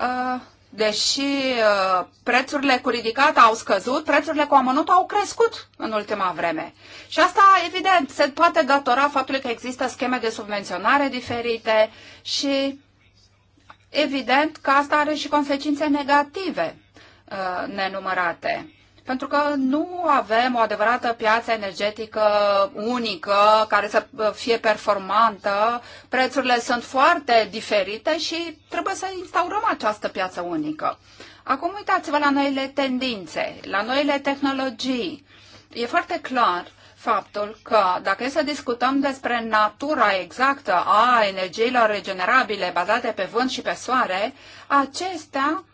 uh, deși uh, prețurile cu ridicat au scăzut, prețurile cu amănut au crescut în ultima vreme. Și asta, evident, se poate datora faptului că există scheme de subvenționare diferite și, evident, că asta are și consecințe negative uh, nenumărate pentru că nu avem o adevărată piață energetică unică care să fie performantă. Prețurile sunt foarte diferite și trebuie să instaurăm această piață unică. Acum uitați-vă la noile tendințe, la noile tehnologii. E foarte clar faptul că dacă e să discutăm despre natura exactă a energiilor regenerabile bazate pe vânt și pe soare, acestea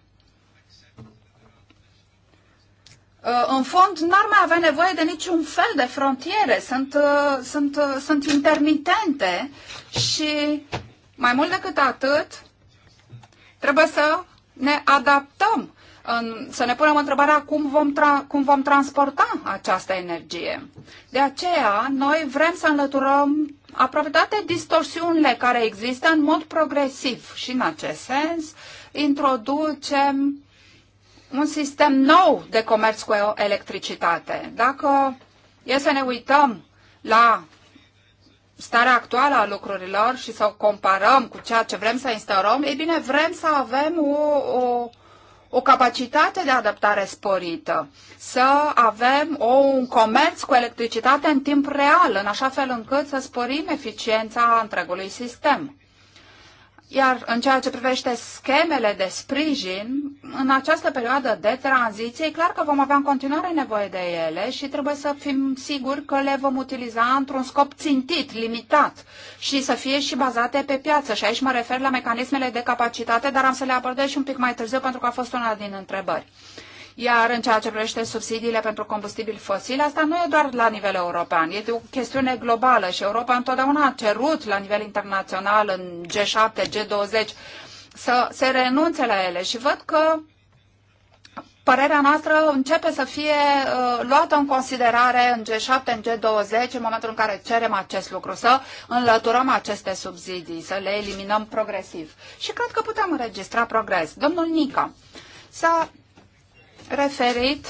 Uh, în fond, n-ar mai avea nevoie de niciun fel de frontiere. Sunt, uh, sunt, uh, sunt intermitente și, mai mult decât atât, trebuie să ne adaptăm, în, să ne punem întrebarea cum vom, tra, cum vom transporta această energie. De aceea, noi vrem să înlăturăm aproape toate distorsiunile care există în mod progresiv și, în acest sens, introducem un sistem nou de comerț cu electricitate. Dacă e să ne uităm la starea actuală a lucrurilor și să o comparăm cu ceea ce vrem să instaurăm, e bine, vrem să avem o, o, o capacitate de adaptare sporită, să avem o, un comerț cu electricitate în timp real, în așa fel încât să sporim eficiența întregului sistem. Iar în ceea ce privește schemele de sprijin, în această perioadă de tranziție, e clar că vom avea în continuare nevoie de ele și trebuie să fim siguri că le vom utiliza într-un scop țintit, limitat și să fie și bazate pe piață. Și aici mă refer la mecanismele de capacitate, dar am să le abordez și un pic mai târziu pentru că a fost una din întrebări. Iar în ceea ce privește subsidiile pentru combustibil fosil, asta nu e doar la nivel european, e o chestiune globală și Europa întotdeauna a cerut la nivel internațional, în G7, G20, să se renunțe la ele și văd că părerea noastră începe să fie uh, luată în considerare în G7, în G20, în momentul în care cerem acest lucru, să înlăturăm aceste subsidii, să le eliminăm progresiv. Și cred că putem înregistra progres. Domnul Nica să referit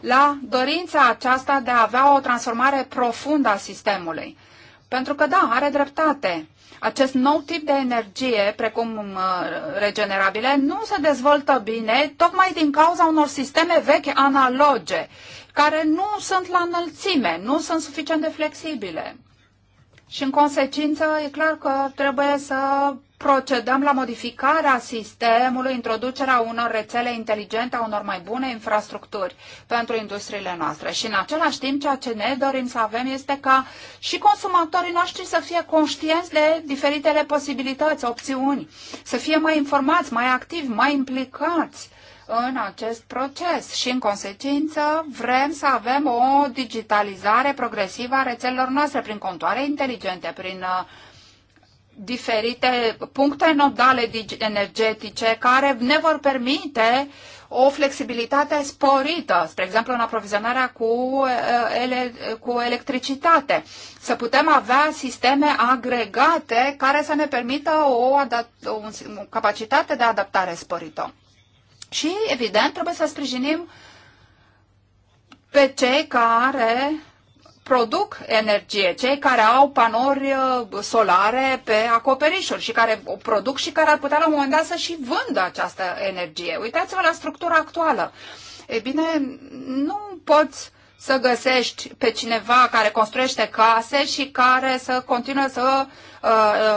la dorința aceasta de a avea o transformare profundă a sistemului. Pentru că, da, are dreptate. Acest nou tip de energie, precum uh, regenerabile, nu se dezvoltă bine tocmai din cauza unor sisteme vechi analoge, care nu sunt la înălțime, nu sunt suficient de flexibile. Și în consecință, e clar că trebuie să procedăm la modificarea sistemului, introducerea unor rețele inteligente, a unor mai bune infrastructuri pentru industriile noastre. Și în același timp, ceea ce ne dorim să avem este ca și consumatorii noștri să fie conștienți de diferitele posibilități, opțiuni, să fie mai informați, mai activi, mai implicați în acest proces și, în consecință, vrem să avem o digitalizare progresivă a rețelelor noastre prin contoare inteligente, prin uh, diferite puncte nodale energetice care ne vor permite o flexibilitate sporită, spre exemplu în aprovizionarea cu, eh, ele, cu electricitate, să putem avea sisteme agregate care să ne permită o, o, o capacitate de adaptare sporită. Și, evident, trebuie să sprijinim pe cei care produc energie, cei care au panouri uh, solare pe acoperișuri și care o produc și care ar putea la un moment dat să și vândă această energie. Uitați-vă la structura actuală. E bine, nu poți să găsești pe cineva care construiește case și care să continue să uh,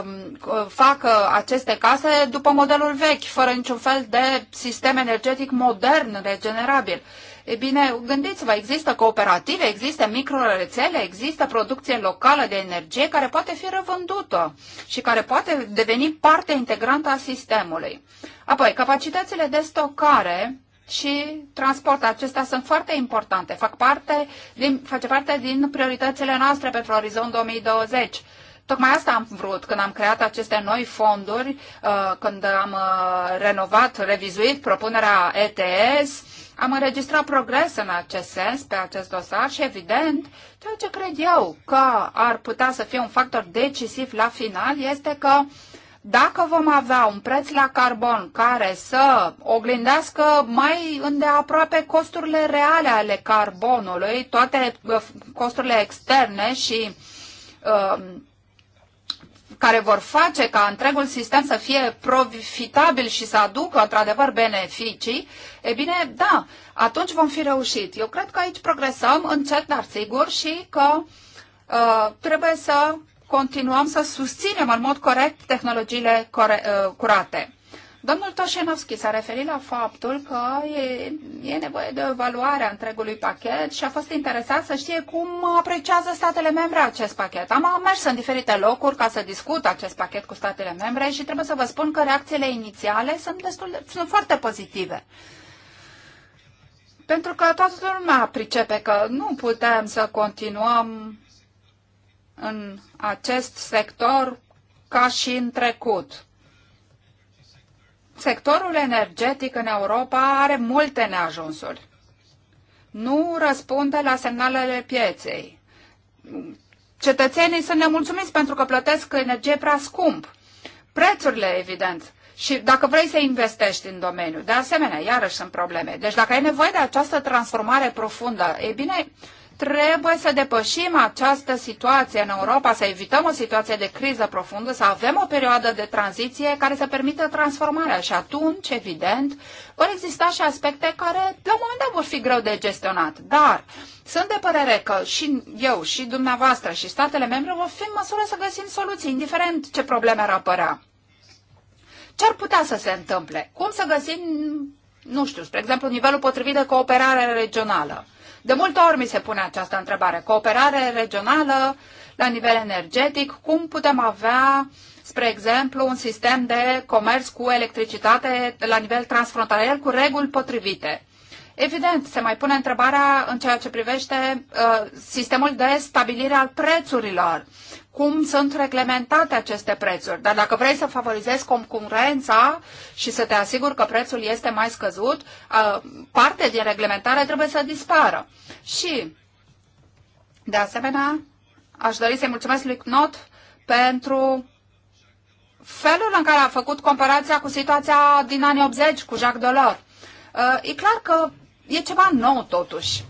um, uh, facă aceste case după modelul vechi, fără niciun fel de sistem energetic modern, regenerabil. E bine, gândiți-vă, există cooperative, există microrețele, există producție locală de energie care poate fi revândută și care poate deveni parte integrantă a sistemului. Apoi, capacitățile de stocare și transportul acestea sunt foarte importante, fac parte din, face parte din prioritățile noastre pentru Orizont 2020. Tocmai asta am vrut când am creat aceste noi fonduri, uh, când am uh, renovat, revizuit propunerea ETS, am înregistrat progres în acest sens, pe acest dosar și, evident, ceea ce cred eu că ar putea să fie un factor decisiv la final este că uh, dacă vom avea un preț la carbon care să oglindească mai îndeaproape costurile reale ale carbonului, toate costurile externe și uh, care vor face ca întregul sistem să fie profitabil și să aducă într-adevăr beneficii, e bine, da, atunci vom fi reușit. Eu cred că aici progresăm încet, dar sigur și că uh, trebuie să continuăm să susținem în mod corect tehnologiile core uh, curate. Domnul Toșenovski s-a referit la faptul că e, e nevoie de o evaluare a întregului pachet și a fost interesat să știe cum apreciază statele membre acest pachet. Am mers în diferite locuri ca să discut acest pachet cu statele membre și trebuie să vă spun că reacțiile inițiale sunt, destul de, sunt foarte pozitive. Pentru că toată lumea pricepe că nu putem să continuăm în acest sector ca și în trecut. Sectorul energetic în Europa are multe neajunsuri. Nu răspunde la semnalele pieței. Cetățenii sunt nemulțumiți pentru că plătesc energie prea scump. Prețurile, evident, și dacă vrei să investești în domeniu, de asemenea, iarăși sunt probleme. Deci dacă ai nevoie de această transformare profundă, e bine, trebuie să depășim această situație în Europa, să evităm o situație de criză profundă, să avem o perioadă de tranziție care să permită transformarea și atunci, evident, vor exista și aspecte care la un moment dat vor fi greu de gestionat. Dar sunt de părere că și eu, și dumneavoastră, și statele membre vor fi în măsură să găsim soluții, indiferent ce probleme ar apărea. Ce ar putea să se întâmple? Cum să găsim, nu știu, spre exemplu, nivelul potrivit de cooperare regională? De multe ori mi se pune această întrebare. Cooperare regională la nivel energetic, cum putem avea, spre exemplu, un sistem de comerț cu electricitate la nivel transfrontalier cu reguli potrivite? Evident, se mai pune întrebarea în ceea ce privește uh, sistemul de stabilire al prețurilor. Uh, cum sunt reglementate aceste prețuri. Dar dacă vrei să favorizezi concurența și să te asiguri că prețul este mai scăzut, parte din reglementare trebuie să dispară. Și, de asemenea, aș dori să-i mulțumesc lui Knot pentru felul în care a făcut comparația cu situația din anii 80 cu Jacques Delors. E clar că e ceva nou totuși.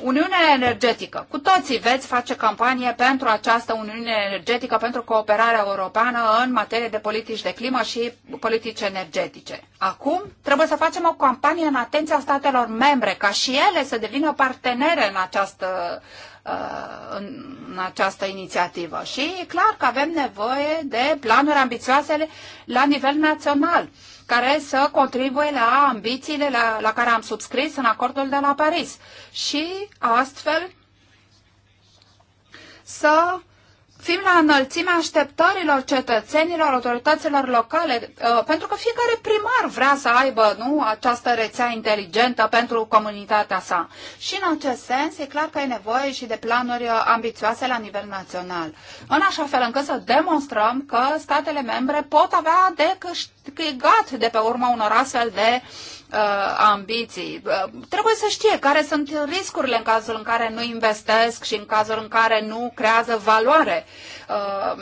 Uniunea energetică. Cu toții veți face campanie pentru această Uniune energetică, pentru cooperarea europeană în materie de politici de climă și politici energetice. Acum trebuie să facem o campanie în atenția statelor membre, ca și ele să devină partenere în această, uh, în această inițiativă. Și e clar că avem nevoie de planuri ambițioase la nivel național care să contribuie la ambițiile la, la care am subscris în acordul de la Paris și astfel să fim la înălțimea așteptărilor cetățenilor, autorităților locale, uh, pentru că fiecare primar vrea să aibă nu, această rețea inteligentă pentru comunitatea sa. Și în acest sens e clar că e nevoie și de planuri uh, ambițioase la nivel național, în așa fel încât să demonstrăm că statele membre pot avea de câștigat de pe urma unor astfel de uh, ambiții. trebuie să știe care sunt riscurile în cazul în care nu investesc și în cazul în care nu creează valoare uh,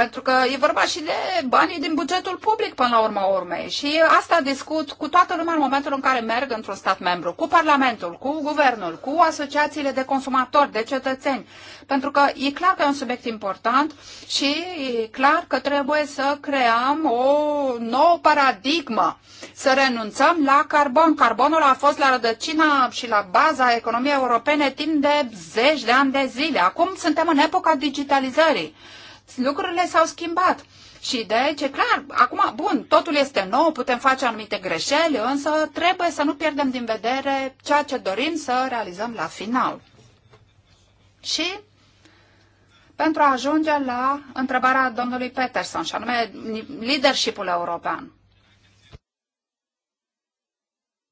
pentru că e vorba și de banii din bugetul public până la urma urmei. Și asta discut cu toată lumea în momentul în care merg într-un stat membru, cu Parlamentul, cu Guvernul, cu asociațiile de consumatori, de cetățeni. Pentru că e clar că e un subiect important și e clar că trebuie să creăm o nouă paradigmă, să renunțăm la carbon. Carbonul a fost la rădăcina și la baza economiei europene timp de zeci de ani de zile. Acum suntem în epoca digitalizării lucrurile s-au schimbat. Și deci, ce? clar, acum, bun, totul este nou, putem face anumite greșeli, însă trebuie să nu pierdem din vedere ceea ce dorim să realizăm la final. Și pentru a ajunge la întrebarea domnului Peterson, și anume leadership-ul european.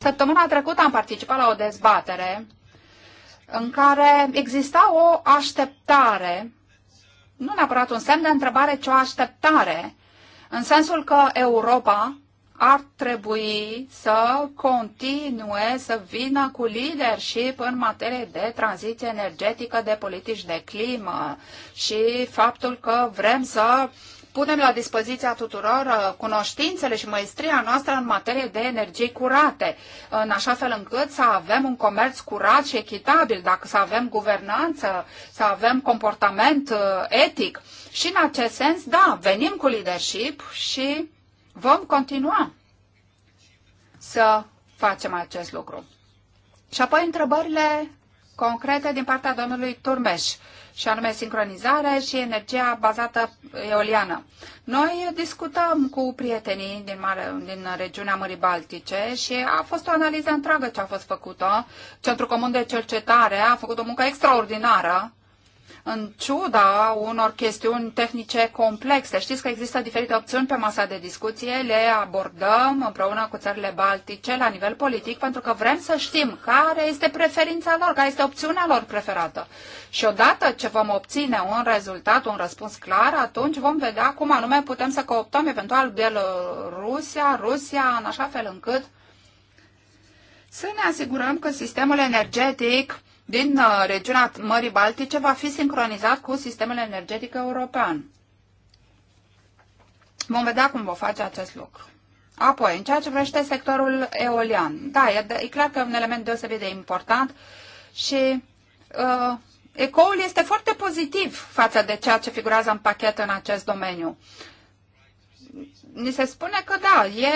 Săptămâna trecută am participat la o dezbatere în care exista o așteptare nu neapărat un semn de întrebare, ci o așteptare, în sensul că Europa ar trebui să continue să vină cu leadership în materie de tranziție energetică, de politici de climă și faptul că vrem să uh, punem la dispoziția tuturor uh, cunoștințele și măestria noastră în materie de energii curate, în așa fel încât să avem un comerț curat și echitabil, dacă să avem guvernanță, să avem comportament uh, etic. Și în acest sens, da, venim cu leadership și vom continua să facem acest lucru. Și apoi întrebările concrete din partea domnului Turmeș și anume sincronizare și energia bazată eoliană. Noi discutăm cu prietenii din, mare, din regiunea Mării Baltice și a fost o analiză întreagă ce a fost făcută. Centrul Comun de Cercetare a făcut o muncă extraordinară în ciuda unor chestiuni tehnice complexe. Știți că există diferite opțiuni pe masa de discuție, le abordăm împreună cu țările baltice la nivel politic, pentru că vrem să știm care este preferința lor, care este opțiunea lor preferată. Și odată ce vom obține un rezultat, un răspuns clar, atunci vom vedea cum anume putem să cooptăm eventual Bielorusia, Rusia, în așa fel încât să ne asigurăm că sistemul energetic din uh, regiunea Mării Baltice va fi sincronizat cu sistemul energetic european. Vom vedea cum vom face acest lucru. Apoi, în ceea ce vrește sectorul eolian, da, e, e clar că e un element deosebit de important și uh, ecoul este foarte pozitiv față de ceea ce figurează în pachet în acest domeniu. Ni se spune că da, e,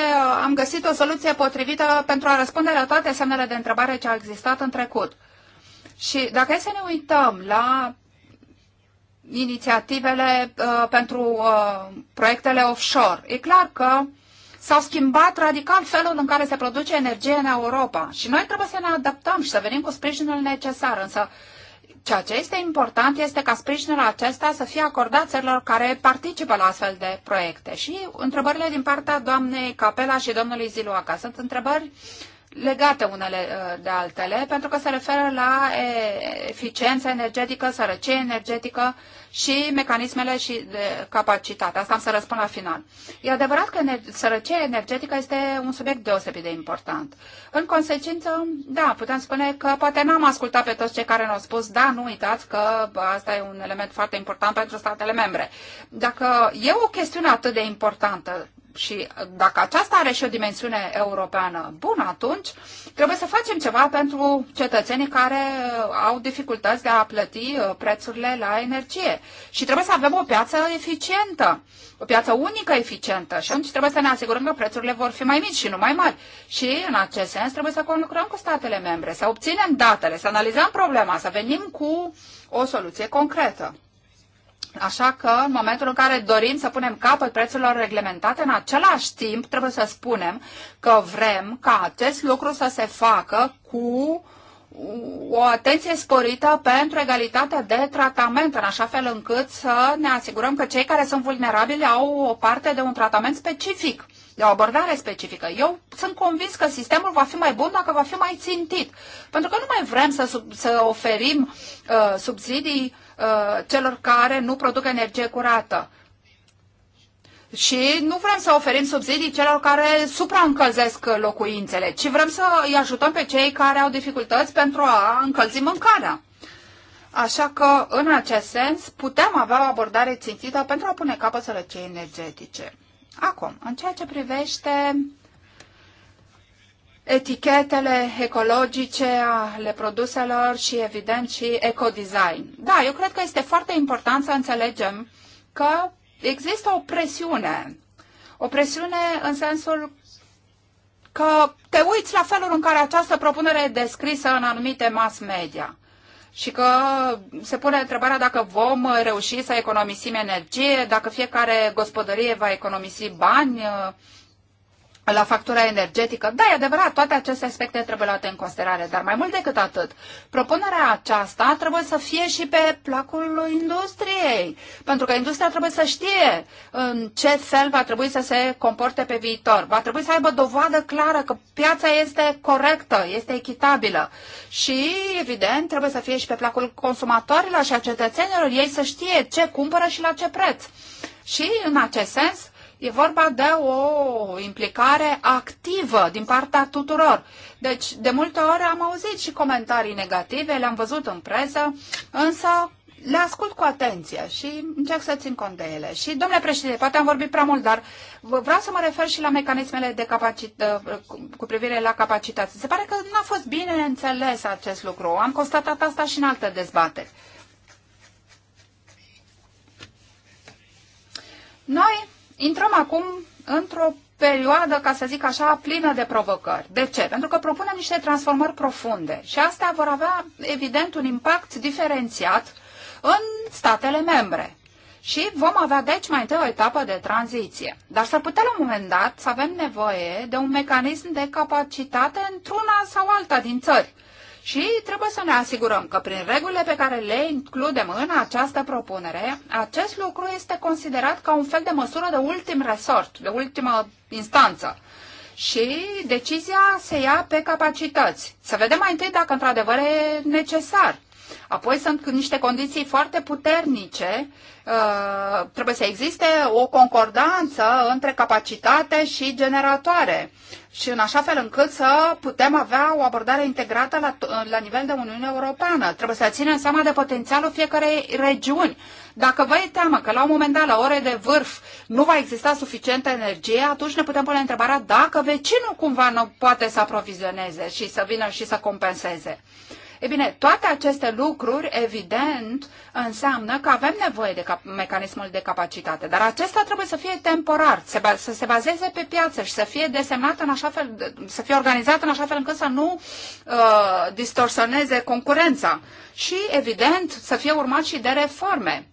am găsit o soluție potrivită pentru a răspunde la toate semnele de întrebare ce au existat în trecut. Uh, și dacă e să ne uităm la inițiativele uh, pentru uh, proiectele offshore, e clar că s-au schimbat radical felul în care se produce energie în Europa și noi trebuie să ne adaptăm și să venim cu sprijinul necesar, însă Ceea ce este important este ca sprijinul acesta să fie acordat țărilor care participă la astfel de proiecte. Și întrebările din partea doamnei Capela și domnului Ziluaca sunt întrebări legate unele uh, de altele, pentru că se referă la eficiență energetică, sărăcie energetică și mecanismele și de capacitate. Asta am să răspund la final. E adevărat că sărăcie energetică este un subiect deosebit de important. În consecință, da, putem spune că poate n-am ascultat pe toți cei care ne-au spus, da, nu uitați că asta e un element foarte important pentru statele membre. Dacă e o chestiune atât de importantă, și dacă aceasta are și o dimensiune europeană bună, atunci trebuie să facem ceva pentru cetățenii care uh, au dificultăți de a plăti uh, prețurile la energie. Și trebuie să avem o piață eficientă, o piață unică eficientă și atunci trebuie să ne asigurăm că prețurile vor fi mai mici și nu mai mari. Și în acest sens trebuie să conlucrăm cu statele membre, să obținem datele, să analizăm problema, să venim cu o soluție concretă. Așa că, în momentul în care dorim să punem capăt prețurilor reglementate, în același timp trebuie să spunem că vrem ca acest lucru să se facă cu o atenție sporită pentru egalitatea de tratament, în așa fel încât să ne asigurăm că cei care sunt vulnerabili au o parte de un tratament specific de o abordare specifică. Eu sunt convins că sistemul va fi mai bun dacă va fi mai țintit. Pentru că nu mai vrem să, sub, să oferim uh, subsidii uh, Uh, celor care nu produc energie curată. Și nu vrem să oferim subsidii celor care supraîncălzesc locuințele, ci vrem să îi ajutăm pe cei care au dificultăți pentru a încălzi mâncarea. Așa că, în acest sens, putem avea o abordare țintită pentru a pune capăt sărăciei energetice. Acum, în ceea ce privește etichetele ecologice ale produselor și, evident, și ecodesign. Da, eu cred că este foarte important să înțelegem că există o presiune. O presiune în sensul că te uiți la felul în care această propunere e descrisă în anumite mass media și că se pune întrebarea dacă vom reuși să economisim energie, dacă fiecare gospodărie va economisi bani, la factura energetică. Da, e adevărat, toate aceste aspecte trebuie luate în considerare, dar mai mult decât atât, propunerea aceasta trebuie să fie și pe placul industriei, pentru că industria trebuie să știe în ce fel va trebui să se comporte pe viitor. Va trebui să aibă dovadă clară că piața este corectă, este echitabilă și, evident, trebuie să fie și pe placul consumatorilor și a cetățenilor ei să știe ce cumpără și la ce preț. Și, în acest sens, E vorba de o implicare activă din partea tuturor. Deci, de multe ori am auzit și comentarii negative, le-am văzut în presă, însă le ascult cu atenție și încerc să țin cont de ele. Și, domnule președinte, poate am vorbit prea mult, dar vreau să mă refer și la mecanismele de capacit- cu privire la capacitate. Se pare că nu a fost bine înțeles acest lucru. Am constatat asta și în alte dezbateri. Noi intrăm acum într-o perioadă, ca să zic așa, plină de provocări. De ce? Pentru că propunem niște transformări profunde și astea vor avea, evident, un impact diferențiat în statele membre. Și vom avea, deci, mai întâi o etapă de tranziție. Dar s-ar putea, la un moment dat, să avem nevoie de un mecanism de capacitate într-una sau alta din țări și trebuie să ne asigurăm că prin regulile pe care le includem în această propunere, acest lucru este considerat ca un fel de măsură de ultim resort, de ultimă instanță și decizia se ia pe capacități. Să vedem mai întâi dacă într-adevăr e necesar. Apoi sunt niște condiții foarte puternice. Uh, trebuie să existe o concordanță între capacitate și generatoare și în așa fel încât să putem avea o abordare integrată la, la nivel de Uniune Europeană. Trebuie să ținem seama de potențialul fiecarei regiuni. Dacă vă e teamă că la un moment dat, la ore de vârf, nu va exista suficientă energie, atunci ne putem pune întrebarea dacă vecinul cumva nu poate să aprovizioneze și să vină și să compenseze. E bine, toate aceste lucruri, evident, înseamnă că avem nevoie de mecanismul de capacitate, dar acesta trebuie să fie temporar, să, să se bazeze pe piață și să fie desemnat în așa fel, să fie organizat în așa fel încât să nu uh, distorsioneze concurența și, evident, să fie urmat și de reforme.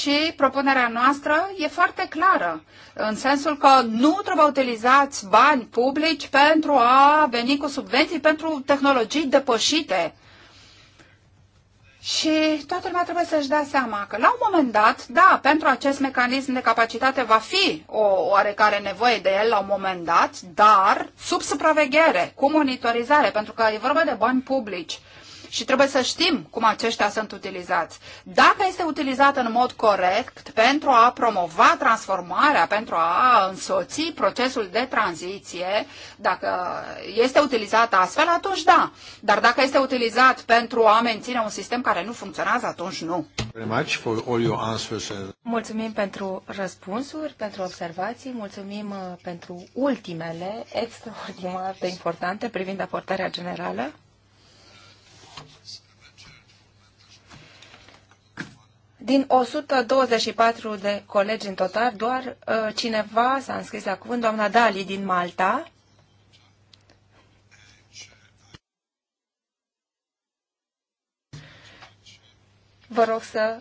și propunerea noastră e foarte clară, în sensul că nu trebuie utilizați bani publici pentru a veni cu subvenții pentru tehnologii depășite. Și toată lumea trebuie să-și dea seama că la un moment dat, da, pentru acest mecanism de capacitate va fi o oarecare nevoie de el la un moment dat, dar sub supraveghere, cu monitorizare, pentru că e vorba de bani publici și trebuie să știm cum aceștia sunt utilizați. Dacă este utilizat în mod corect pentru a promova transformarea, pentru a însoți procesul de tranziție, dacă este utilizat astfel, atunci da. Dar dacă este utilizat pentru a menține un sistem care nu funcționează, atunci nu. Mulțumim pentru răspunsuri, pentru
observații, mulțumim uh, pentru ultimele extraordinar de importante privind aportarea generală. Din 124 de colegi în total, doar uh, cineva s-a înscris la cuvânt, doamna Dali din Malta. Vă rog să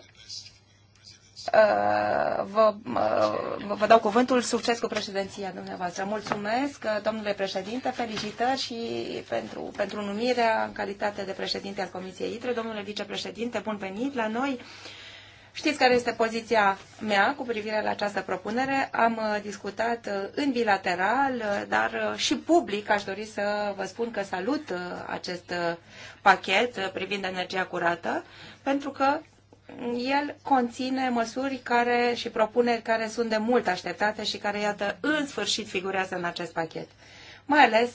uh, vă, uh, vă dau cuvântul. Succes cu președinția dumneavoastră. Mulțumesc, uh, domnule președinte, felicitări și pentru, pentru numirea în calitate de președinte al Comisiei ITRE. Domnule vicepreședinte, bun venit la noi. Uh, Știți care este poziția mea cu privire la această propunere. Am uh, discutat uh, în bilateral, uh, dar și public aș dori să vă spun că salut acest pachet privind energia curată, pentru că el conține măsuri care și propuneri care sunt de mult așteptate și care, iată, în sfârșit figurează în acest pachet. Mai ales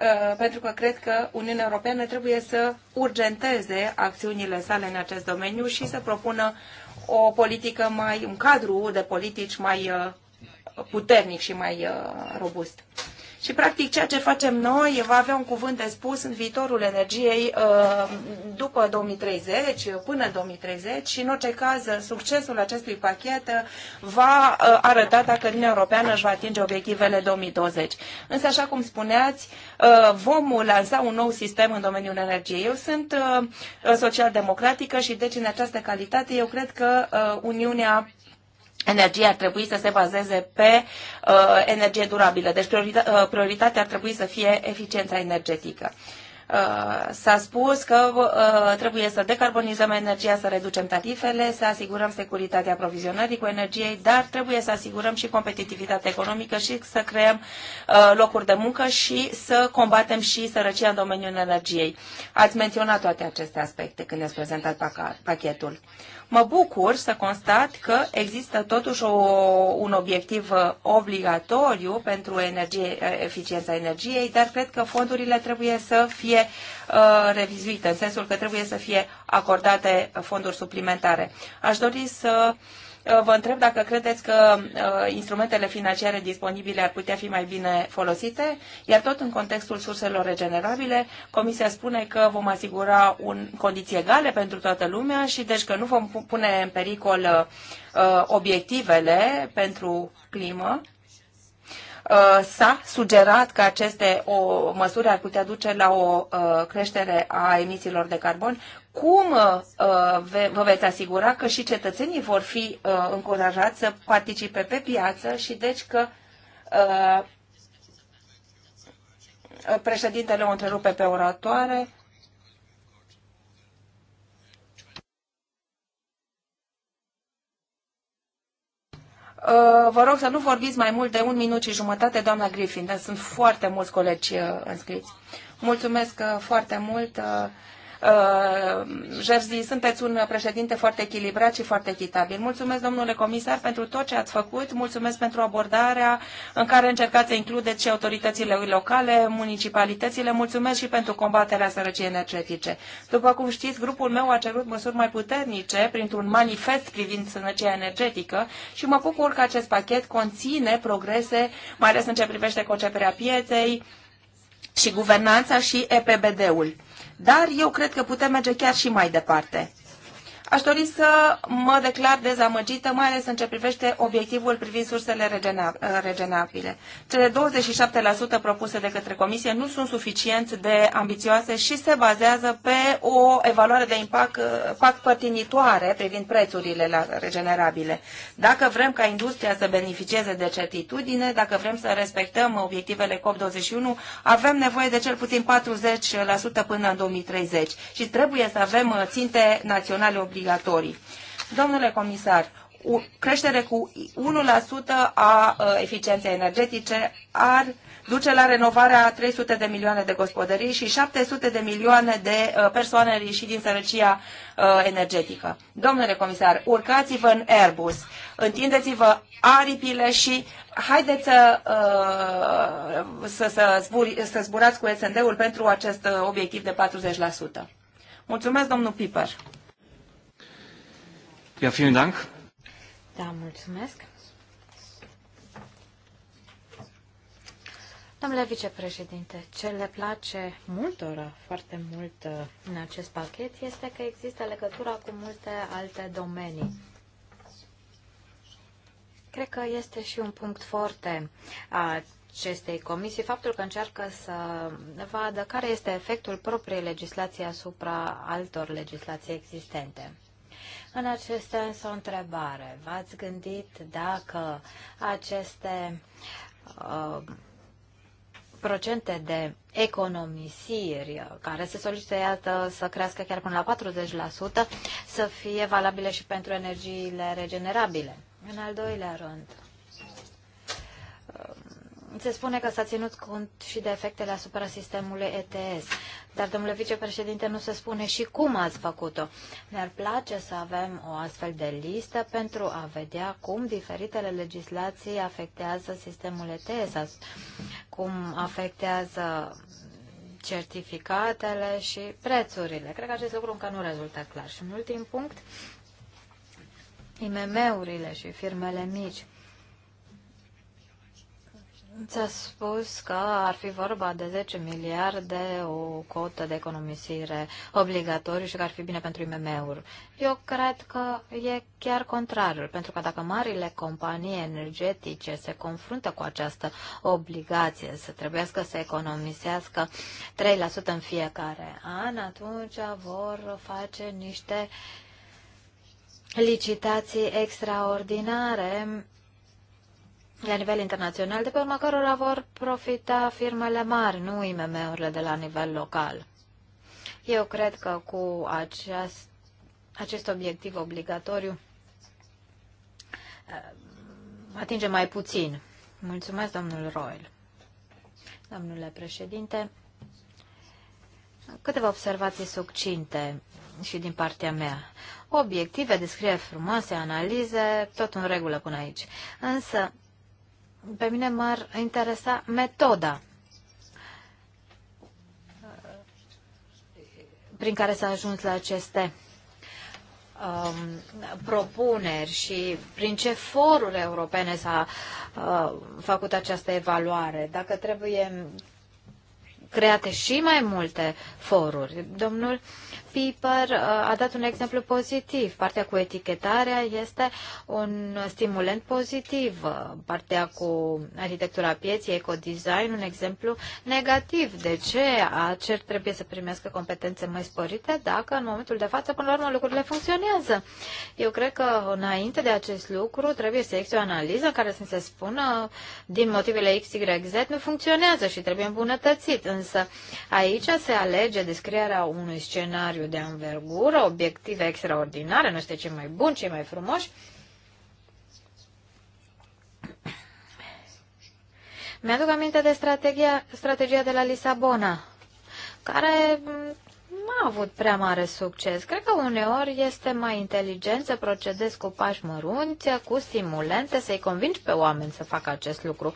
Uh, pentru că cred că Uniunea Europeană trebuie să urgenteze acțiunile sale în acest domeniu și să propună o politică mai, un cadru de politici mai uh, puternic și mai uh, robust. Și, practic, ceea ce facem noi va avea un cuvânt de spus în viitorul energiei uh, după 2030, până în 2030 și, în orice caz, succesul acestui pachet va uh, arăta dacă Uniunea Europeană își va atinge obiectivele 2020. Însă, așa cum spuneați, uh, vom lansa un nou sistem în domeniul energiei. Eu sunt social-democratică și, deci, în această calitate, eu cred că Uniunea energie ar trebui să se bazeze pe uh, energie durabilă. Deci priorita- uh, prioritatea ar trebui să fie eficiența energetică. Uh, s-a spus că uh, trebuie să decarbonizăm energia, să reducem tarifele, să asigurăm securitatea aprovizionării cu energie, dar trebuie să asigurăm și competitivitatea economică și să creăm uh, locuri de muncă și să combatem și sărăcia în domeniul energiei. Ați menționat toate aceste aspecte când ați prezentat pachetul. Mă bucur să constat că există totuși o, un obiectiv uh, obligatoriu pentru energie, uh, eficiența energiei, dar cred că fondurile trebuie să fie uh, revizuite, în sensul că trebuie să fie acordate fonduri suplimentare. Aș dori să uh, Uh, vă întreb dacă credeți că uh, instrumentele financiare disponibile ar putea fi mai bine folosite, iar tot în contextul surselor regenerabile, Comisia spune că vom asigura un, condiții egale pentru toată lumea și deci că nu vom pune în pericol uh, obiectivele pentru climă, s-a sugerat că aceste o, măsuri ar putea duce la o creștere a emisiilor de carbon cum uh, vă veți asigura că și cetățenii vor fi uh, încurajați să participe pe piață și deci că uh, președintele o întrerupe pe oratoare. Vă rog să nu vorbiți mai mult de un minut și jumătate, doamna Griffin, dar sunt foarte mulți colegi înscriți. Mulțumesc foarte mult. Uh, Jerzi, sunteți un președinte foarte echilibrat și foarte echitabil. Mulțumesc, domnule comisar, pentru tot ce ați făcut. Mulțumesc pentru abordarea în care încercați să includeți și autoritățile locale, municipalitățile. Mulțumesc și pentru combaterea sărăciei energetice. După cum știți, grupul meu a cerut măsuri mai puternice printr-un manifest privind sărăcia energetică și mă bucur că acest pachet conține progrese, mai ales în ce privește conceperea pieței și guvernanța și EPBD-ul. Dar eu cred că putem merge chiar și mai departe. Aș dori să mă declar dezamăgită, mai ales în ce privește obiectivul privind sursele regenerabile. Uh, Cele 27% propuse de către Comisie nu sunt suficient de ambițioase și se bazează pe o evaluare de impact, uh, impact părtinitoare privind prețurile la regenerabile. Dacă vrem ca industria să beneficieze de certitudine, dacă vrem să respectăm obiectivele COP21, avem nevoie de cel puțin 40% până în 2030 și trebuie să avem uh, ținte naționale obligatorii obligatorii. Domnule comisar, creștere cu 1% a ă, eficienței energetice ar duce la renovarea 300 de milioane de gospodării și 700 de milioane de ă, persoane și din sărăcia ă, energetică. Domnule comisar, urcați-vă în Airbus, întindeți-vă aripile și haideți să, să, să, zbur, să zburați cu SND-ul pentru acest obiectiv de 40%. Mulțumesc, domnul Piper. Ja, vielen Dank.
Da, mulțumesc. Domnule vicepreședinte, ce le place multora foarte mult uh, în acest pachet este că există legătura cu multe alte domenii. Cred că este și un punct foarte a acestei comisii faptul că încearcă să vadă care este efectul propriei legislații asupra altor legislații existente. În acest sens, o întrebare. V-ați gândit dacă aceste uh, procente de economisiri care se solicită, iată, să crească chiar până la 40%, să fie valabile și pentru energiile regenerabile? În al doilea rând, se spune că s-a ținut cont și de efectele asupra sistemului ETS, dar, domnule vicepreședinte, nu se spune și cum ați făcut-o. Ne-ar place să avem o astfel de listă pentru a vedea cum diferitele legislații afectează sistemul ETS, cum afectează certificatele și prețurile. Cred că acest lucru încă nu rezultă clar. Și un ultim punct, IMM-urile și firmele mici. Ți-a spus că ar fi vorba de 10 miliarde, o cotă de economisire obligatoriu și că ar fi bine pentru IMM-uri. Eu cred că e chiar contrarul, pentru că dacă marile companii energetice se confruntă cu această obligație să trebuiască să economisească 3% în fiecare an, atunci vor face niște licitații extraordinare la nivel internațional, de pe urma cărora vor profita firmele mari, nu IMM-urile de la nivel local. Eu cred că cu aceast, acest obiectiv obligatoriu uh, atinge mai puțin. Mulțumesc, domnul Royal. Domnule președinte, câteva observații succinte și din partea mea. Obiective, descrie frumoase, analize, tot în regulă până aici. Însă, pe mine m-ar interesa metoda prin care s-a ajuns la aceste um, propuneri și prin ce foruri europene s-a uh, făcut această evaluare, dacă trebuie create și mai multe foruri. Domnul Piper uh, a dat un exemplu pozitiv. Partea cu etichetarea este un stimulent pozitiv. Uh, partea cu arhitectura pieții, ecodesign, un exemplu negativ. De ce acer trebuie să primească competențe mai sporite dacă în momentul de față, până la urmă, lucrurile funcționează? Eu cred că înainte de acest lucru trebuie să există o analiză care să se spună din motivele XYZ nu funcționează și trebuie îmbunătățit. Însă aici se alege descrierea unui scenariu studiu de anvergură, obiective extraordinare, nu știu ce mai bun, ce mai frumoși. Mi-aduc aminte de strategia, strategia de la Lisabona, care nu a avut prea mare succes. Cred că uneori este mai inteligent să procedezi cu pași mărunți, cu stimulente, să-i convingi pe oameni să facă acest lucru.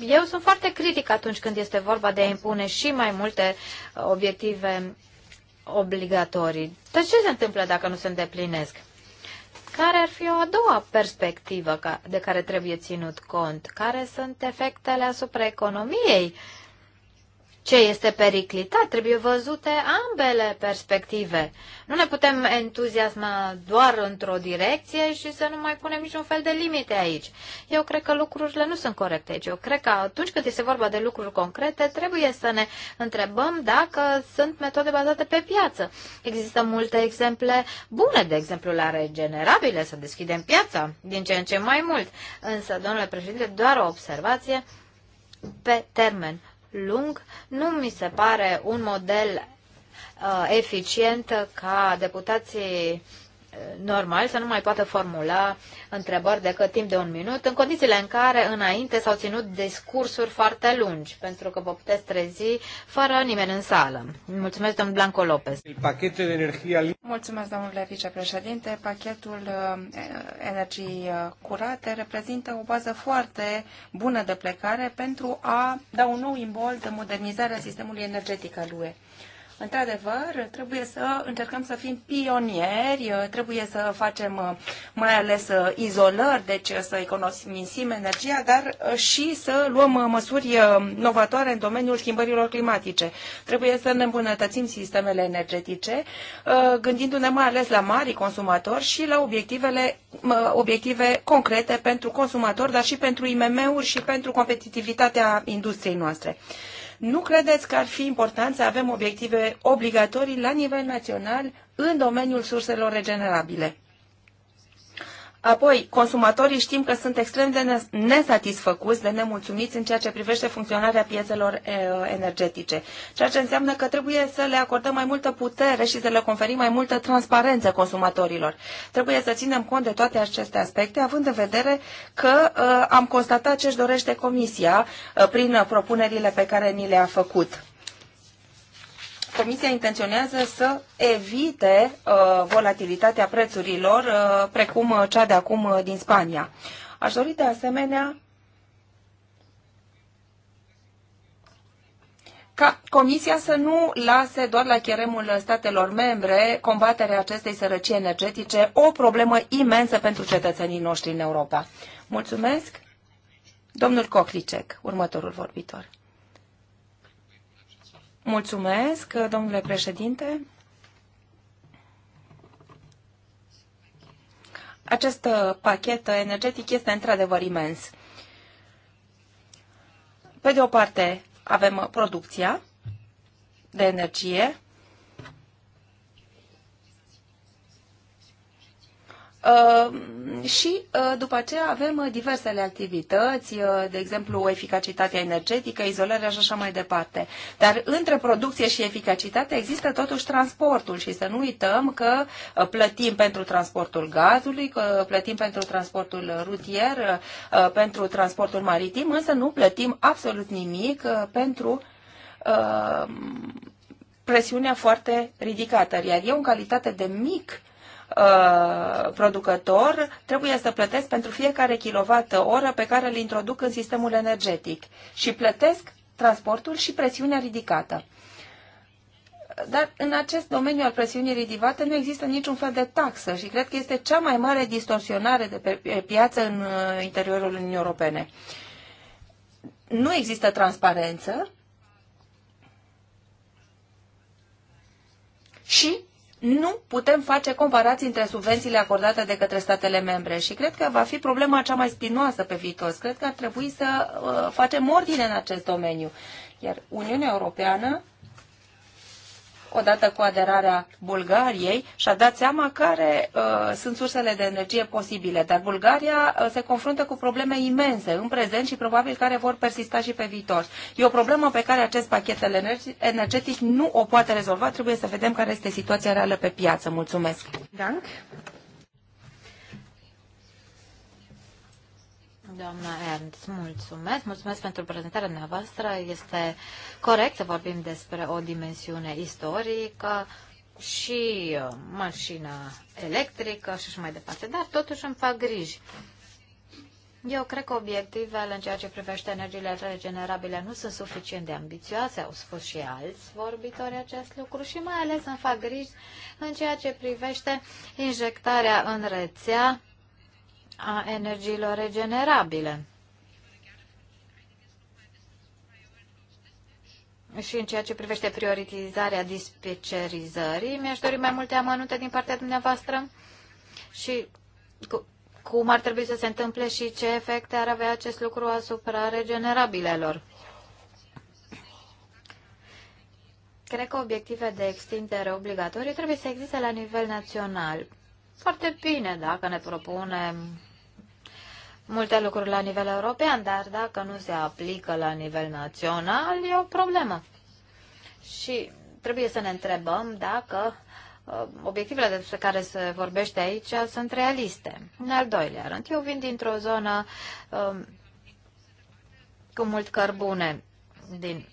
Eu sunt foarte critic atunci când este vorba de a impune și mai multe uh, obiective obligatorii. Dar ce se întâmplă dacă nu se îndeplinesc? Care ar fi o a doua perspectivă de care trebuie ținut cont? Care sunt efectele asupra economiei uh, ce este periclitat, trebuie văzute ambele perspective. Nu ne putem entuziasma doar într-o direcție și să nu mai punem niciun fel de limite aici. Eu cred că lucrurile nu sunt corecte aici. Eu cred că atunci când este vorba de lucruri concrete, trebuie să ne întrebăm dacă sunt metode bazate pe piață. Există multe exemple bune, de exemplu la regenerabile, să deschidem piața din ce în ce mai mult. Însă, domnule președinte, doar o observație pe termen lung, nu mi se pare un model uh, eficient ca deputații normal să nu mai poată formula întrebări decât timp de un minut, în condițiile în care înainte s-au ținut discursuri foarte lungi, pentru că vă puteți trezi fără nimeni în sală. Mulțumesc, domnul Blanco Lopez. Mulțumesc, domnule
vicepreședinte. Pachetul uh, energiei uh, curate reprezintă o bază foarte bună de plecare pentru a da un nou imbol de modernizare a sistemului energetic al UE. Într-adevăr, trebuie să încercăm să fim pionieri, trebuie să facem uh, mai ales uh, izolări, deci uh, să economisim energia, dar și să luăm măsuri novatoare în domeniul schimbărilor climatice. Trebuie să ne îmbunătățim sistemele energetice, gândindu-ne mai ales la mari consumatori și la obiectivele, obiective concrete pentru consumatori, dar și pentru IMM-uri și pentru competitivitatea industriei noastre. Nu credeți că ar fi important să avem obiective obligatorii la nivel național în domeniul surselor regenerabile? Apoi, consumatorii știm că sunt extrem de nesatisfăcuți, de nemulțumiți în ceea ce privește funcționarea piețelor energetice, ceea ce înseamnă că trebuie să le acordăm mai multă putere și să le conferim mai multă transparență consumatorilor. Trebuie să ținem cont de toate aceste aspecte, având în vedere că am constatat ce își dorește Comisia prin propunerile pe care ni le-a făcut Comisia intenționează să evite uh, volatilitatea prețurilor, uh, precum uh, cea de acum din Spania. Aș dori de asemenea ca Comisia să nu lase doar la cheremul statelor membre combaterea acestei sărăcii energetice, o problemă imensă pentru cetățenii noștri în Europa. Mulțumesc! Domnul Cohlicek, următorul vorbitor. Mulțumesc, domnule președinte. Acest pachet energetic este într-adevăr imens. Pe de o parte, avem producția de energie, Uh, și uh, după aceea avem uh, diversele activități, de exemplu eficacitatea energetică, izolarea și așa mai departe. Dar între producție și eficacitate există totuși transportul și să nu uităm că plătim pentru transportul gazului, că plătim pentru transportul rutier, pentru transportul maritim, însă nu plătim absolut nimic pentru presiunea foarte ridicată. Iar eu, în calitate de mic Uh, producător trebuie să plătesc pentru fiecare kilowată oră pe care îl introduc în sistemul energetic și plătesc transportul și presiunea ridicată. Dar în acest domeniu al presiunii ridicate nu există niciun fel de taxă și cred că este cea mai mare distorsionare de pe piață în uh, interiorul Uniunii Europene. Nu există transparență și nu putem face comparații între subvențiile acordate de către statele membre și cred că va fi problema cea mai spinoasă pe viitor. Cred că ar trebui să uh, facem ordine în acest domeniu. Iar Uniunea Europeană odată cu aderarea Bulgariei și-a dat seama care uh, sunt sursele de energie posibile. Dar Bulgaria uh, se confruntă cu probleme imense în prezent și probabil care vor persista și pe viitor. E o problemă pe care acest pachet energetic nu o poate rezolva. Trebuie să vedem care este situația reală pe piață. Mulțumesc!
Dank. Doamna Ernst, mulțumesc. Mulțumesc pentru prezentarea dumneavoastră. Este corect să vorbim despre o dimensiune istorică și uh, mașina electrică și așa mai departe, dar totuși îmi fac griji. Eu cred că obiectivele în ceea ce privește energiile regenerabile nu sunt suficient de ambițioase, au spus și alți vorbitori acest lucru și mai ales îmi fac griji în ceea ce privește injectarea în rețea a energiilor regenerabile. Și în ceea ce privește prioritizarea dispecerizării, mi-aș dori mai multe amănunte din partea dumneavoastră și cu, cum ar trebui să se întâmple și ce efecte ar avea acest lucru asupra regenerabilelor. Cred că obiective de extindere obligatorii trebuie să existe la nivel național. Foarte bine dacă ne propunem multe lucruri la nivel european, dar dacă nu se aplică la nivel național, e o problemă. Și trebuie să ne întrebăm dacă uh, obiectivele despre care se vorbește aici sunt realiste. În al doilea rând, eu vin dintr-o zonă um, cu mult cărbune din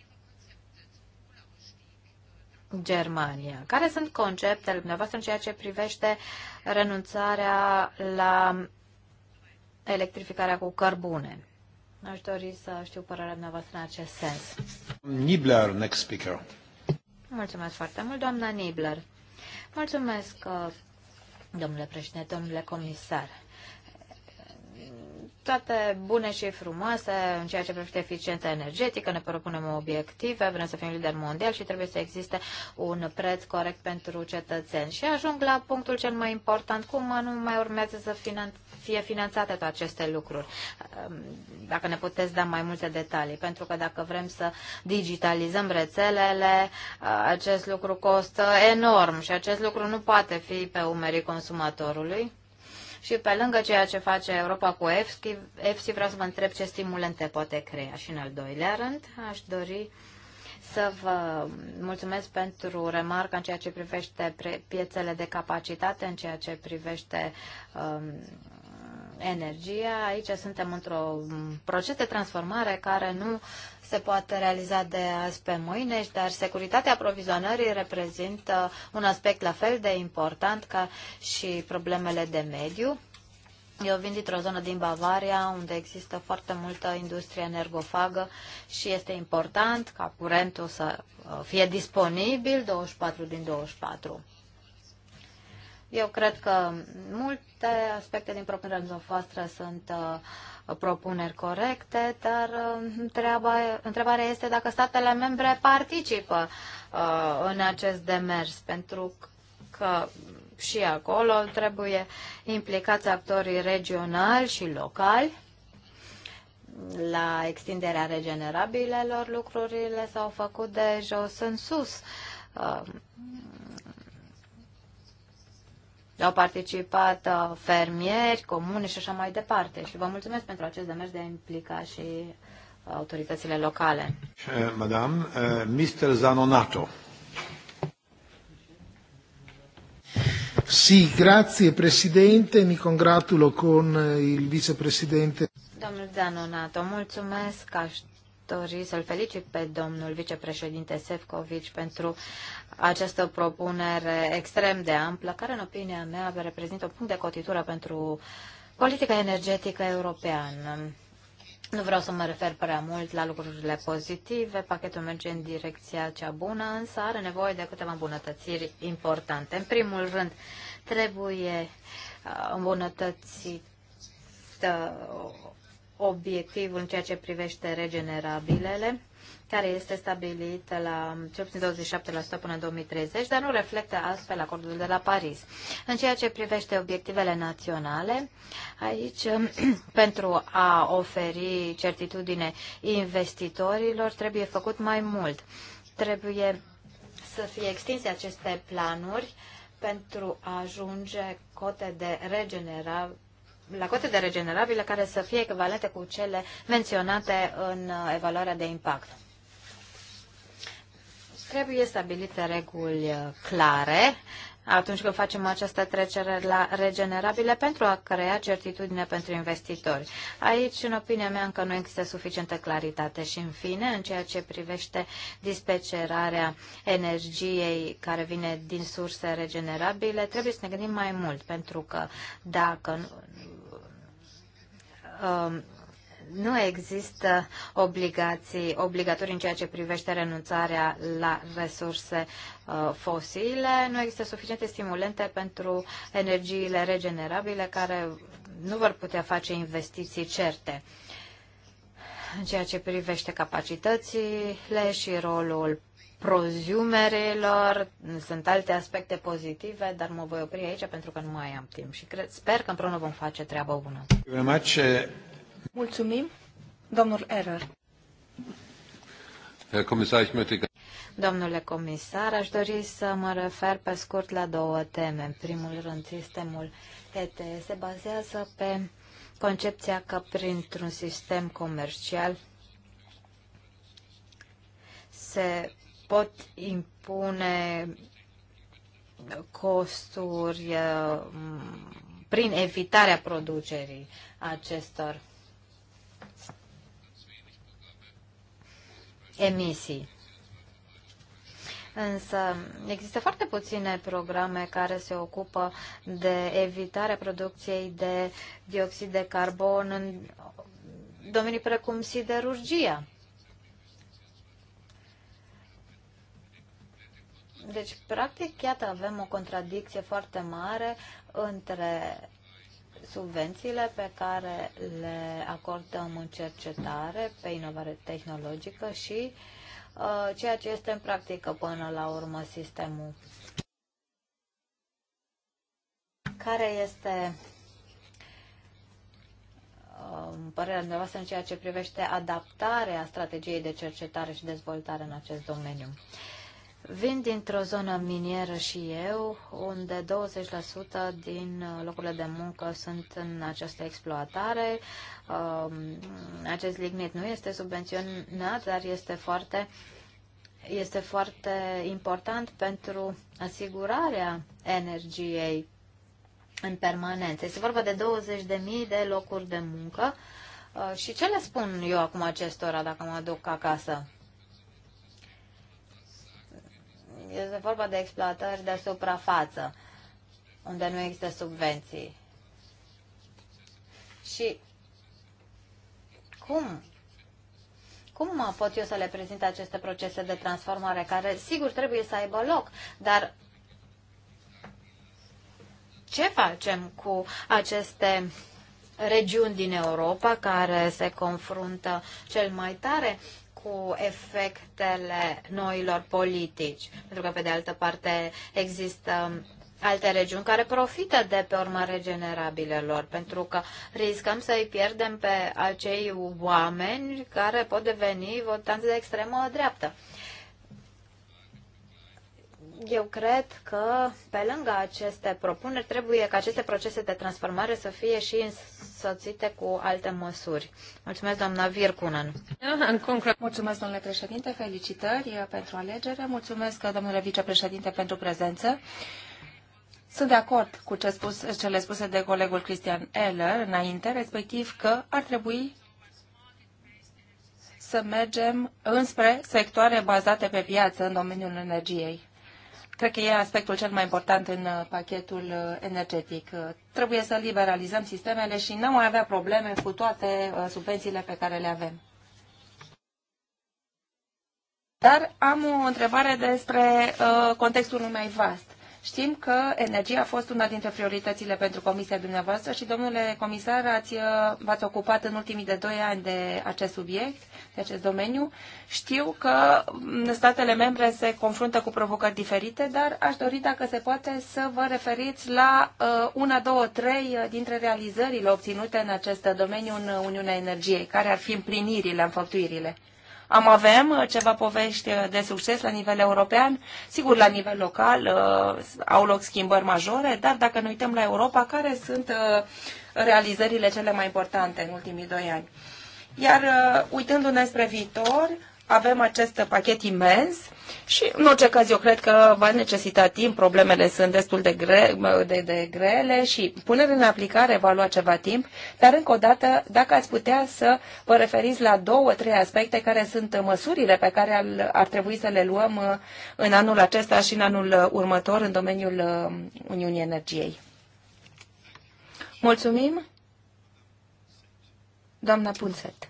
Germania. Care sunt conceptele dumneavoastră în ceea ce privește renunțarea la electrificarea cu cărbune. Aș dori să știu părerea dumneavoastră în acest sens.
Nibler, next speaker.
Mulțumesc foarte mult, doamna Nibler. Mulțumesc, uh, domnule președinte, domnule comisar. Toate bune și frumoase în ceea ce privește eficiența energetică, ne propunem obiective, vrem să fim lider mondial și trebuie să existe un preț corect pentru cetățeni. Și ajung la punctul cel mai important, cum anume urmează să finanțăm fie finanțate toate aceste lucruri. Dacă ne puteți da mai multe detalii, pentru că dacă vrem să digitalizăm rețelele, acest lucru costă enorm și acest lucru nu poate fi pe umerii consumatorului. Și pe lângă ceea ce face Europa cu EFSI, EFSI vreau să vă întreb ce stimulente poate crea. Și în al doilea rând, aș dori să vă mulțumesc pentru remarca în ceea ce privește piețele de capacitate, în ceea ce privește um, energia. Aici suntem într-un um, proces de transformare care nu se poate realiza de azi pe mâine, dar securitatea aprovizionării reprezintă un aspect la fel de important ca și problemele de mediu. Eu vin dintr-o zonă din Bavaria unde există foarte multă industrie energofagă și este important ca curentul să uh, fie disponibil 24 din 24. Eu cred că multe aspecte din propunerea voastră sunt uh, propuneri corecte, dar uh, întrebarea este dacă statele membre participă uh, în acest demers, pentru că și acolo trebuie implicați actorii regionali și locali la extinderea regenerabilelor lucrurile s-au făcut de jos în sus. Au participat uh, fermieri, comune și așa mai departe. Și vă mulțumesc pentru acest demers de a implica și uh, autoritățile locale.
Eh, madame, eh, Mr. Zanonato. Sì, grazie Presidente, mi congratulo con eh, il Vicepresidente.
Domnul Zanonato, mulțumesc, aștept dori să-l felicit pe domnul vicepreședinte Sefcovici pentru această propunere extrem de amplă, care, în opinia mea, reprezintă un punct de cotitură pentru politica energetică europeană. Nu vreau să mă refer prea mult la lucrurile pozitive, pachetul merge în direcția cea bună, însă are nevoie de câteva îmbunătățiri importante. În primul rând, trebuie uh, îmbunătățit obiectivul în ceea ce privește regenerabilele, care este stabilit la 27% până în 2030, dar nu reflectă astfel acordul de la Paris. În ceea ce privește obiectivele naționale, aici, pentru a oferi certitudine investitorilor, trebuie făcut mai mult. Trebuie să fie extinse aceste planuri pentru a ajunge cote de regenerabil la cote de regenerabile care să fie echivalente cu cele menționate în uh, evaluarea de impact. Trebuie stabilite reguli uh, clare atunci când facem această trecere la regenerabile pentru a crea certitudine pentru investitori. Aici, în opinia mea, încă nu există suficientă claritate și, în fine, în ceea ce privește dispecerarea energiei care vine din surse regenerabile, trebuie să ne gândim mai mult, pentru că dacă Um, nu există obligații obligatorii în ceea ce privește renunțarea la resurse uh, fosile, nu există suficiente stimulente pentru energiile regenerabile care nu vor putea face investiții certe în ceea ce privește capacitățile și rolul prozumerelor, sunt alte aspecte pozitive, dar mă voi opri aici pentru că nu mai am timp și cred, sper că împreună vom face treabă bună.
Uh,
Mulțumim, domnul Erer. Domnule comisar, aș dori să mă refer pe scurt la două teme. În primul rând, sistemul ETS se bazează pe concepția că printr-un sistem comercial se pot impune costuri uh, prin evitarea producerii acestor emisii. Însă există foarte puține programe care se ocupă de evitarea producției de dioxid de carbon în domenii precum siderurgia. Deci, practic, iată, avem o contradicție foarte mare între subvențiile pe care le acordăm în cercetare pe inovare tehnologică și uh, ceea ce este în practică până la urmă sistemul. Care este uh, părerea dumneavoastră în ceea ce privește adaptarea strategiei de cercetare și dezvoltare în acest domeniu? Uh, Vin dintr-o zonă minieră și eu, unde 20% din locurile de muncă sunt în această exploatare. Um, acest lignit nu este subvenționat, dar este foarte, este foarte important pentru asigurarea energiei în permanență. Este vorba de 20.000 de locuri de muncă uh, și ce le spun eu acum acestora dacă mă duc acasă? este vorba de exploatări de suprafață, unde nu există subvenții. Și cum? Cum pot eu să le prezint aceste procese de transformare care, sigur, trebuie să aibă loc, dar ce facem cu aceste regiuni din Europa care se confruntă cel mai tare cu efectele noilor politici. Pentru că, pe de altă parte, există alte regiuni care profită de pe urma regenerabilelor, pentru că riscăm să îi pierdem pe acei oameni care pot deveni votanți de extremă dreaptă. Eu cred că, pe lângă aceste propuneri, trebuie ca aceste procese de transformare să fie și însoțite cu alte măsuri. Mulțumesc, doamna Virkunen. Mulțumesc, domnule președinte, felicitări pentru alegere.
Mulțumesc, domnule vicepreședinte, pentru prezență. Sunt de acord cu ce spus, cele spuse de colegul Cristian Eller înainte, respectiv că ar trebui să mergem înspre sectoare bazate pe piață în domeniul energiei. Cred că e aspectul cel mai important în uh, pachetul uh, energetic. Uh, trebuie să liberalizăm sistemele și nu mai avea probleme cu toate subvențiile pe care le avem. Dar am o întrebare despre contextul mai vast. Știm că energia a fost una dintre prioritățile pentru comisia dumneavoastră și, domnule comisar, ați, uh, v-ați ocupat în ultimii de doi ani de acest subiect, de acest domeniu. Știu că mm, statele membre se confruntă cu provocări diferite, dar aș dori, dacă se poate, să vă referiți la uh, una, două, trei uh, dintre realizările obținute în acest domeniu în Uniunea Energiei, care ar fi împlinirile, înfăptuirile. Am avem uh, ceva povești uh, de succes la nivel european? Sigur, la nivel local uh, au loc schimbări majore, dar dacă ne uităm la Europa, care sunt realizările cele mai importante în ultimii doi ani? Iar uitându-ne spre viitor, avem acest pachet imens și, în orice caz, eu cred că va necesita timp, problemele sunt destul de, gre, de, de grele și punerea în aplicare va lua ceva timp, dar, încă o dată, dacă ați putea să vă referiți la două, trei aspecte care sunt măsurile pe care ar, ar trebui să le luăm uh, în anul acesta și în anul uh, următor în domeniul uh, Uniunii Energiei. Mulțumim! Doamna Punset.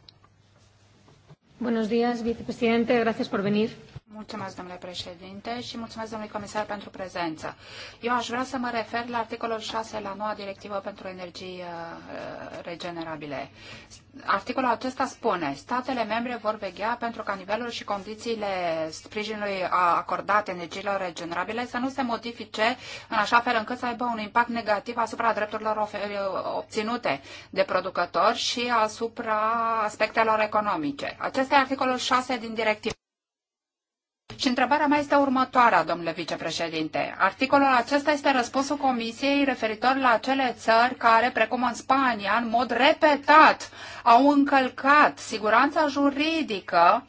Buenos días, vicepresidente. Gracias por venir.
Mulțumesc, domnule președinte, și mulțumesc, domnule comisar, pentru prezență. Eu aș vrea să mă refer la articolul 6 la noua directivă pentru energii uh, regenerabile. Articolul acesta spune, statele membre vor veghea pentru ca nivelul și condițiile sprijinului acordat energiilor regenerabile să nu se modifice în așa fel încât să aibă un impact negativ asupra drepturilor uh, obținute de producători și asupra aspectelor economice. Acesta e articolul 6 din directivă. Și întrebarea mea este următoarea, domnule vicepreședinte. Articolul acesta este răspunsul Comisiei referitor la acele țări care, precum în Spania, în mod repetat, au încălcat siguranța juridică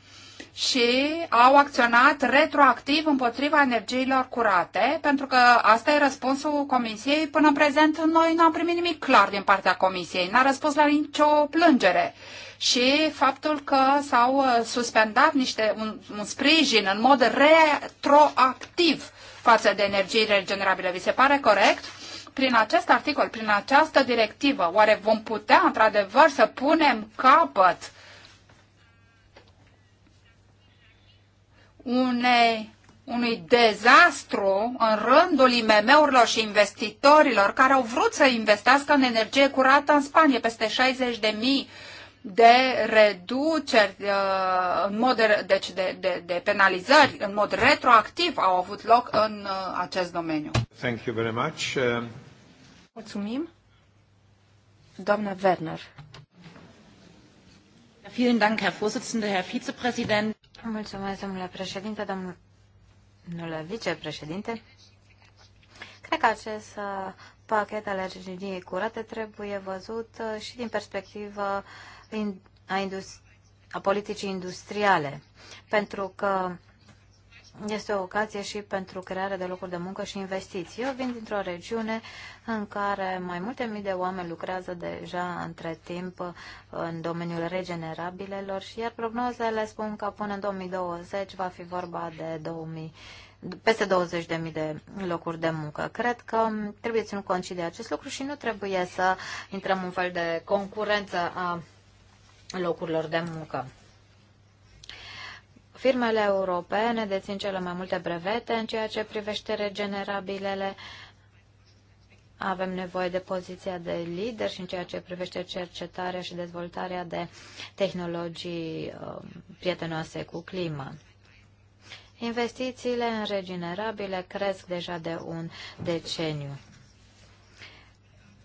și au acționat retroactiv împotriva energiilor curate, pentru că asta e răspunsul Comisiei. Până în prezent, noi nu am primit nimic clar din partea Comisiei, n-a răspuns la nicio plângere și faptul că s-au uh, suspendat niște, un, un sprijin în mod retroactiv față de energii regenerabile. Vi se pare corect? Prin acest articol, prin această directivă, oare vom putea într-adevăr să punem capăt unei unui dezastru în rândul IMM-urilor și investitorilor care au vrut să investească în energie curată în Spania, peste 60 de mii de reduceri, uh, în mod, deci de, de, de penalizări în mod retroactiv au avut loc în uh, acest domeniu.
Thank you very much. Uh,
Mulțumim. Doamna Werner.
Vielen Dank, Herr Vorsitzender, Herr Vizepräsident. Mulțumesc, domnule președinte, domnule vicepreședinte. Cred că acest pachet al energiei curate trebuie văzut și din perspectivă uh, a, a politicii industriale, pentru că este o ocazie și pentru crearea de locuri de muncă și investiții. Eu vin dintr-o regiune în care mai multe mii de oameni lucrează deja între timp în domeniul regenerabilelor, și iar prognozele spun că până în 2020 va fi vorba de 2000 peste 20.000 de locuri de muncă. Cred că trebuie ținut nu și de acest lucru și nu trebuie să intrăm în fel de concurență a locurilor de muncă. Firmele europene dețin cele mai multe brevete în ceea ce privește regenerabilele. Avem nevoie de poziția de lider și în ceea ce privește cercetarea și dezvoltarea de tehnologii um, prietenoase cu clima. Investițiile în regenerabile cresc deja de un deceniu.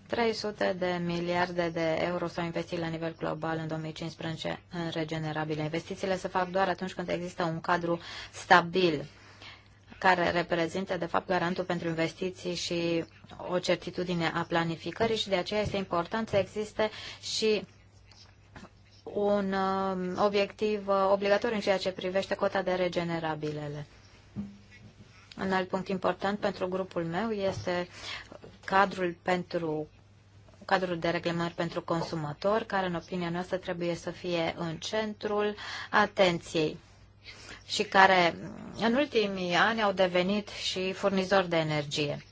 300 de miliarde de euro s-au investit la nivel global în 2015 în regenerabile. Investițiile se fac doar atunci când există un cadru stabil care reprezintă, de fapt, garantul pentru investiții și o certitudine a planificării și de aceea este important să existe și un um, obiectiv uh, obligatoriu în ceea ce privește cota de regenerabilele. Un alt punct important pentru grupul meu este cadrul pentru cadrul de reglementări pentru consumator, care, în opinia noastră, trebuie să fie în centrul atenției și care în ultimii ani au devenit și furnizori de energie.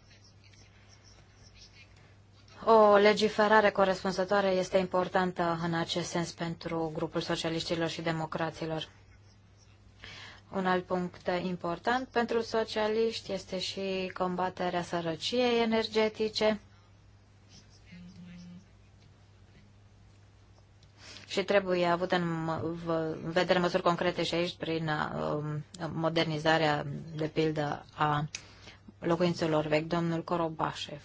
O legiferare corespunzătoare este importantă în acest sens pentru grupul socialiștilor și democraților. Un alt punct important pentru socialiști este și combaterea sărăciei energetice. și trebuie avut în, în vedere măsuri concrete și aici prin uh, modernizarea, de pildă, a locuințelor vechi. Domnul Corobașev.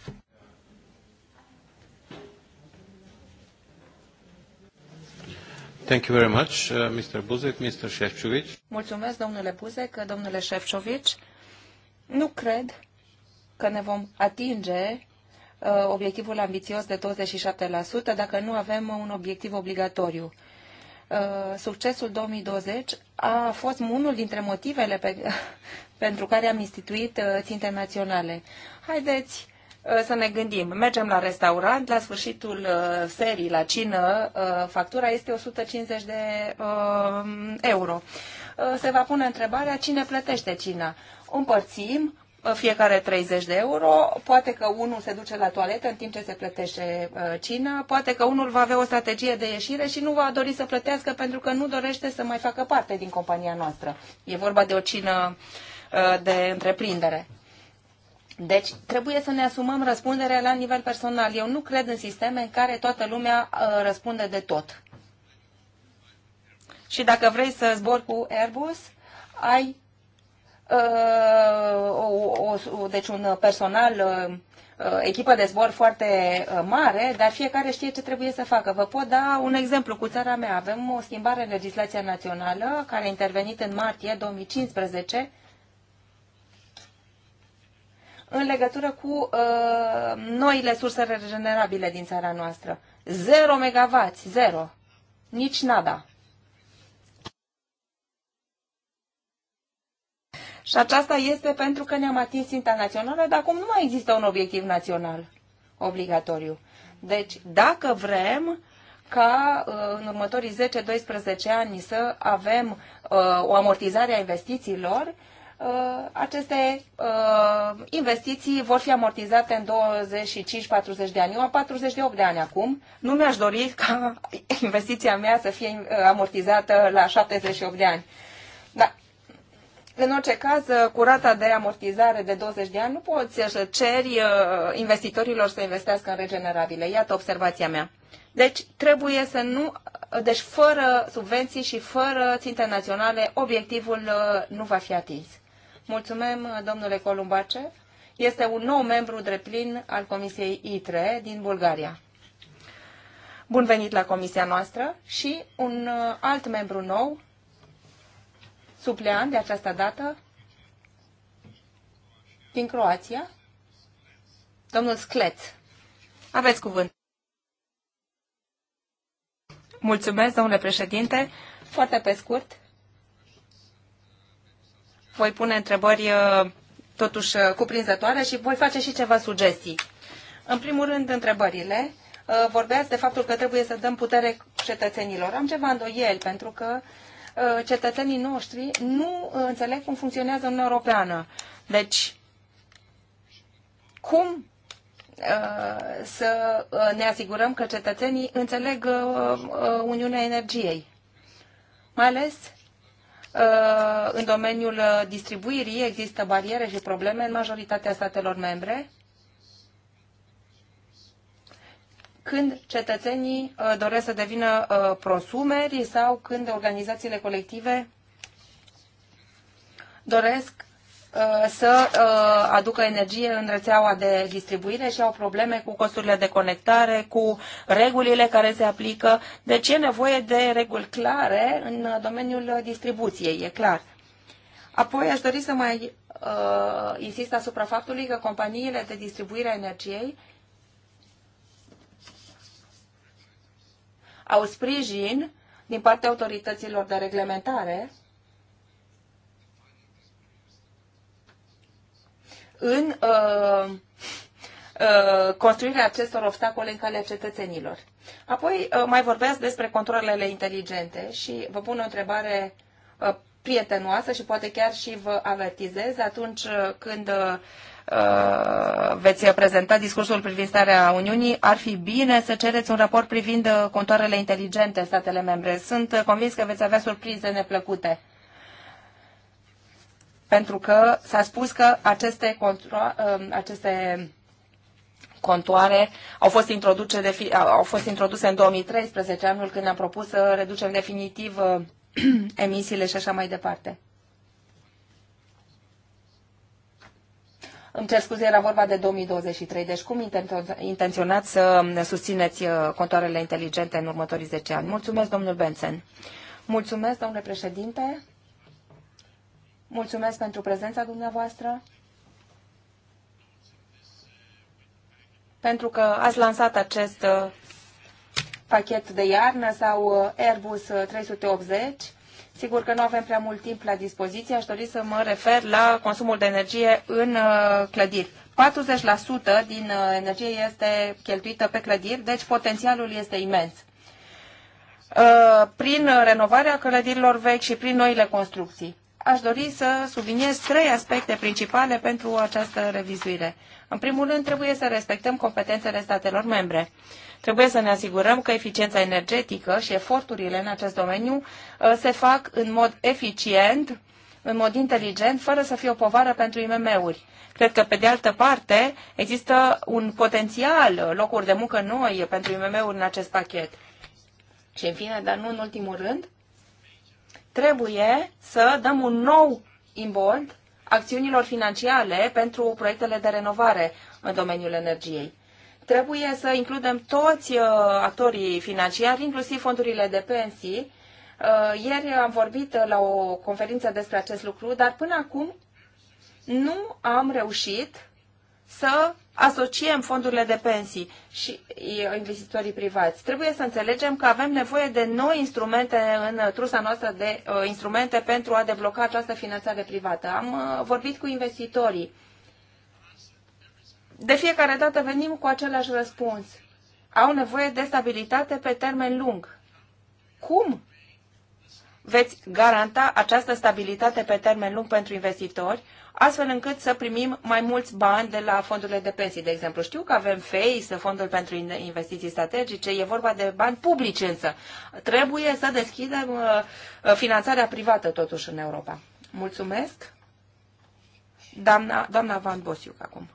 Thank you very much, uh, Mr. Buzek, Mr. Shevchovic.
Mulțumesc, domnule Buzek, domnule Shevchovic. Nu cred că ne vom atinge Uh, obiectivul ambițios de 27% dacă nu avem un obiectiv obligatoriu. Uh, succesul 2020 a fost unul dintre motivele pe, pentru care am instituit uh, ținte naționale. Haideți să ne gândim. Mergem la restaurant, la sfârșitul serii, la cină, factura este 150 de euro. Se va pune întrebarea cine plătește cina. Împărțim fiecare 30 de euro, poate că unul se duce la toaletă în timp ce se plătește uh, cina, poate că unul va avea o strategie de ieșire și nu va dori să plătească pentru că nu dorește să mai facă parte din compania noastră. E vorba de o cină uh, de întreprindere. Deci trebuie să ne asumăm răspunderea la nivel personal. Eu nu cred în sisteme în care toată lumea uh, răspunde de tot. Și dacă vrei să zbori cu Airbus, ai Uh, o, o, deci un personal, uh, uh, echipă de zbor foarte mare, dar fiecare știe ce trebuie să facă. Vă pot da un exemplu cu țara mea. Avem o schimbare în legislația națională care a intervenit în martie 2015 în legătură cu uh, noile surse regenerabile din țara noastră. Zero megavați, zero. Nici nada. Și aceasta este pentru că ne-am atins ținta națională, dar acum nu mai există un obiectiv național obligatoriu. Deci, dacă vrem ca uh, în următorii 10-12 ani să avem uh, o amortizare a investițiilor, uh, aceste investiții vor fi amortizate în 25-40 de ani. Eu am 48 de ani acum. Nu mi-aș dori ca investiția mea să fie amortizată la 78 de ani în orice caz, uh, cu rata de amortizare de 20 de ani, nu poți uh, să ceri uh, investitorilor să investească în regenerabile. Iată observația mea. Deci, trebuie să nu. Deci, fără subvenții și fără ținte naționale, obiectivul nu va fi atins. Mulțumim, domnule Columbacev. Este un nou membru dreplin al Comisiei ITRE din Bulgaria. Bun venit la comisia noastră și un alt membru nou, suplean de această dată din Croația, domnul Sclet. Aveți cuvânt. Mulțumesc, domnule președinte. Foarte pe scurt, voi pune întrebări uh, totuși uh, cuprinzătoare și voi face și ceva sugestii. În primul rând, întrebările. Uh, vorbeați de faptul că trebuie să dăm putere cetățenilor. Am ceva îndoieli, pentru că uh, Uh, cetățenii noștri nu uh, înțeleg cum funcționează Uniunea Europeană. Deci, cum uh, să ne asigurăm că cetățenii înțeleg Uniunea Energiei? Mai ales în domeniul distribuirii există bariere și probleme în majoritatea statelor membre când cetățenii uh, doresc să devină uh, prosumeri sau când organizațiile colective doresc uh, să aducă energie în rețeaua de distribuire și au probleme cu costurile de conectare, cu regulile care se aplică. Deci e nevoie de reguli clare în domeniul distribuției, e clar. Apoi aș dori să mai uh, insist asupra faptului că companiile de distribuire a energiei uh, au sprijin din partea autorităților de reglementare în uh, uh, construirea acestor obstacole în calea cetățenilor. Apoi uh, mai vorbeați despre controlele inteligente și vă pun o întrebare uh, prietenoasă și poate chiar și vă avertizez atunci uh, când uh, Uh, veți prezenta discursul privind starea Uniunii, ar fi bine să cereți un raport privind uh, contoarele inteligente statele membre. Sunt uh, convins că veți avea surprize neplăcute. Pentru că s-a spus că aceste, aceste contoare au fost, introduce de fi, au fost introduse în 2013, anul când ne-am propus să reducem definitiv emisiile și așa mai departe. Îmi cer scuze, era vorba de 2023. Deci cum intenționați să susțineți uh, contoarele inteligente în următorii 10 ani? Mulțumesc, domnul Benson. Mulțumesc, domnule președinte. Mulțumesc pentru prezența dumneavoastră. Pentru că ați lansat acest uh, pachet de iarnă sau uh, Airbus 380 Sigur că nu avem prea mult timp la dispoziție, aș dori să mă refer la consumul de energie în uh, clădiri. 40% din uh, energie este cheltuită pe clădiri, deci potențialul este imens. Uh, prin renovarea clădirilor vechi și prin noile construcții. Aș dori să subliniez trei aspecte principale pentru această revizuire. În primul rând, trebuie să respectăm competențele statelor membre. Uh, Trebuie să ne asigurăm că eficiența energetică și eforturile în acest domeniu uh, se fac în mod eficient, în mod inteligent, fără să fie o povară pentru IMM-uri. Cred că, pe de altă parte, există un potențial uh, locuri de muncă noi pentru IMM-uri în acest pachet. Și, în fine, dar nu în ultimul rând, trebuie să dăm un nou imbold acțiunilor financiare pentru proiectele de renovare în domeniul energiei. Trebuie să includem toți uh, actorii financiari, inclusiv fondurile de pensii. Uh, ieri am vorbit la o conferință despre acest lucru, dar până acum nu am reușit să asociem fondurile de pensii și uh, investitorii privați. Trebuie să înțelegem că avem nevoie de noi instrumente în trusa noastră de uh, instrumente pentru a debloca această finanțare privată. Am uh, vorbit cu investitorii de fiecare dată venim cu același răspuns. Au nevoie de stabilitate pe termen lung. Cum veți garanta această stabilitate pe termen lung pentru investitori, astfel încât să primim mai mulți bani de la fondurile de pensii, de exemplu. Știu că avem FEI, Fondul pentru Investiții Strategice, e vorba de bani publici însă. Trebuie să deschidem uh, uh, finanțarea privată totuși în Europa. Mulțumesc. Doamna, doamna Van Bosiuc acum.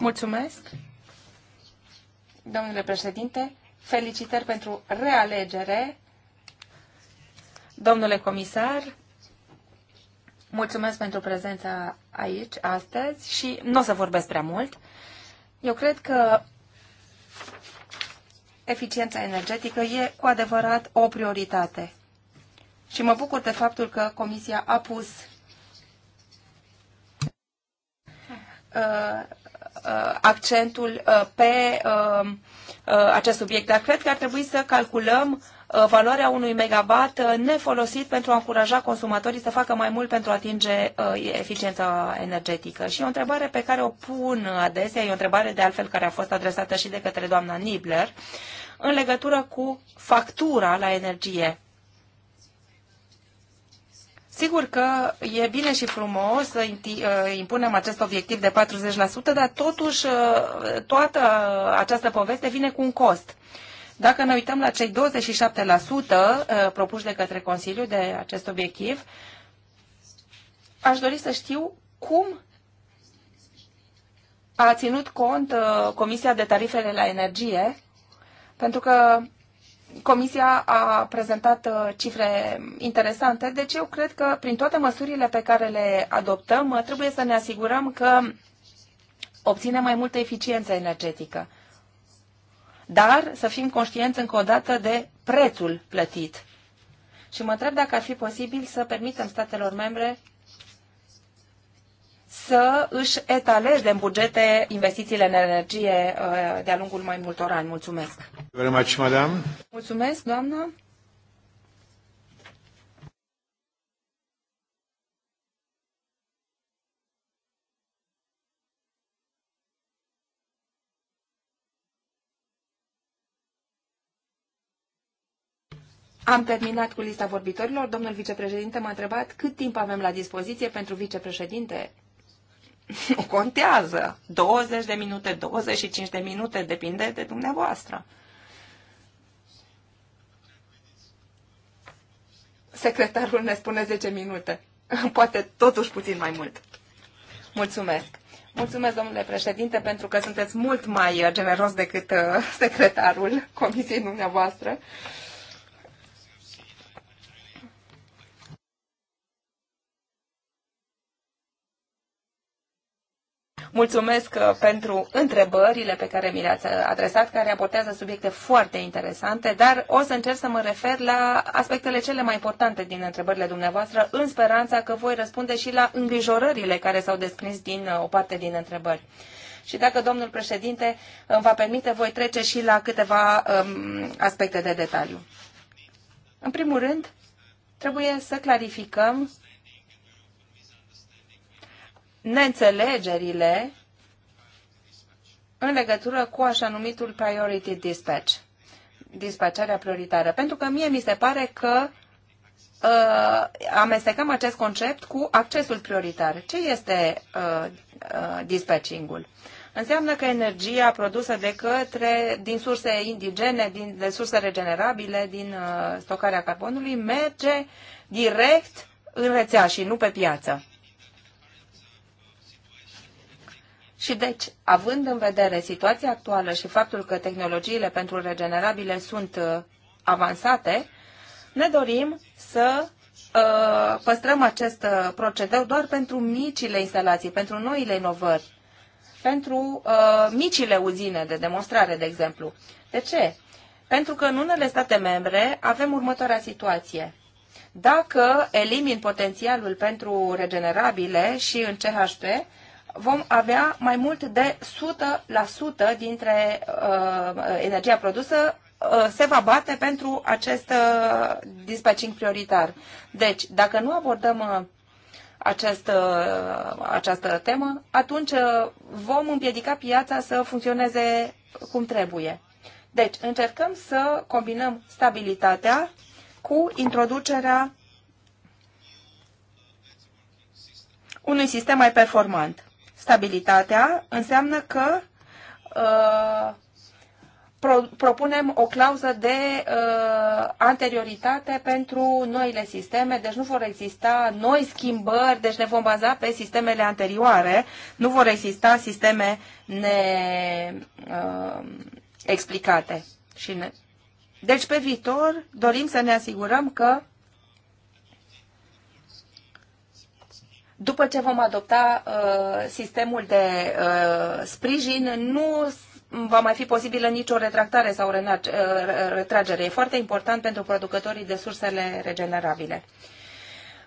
Mulțumesc, domnule președinte. Felicitări pentru realegere. Domnule comisar, mulțumesc pentru prezența aici astăzi și nu o să vorbesc prea mult. Eu cred că eficiența energetică e cu adevărat o prioritate. Și mă bucur de faptul că Comisia a pus uh, Uh, accentul uh, pe uh, acest subiect, dar cred că ar trebui să calculăm valoarea unui megawatt nefolosit pentru a încuraja consumatorii să facă mai mult pentru a atinge eficiența energetică. Și o întrebare pe care o pun adesea, e o întrebare de altfel care a fost adresată și de către doamna Nibler, în legătură cu factura la energie Sigur că e bine și frumos să ă, impunem acest obiectiv de 40%, dar totuși ă, toată această poveste vine cu un cost. Dacă ne uităm la cei 27% ă, propuși de către Consiliu de acest obiectiv, aș dori să știu cum a ținut cont Comisia de Tarifele la Energie, pentru că Comisia a prezentat uh, cifre interesante, deci eu cred că prin toate măsurile pe care le adoptăm uh, trebuie să ne asigurăm că obținem mai multă eficiență energetică. Dar să fim conștienți încă o dată de prețul plătit. Și mă întreb dacă ar fi posibil să permitem statelor membre să își etaleze în bugete investițiile în energie uh, de-a lungul mai multor ani. Mulțumesc!
Much, madam.
Mulțumesc, doamnă! Am terminat cu lista vorbitorilor. Domnul vicepreședinte m-a întrebat cât timp avem la dispoziție pentru vicepreședinte
nu contează.
20 de minute, 25 de minute, depinde de dumneavoastră. Secretarul ne spune 10 minute. Poate totuși puțin mai mult. Mulțumesc. Mulțumesc, domnule președinte, pentru că sunteți mult mai generos decât uh, secretarul comisiei dumneavoastră. Uh, Mulțumesc uh, pentru întrebările pe care mi le-ați uh, adresat, care abordează subiecte foarte interesante, dar o să încerc să mă refer la aspectele cele mai importante din întrebările dumneavoastră, în speranța că voi răspunde și la îngrijorările care s-au desprins din uh, o parte din întrebări. Și dacă domnul președinte îmi va permite, voi trece și la câteva um, aspecte de detaliu. În primul rând, trebuie să clarificăm neînțelegerile în legătură cu așa numitul priority dispatch, dispacerea prioritară. Pentru că mie mi se pare că uh, amestecăm acest concept cu accesul prioritar. Ce este uh, uh, dispatching-ul? Înseamnă că energia produsă de către, din surse indigene, din, de surse regenerabile, din uh, stocarea carbonului, merge direct în rețea și nu pe piață. Și deci, având în vedere situația actuală și faptul că tehnologiile pentru regenerabile sunt uh, avansate, ne dorim să uh, păstrăm acest uh, procedeu doar pentru micile instalații, pentru noile inovări, pentru micile uzine de demonstrare, de exemplu. De ce? Pentru că în unele state membre avem următoarea situație. Dacă elimin potențialul pentru regenerabile și în CHP, vom avea mai mult de 100% dintre uh, energia produsă uh, se va bate pentru acest uh, dispatching prioritar. Deci, dacă nu abordăm uh, acest, uh, această temă, atunci uh, vom împiedica piața să funcționeze cum trebuie. Deci, încercăm să combinăm stabilitatea cu introducerea unui sistem mai performant stabilitatea înseamnă că uh, pro, propunem o clauză de uh, anterioritate pentru noile sisteme, deci nu vor exista noi schimbări, deci ne vom baza pe sistemele anterioare, nu vor exista sisteme neexplicate. Uh, ne... Deci pe viitor dorim să ne asigurăm că după ce vom adopta uh, sistemul de uh, sprijin, nu va mai fi posibilă nicio retractare sau uh, retragere. E foarte important pentru producătorii de sursele regenerabile.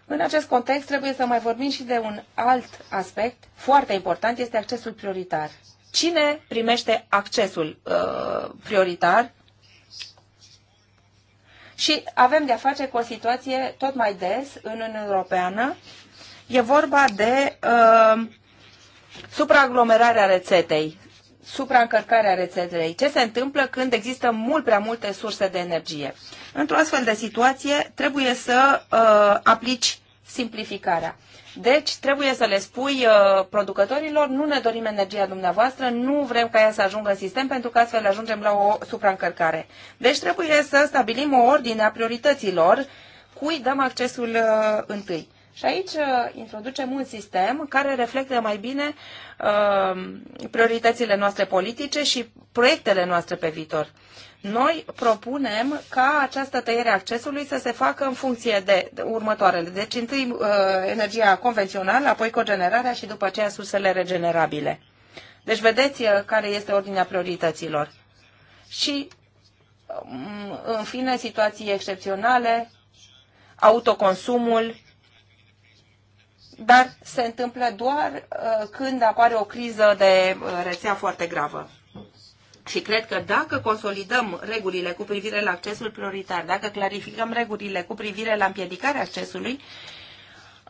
În acest context trebuie să mai vorbim și de un alt aspect foarte important, este accesul prioritar. Cine primește accesul uh, prioritar? Și avem de-a face cu o situație tot mai des în Uniunea Europeană uh, E vorba de uh, supraaglomerarea rețetei, supraîncărcarea rețetei. Ce se întâmplă când există mult prea multe surse de energie? Într-o astfel de situație trebuie să uh, aplici simplificarea. Deci trebuie să le spui uh, producătorilor, nu ne dorim energia dumneavoastră, nu vrem ca ea să ajungă în sistem pentru că astfel ajungem la o supraîncărcare. Deci trebuie să stabilim o ordine a priorităților, cui dăm accesul uh, întâi. Și aici uh, introducem un sistem care reflectă mai bine uh, prioritățile noastre politice și proiectele noastre pe viitor. Noi propunem ca această tăiere a accesului să se facă în funcție de următoarele. Deci întâi uh, energia convențională, apoi cogenerarea și după aceea sursele regenerabile. Deci vedeți care este ordinea priorităților. Și,
um,
în fine, situații excepționale, autoconsumul, dar se întâmplă doar uh, când apare o criză de uh, rețea foarte gravă. Și cred că dacă consolidăm regulile cu privire la accesul prioritar, dacă clarificăm regulile cu privire la împiedicarea accesului,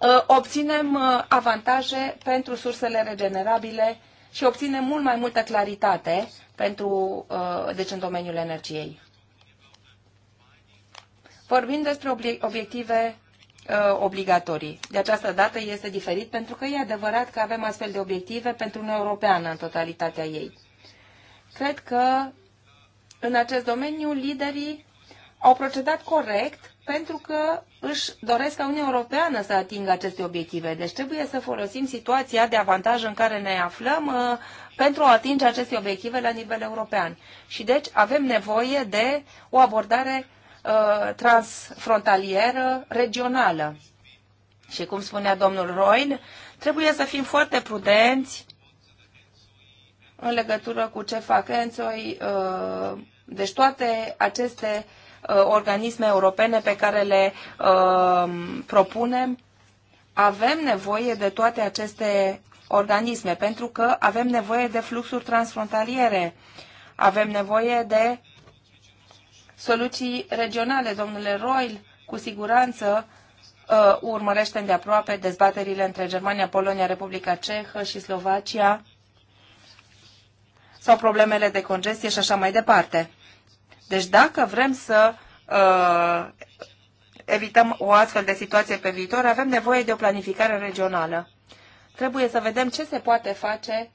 uh, obținem avantaje pentru sursele regenerabile și obținem mult mai multă claritate pentru, deci în domeniul energiei. Vorbim despre obiective Uh, obligatorii. De această dată este diferit pentru că e adevărat că avem astfel de obiective pentru Uniunea Europeană în totalitatea ei. Cred că în acest domeniu liderii au procedat corect pentru că își doresc ca Uniunea Europeană să atingă aceste obiective. Deci trebuie să folosim situația de avantaj în care ne aflăm uh, pentru a atinge aceste obiective la nivel european. Și deci avem nevoie de o abordare Uh, transfrontalieră regională. Și cum spunea domnul Roin, trebuie să fim foarte prudenți în legătură cu ce fac ENSOI, uh, deci toate aceste uh, organisme europene pe care le propunem, avem nevoie de toate aceste organisme pentru că avem nevoie de fluxuri transfrontaliere, avem nevoie de Soluții regionale, domnule Royal, cu siguranță uh, urmărește îndeaproape dezbaterile între Germania, Polonia, Republica Cehă și Slovacia sau problemele de congestie și așa mai departe. Deci dacă vrem să uh, evităm o astfel de situație pe viitor, avem nevoie de o planificare regională. Trebuie să vedem ce se poate face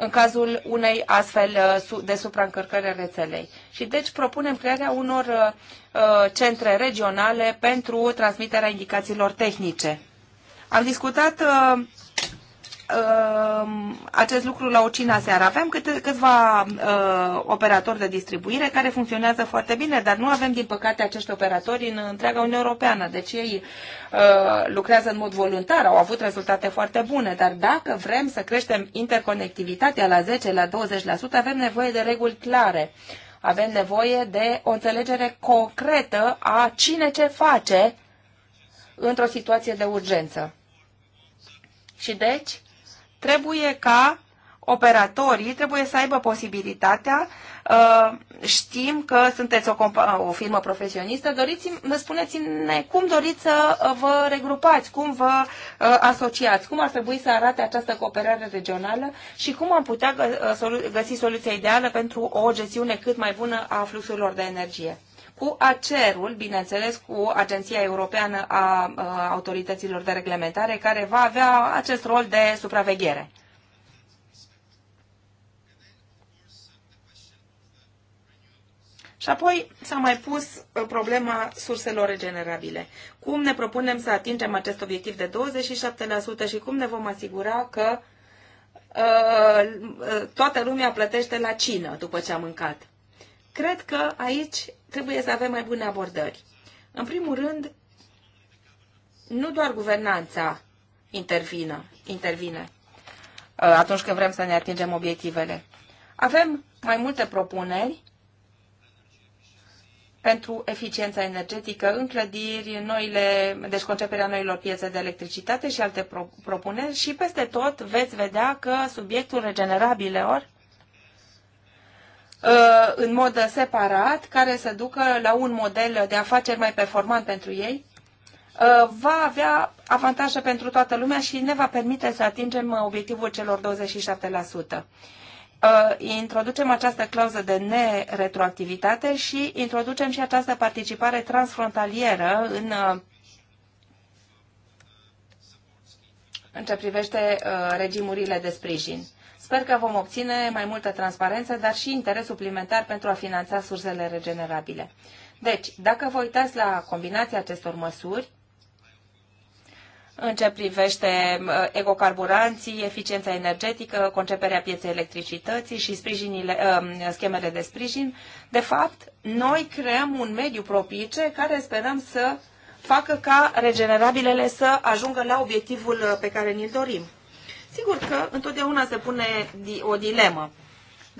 în cazul unei astfel uh, de supraîncărcări a rețelei. Și deci propunem crearea unor uh, uh, centre regionale pentru transmiterea indicațiilor tehnice. Am discutat Ehm, acest lucru la Ocina seara. Avem câte, câțiva uh, operatori de distribuire care funcționează foarte bine, dar nu avem, din păcate, acești operatori în întreaga Uniune Europeană. Deci ei uh, lucrează în mod voluntar, au avut rezultate foarte bune, dar dacă vrem să creștem interconectivitatea la 10, la 20%, avem nevoie de reguli clare. Avem nevoie de o înțelegere concretă a cine ce face într-o situație de urgență. Și deci, trebuie ca operatorii trebuie să aibă posibilitatea, uh, știm că sunteți o, o firmă profesionistă, doriți, ne spuneți-ne cum doriți să uh, vă regrupați, cum vă uh, asociați, cum ar trebui să arate această cooperare regională și cum am putea găsi soluția ideală pentru o gestiune cât mai bună a fluxurilor de energie cu acerul, bineînțeles, cu Agenția Europeană a Autorităților de Reglementare, care va avea acest rol de supraveghere. Și apoi s-a mai pus uh, problema surselor regenerabile. Cum ne propunem să atingem acest obiectiv de 27% și cum ne vom asigura că uh, uh, toată lumea plătește la cină după ce a mâncat? Cred că aici trebuie să avem mai bune abordări. În primul rând, nu doar guvernanța intervină, intervine uh, atunci când vrem să ne atingem obiectivele. Avem mai multe propuneri pentru eficiența energetică în clădiri, noile, deci conceperea noilor piețe de electricitate și alte pro, propuneri și peste tot veți vedea că subiectul regenerabilor Uh, în mod separat, care să ducă la un model de afaceri mai performant pentru ei, uh, va avea avantaje pentru toată lumea și ne va permite să atingem obiectivul celor 27%. Uh, introducem această clauză de neretroactivitate și introducem și această participare transfrontalieră în în ce privește regimurile de sprijin. Sper că vom obține mai multă transparență, dar și interes suplimentar pentru a finanța sursele regenerabile. Deci, dacă vă uitați la combinația acestor măsuri, în ce privește uh, ecocarburanții, eficiența energetică, conceperea pieței electricității și sprijinile, um, schemele de sprijin, de fapt, noi creăm un mediu propice care sperăm să facă ca regenerabilele să ajungă la obiectivul uh, pe care ni-l dorim. Sigur că întotdeauna se pune o dilemă.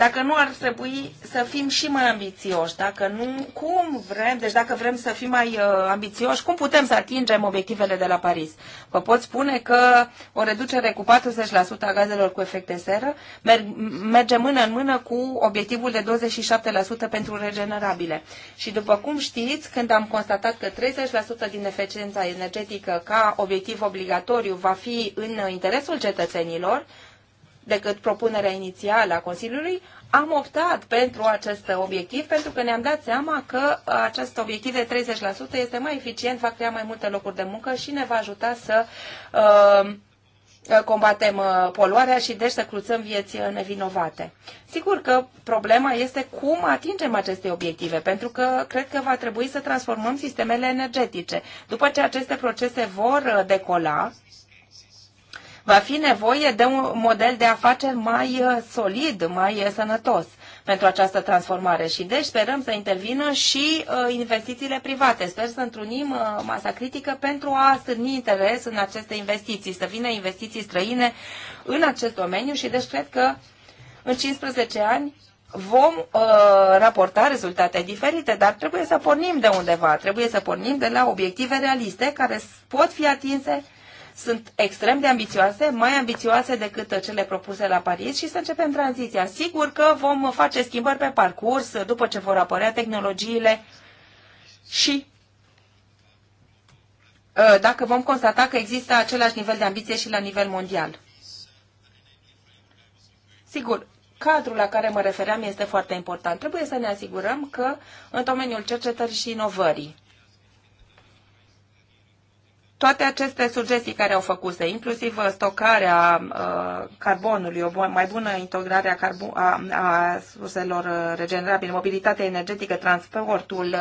Dacă nu ar trebui să fim și mai ambițioși, dacă nu, cum vrem, deci dacă vrem să fim mai uh, ambițioși, cum putem să atingem obiectivele de la Paris? Vă pot spune că o reducere cu 40% a gazelor cu efect de seră merge mână în mână cu obiectivul de 27% pentru regenerabile. Și după cum știți, când am constatat că 30% din eficiența energetică ca obiectiv obligatoriu va fi în interesul cetățenilor, decât propunerea inițială a Consiliului, am optat pentru acest obiectiv pentru că ne-am dat seama că acest obiectiv de 30% este mai eficient, va crea mai multe locuri de muncă și ne va ajuta să uh, combatem uh, poluarea și deci să cruțăm vieți nevinovate. Sigur că problema este cum atingem aceste obiective, pentru că cred că va trebui să transformăm sistemele energetice. După ce aceste procese vor uh, decola, Va fi nevoie de un model de afaceri mai uh, solid, mai uh, sănătos pentru această transformare și deci sperăm să intervină și uh, investițiile private. Sper să întrunim masa critică pentru a stârni interes în aceste investiții, să vină investiții străine în acest domeniu și deci cred că în 15 ani vom uh, raporta rezultate diferite, dar trebuie să pornim de undeva, trebuie să pornim de la obiective realiste care pot fi atinse sunt extrem de ambițioase, mai ambițioase decât cele propuse la Paris și să începem tranziția. Sigur că vom face schimbări pe parcurs după ce vor apărea tehnologiile și ă, dacă vom constata că există același nivel de ambiție și la nivel mondial. Sigur, cadrul la care mă refeream este foarte important. Trebuie să ne asigurăm că în domeniul cercetării și inovării toate aceste sugestii care au făcuse, inclusiv uh, stocarea uh, carbonului, o mai bună integrare a, carbon, a, a surselor uh, regenerabile, mobilitatea energetică, transportul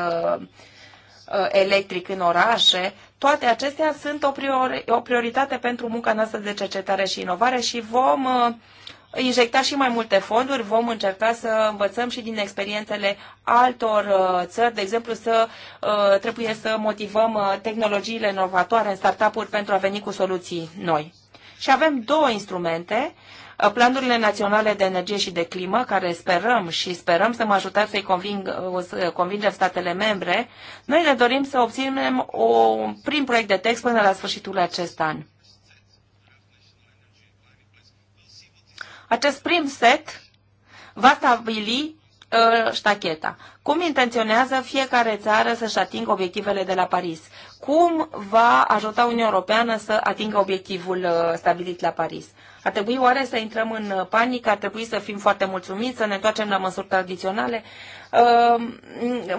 electric în orașe, toate acestea sunt o, priori, o prioritate pentru munca noastră de cercetare și inovare și vom injecta și mai multe fonduri, vom încerca să învățăm și din experiențele altor uh, țări, de exemplu să uh, trebuie să motivăm uh, tehnologiile inovatoare în startup-uri pentru a veni cu soluții noi. Și avem două instrumente, planurile naționale de energie și de climă, care sperăm și sperăm să mă ajutați să-i conving, să convingem statele membre, noi ne dorim să obținem un prim proiect de text până la sfârșitul acest an. Acest prim set va stabili uh, ștacheta. Cum intenționează fiecare țară să-și atingă obiectivele de la Paris? Cum va ajuta Uniunea Europeană să atingă obiectivul uh, stabilit la Paris? Ar trebui oare să intrăm în uh, panică? Ar trebui să fim foarte mulțumiți, să ne întoarcem la măsuri tradiționale? Ehm,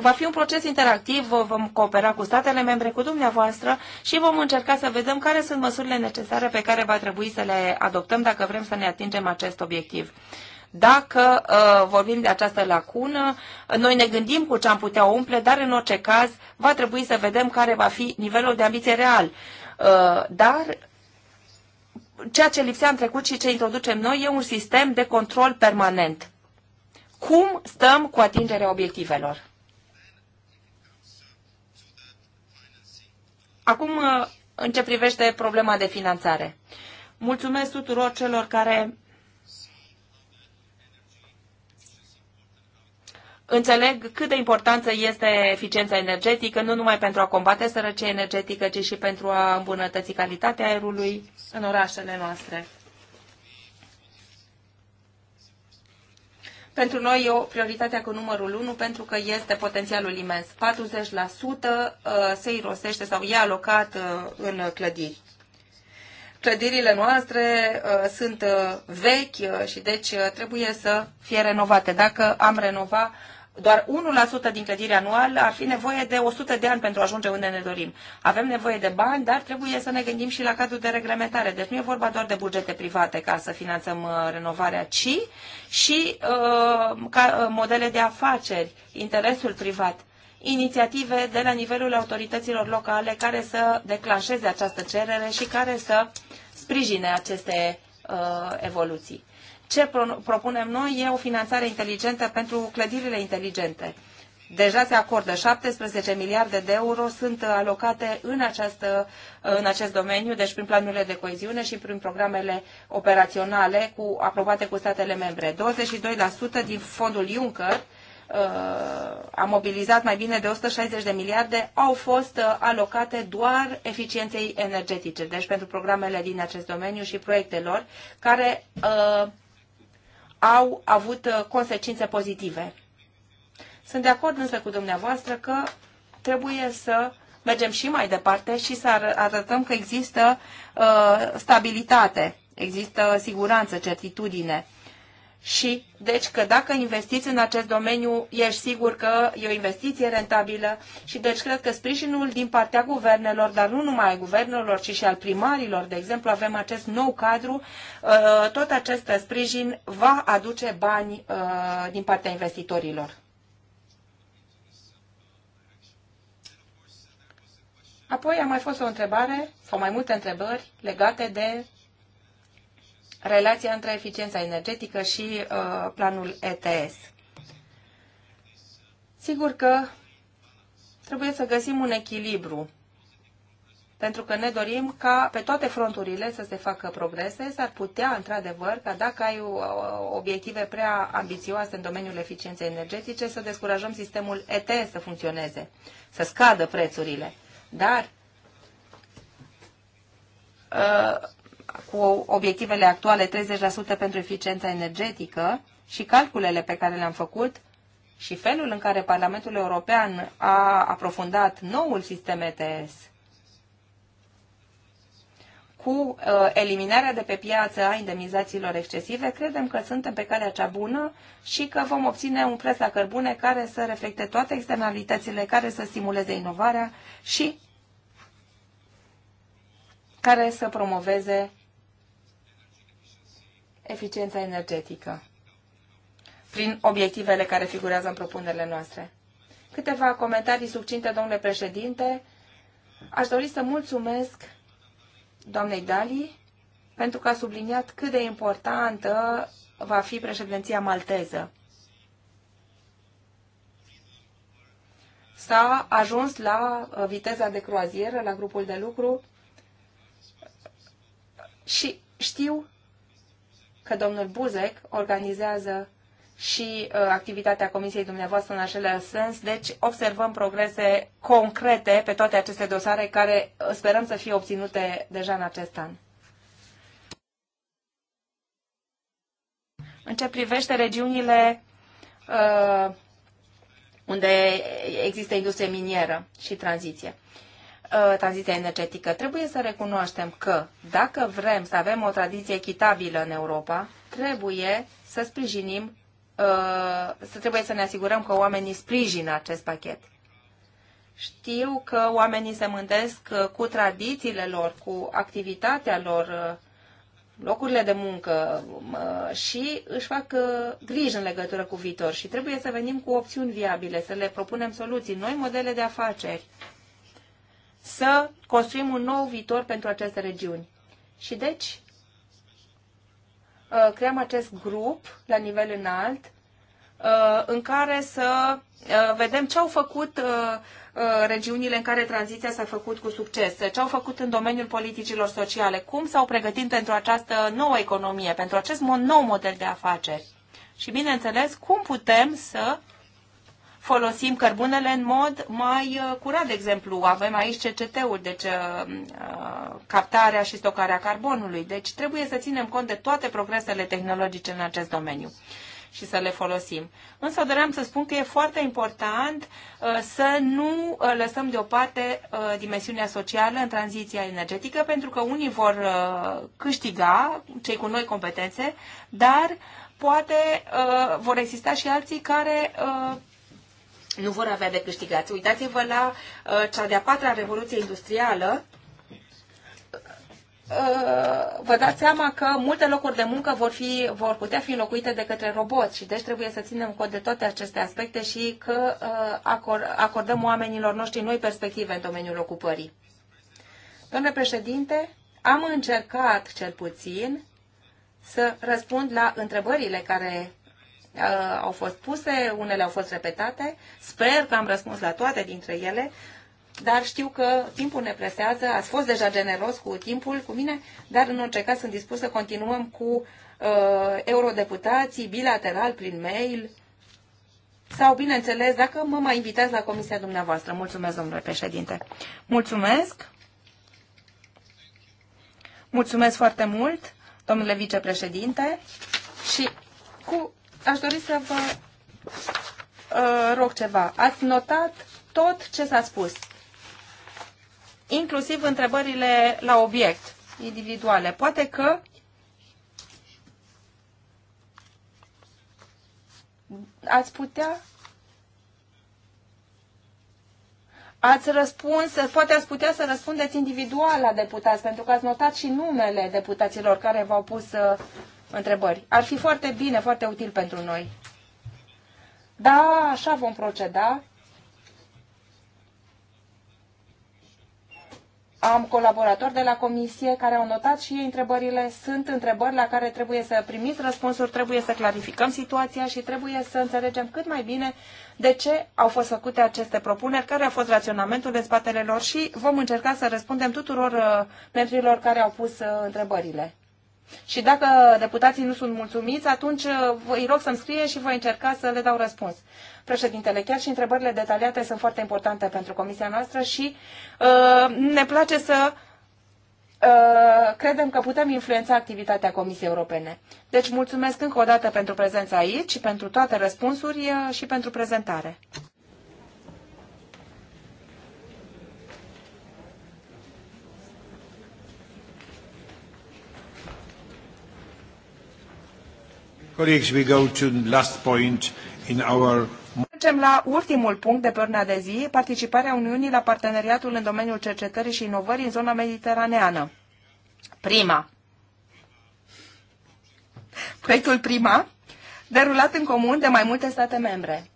va fi un proces interactiv, vom coopera cu statele membre, cu dumneavoastră și vom încerca să vedem care sunt măsurile necesare pe care va trebui să le adoptăm dacă vrem să ne atingem acest obiectiv. Dacă uh, vorbim de această lacună, noi ne gândim cu ce am putea umple, dar în orice caz va trebui să vedem care va fi nivelul de ambiție real. Uh, dar ceea ce lipsea în trecut și ce introducem noi e un sistem de control permanent cum stăm cu atingerea obiectivelor. Acum, uh, în ce privește problema de finanțare. Mulțumesc tuturor celor care Înțeleg cât de importantă este eficiența energetică, nu numai pentru a combate sărăcia energetică, ci și pentru a îmbunătăți calitatea aerului în orașele noastre. Pentru noi e o prioritatea cu numărul 1 pentru că este potențialul imens. 40% uh, se irosește sau e alocat uh, în clădiri. Clădirile noastre uh, sunt vechi și deci trebuie să fie renovate. Dacă am renova doar 1% din clădiri anual, ar fi nevoie de 100 de ani pentru a ajunge unde ne dorim. Avem nevoie de bani, dar trebuie să ne gândim și la cadrul de reglementare. Deci nu e vorba doar de bugete private ca să finanțăm uh, renovarea, ci și uh, ca, uh, modele de afaceri, interesul privat inițiative de la nivelul autorităților locale care să declanșeze această cerere și care să sprijine aceste uh, evoluții. Ce propunem noi e o finanțare inteligentă pentru clădirile inteligente. Deja se acordă 17 miliarde de euro, sunt alocate în, această, în acest domeniu, deci prin planurile de coeziune și prin programele operaționale cu, aprobate cu statele membre. 22% din fondul Juncker uh, a mobilizat mai bine de 160 de miliarde, au fost uh, alocate doar eficienței energetice, deci pentru programele din acest domeniu și proiectelor care uh, au avut uh, consecințe pozitive. Sunt de acord însă cu dumneavoastră că trebuie să mergem și mai departe și să arătăm că există uh, stabilitate, există siguranță, certitudine și deci că dacă investiți în acest domeniu, ești sigur că e o investiție rentabilă și deci cred că sprijinul din partea guvernelor, dar nu numai guvernelor, ci și al primarilor, de exemplu, avem acest nou cadru, uh, tot acest sprijin va aduce bani uh, din partea investitorilor. Apoi a mai fost o întrebare, sau mai multe întrebări, legate de relația între eficiența energetică și uh, planul ETS. Sigur că trebuie să găsim un echilibru, pentru că ne dorim ca pe toate fronturile să se facă progrese, s-ar putea, într-adevăr, ca dacă ai uh, obiective prea ambițioase în domeniul eficienței energetice, să descurajăm sistemul ETS să funcționeze, să scadă prețurile. Dar uh, cu obiectivele actuale 30% pentru eficiența energetică și calculele pe care le-am făcut și felul în care Parlamentul European a aprofundat noul sistem ETS cu uh, eliminarea de pe piață a indemnizațiilor excesive, credem că suntem pe calea cea bună și că vom obține un preț la cărbune care să reflecte toate externalitățile, care să stimuleze inovarea și care să promoveze eficiența energetică prin obiectivele care figurează în propunerile noastre. Câteva comentarii succinte, domnule președinte. Aș dori să mulțumesc doamnei Dali pentru că a subliniat cât de importantă va fi președinția malteză. S-a ajuns la uh, viteza de croazieră, la grupul de lucru și știu că domnul Buzek organizează și uh, activitatea comisiei dumneavoastră în acel sens. Deci observăm progrese concrete pe toate aceste dosare care uh, sperăm să fie obținute deja în acest an. În ce privește regiunile uh, unde există industrie minieră și tranziție. Uh, Uh, tranziția energetică. Trebuie să recunoaștem că dacă vrem să avem o tradiție echitabilă în Europa, trebuie să sprijinim, uh, să trebuie să ne asigurăm că oamenii sprijină acest pachet. Știu că oamenii se mândesc uh, cu tradițiile lor, cu activitatea lor, locurile de muncă și își fac griji în legătură cu viitor și trebuie să venim cu opțiuni viabile, să le propunem soluții, noi modele de afaceri să construim un nou viitor pentru aceste regiuni. Și deci uh, creăm acest grup la nivel înalt uh, în care să uh, vedem ce au făcut regiunile în care tranziția s-a făcut cu succes, ce au făcut în domeniul politicilor sociale, cum s-au pregătit pentru această nouă economie, pentru acest nou model de afaceri. Și, bineînțeles, cum putem să folosim cărbunele în mod mai uh, curat, de exemplu. Avem aici cct uri deci uh, uh, captarea și stocarea carbonului. Deci trebuie să ținem cont de toate progresele tehnologice în acest domeniu și să le folosim. Însă doream să spun că e foarte important să nu lăsăm deoparte dimensiunea socială în tranziția energetică, pentru că unii vor câștiga, cei cu noi competențe, dar poate vor exista și alții care nu vor avea de câștigat. Uitați-vă la uh, cea de-a patra revoluție industrială. Uh, vă dați seama că multe locuri de muncă vor, fi, vor putea fi înlocuite de către roboți și deci trebuie să ținem cont de toate aceste aspecte și că uh, acordăm oamenilor noștri noi perspective în domeniul ocupării. Domnule președinte, am încercat cel puțin să răspund la întrebările care uh, au fost puse, unele au fost repetate. Sper că am răspuns la toate dintre ele, dar știu că timpul ne presează, ați fost deja generos cu timpul, cu mine, dar în orice caz sunt dispus să continuăm cu uh, eurodeputații, bilateral, prin mail, sau, bineînțeles, dacă mă mai invitați la comisia dumneavoastră. Mulțumesc, domnule președinte. Mulțumesc. Mulțumesc foarte mult, domnule vicepreședinte. Și cu aș dori să vă uh, rog ceva. Ați notat tot ce s-a spus, inclusiv întrebările la obiect individuale. Poate că ați putea Ați răspuns, poate ați putea să răspundeți individual la deputați, pentru că ați notat și numele deputaților care v-au pus uh, întrebări. Ar fi foarte bine, foarte util pentru noi. Da, așa vom proceda. Am colaboratori de la comisie care au notat și ei întrebările. Sunt întrebări la care trebuie să primiți răspunsuri, trebuie să clarificăm situația și trebuie să înțelegem cât mai bine de ce au fost făcute aceste propuneri, care a fost raționamentul spatele lor și vom încerca să răspundem tuturor uh, membrilor care au pus uh, întrebările. Și dacă deputații nu sunt mulțumiți, atunci uh, îi rog să-mi scrie și voi încerca să le dau răspuns. Președintele, chiar și întrebările detaliate sunt foarte importante pentru comisia noastră și uh, ne place să uh, credem că putem influența activitatea Comisiei Europene. Deci mulțumesc încă o dată pentru prezența aici și pentru toate răspunsuri și pentru prezentare.
Colleagues, we go to last point in our
Mergem la ultimul punct de pe de zi, participarea Uniunii la parteneriatul în domeniul cercetării și inovării în zona mediteraneană. Prima. Proiectul Prima, derulat în comun de mai multe state membre.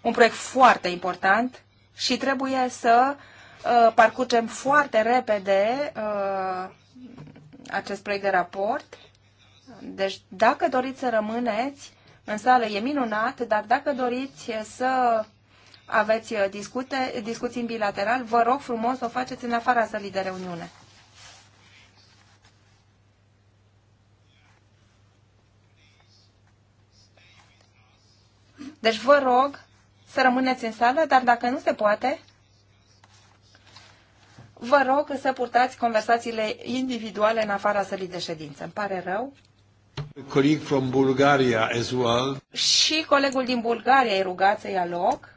Un proiect foarte important și trebuie să uh, parcurgem foarte repede uh, acest proiect de raport. Deci, dacă doriți să rămâneți în sală, e minunat, dar dacă doriți să aveți discute, discuții în bilateral, vă rog frumos să o faceți în afara sălii de reuniune. Deci vă rog să rămâneți în sală, dar dacă nu se poate, vă rog să purtați conversațiile individuale în afara sălii de ședință. Îmi pare rău.
Colleague from Bulgaria as well.
Și colegul din Bulgaria e rugat să ia loc.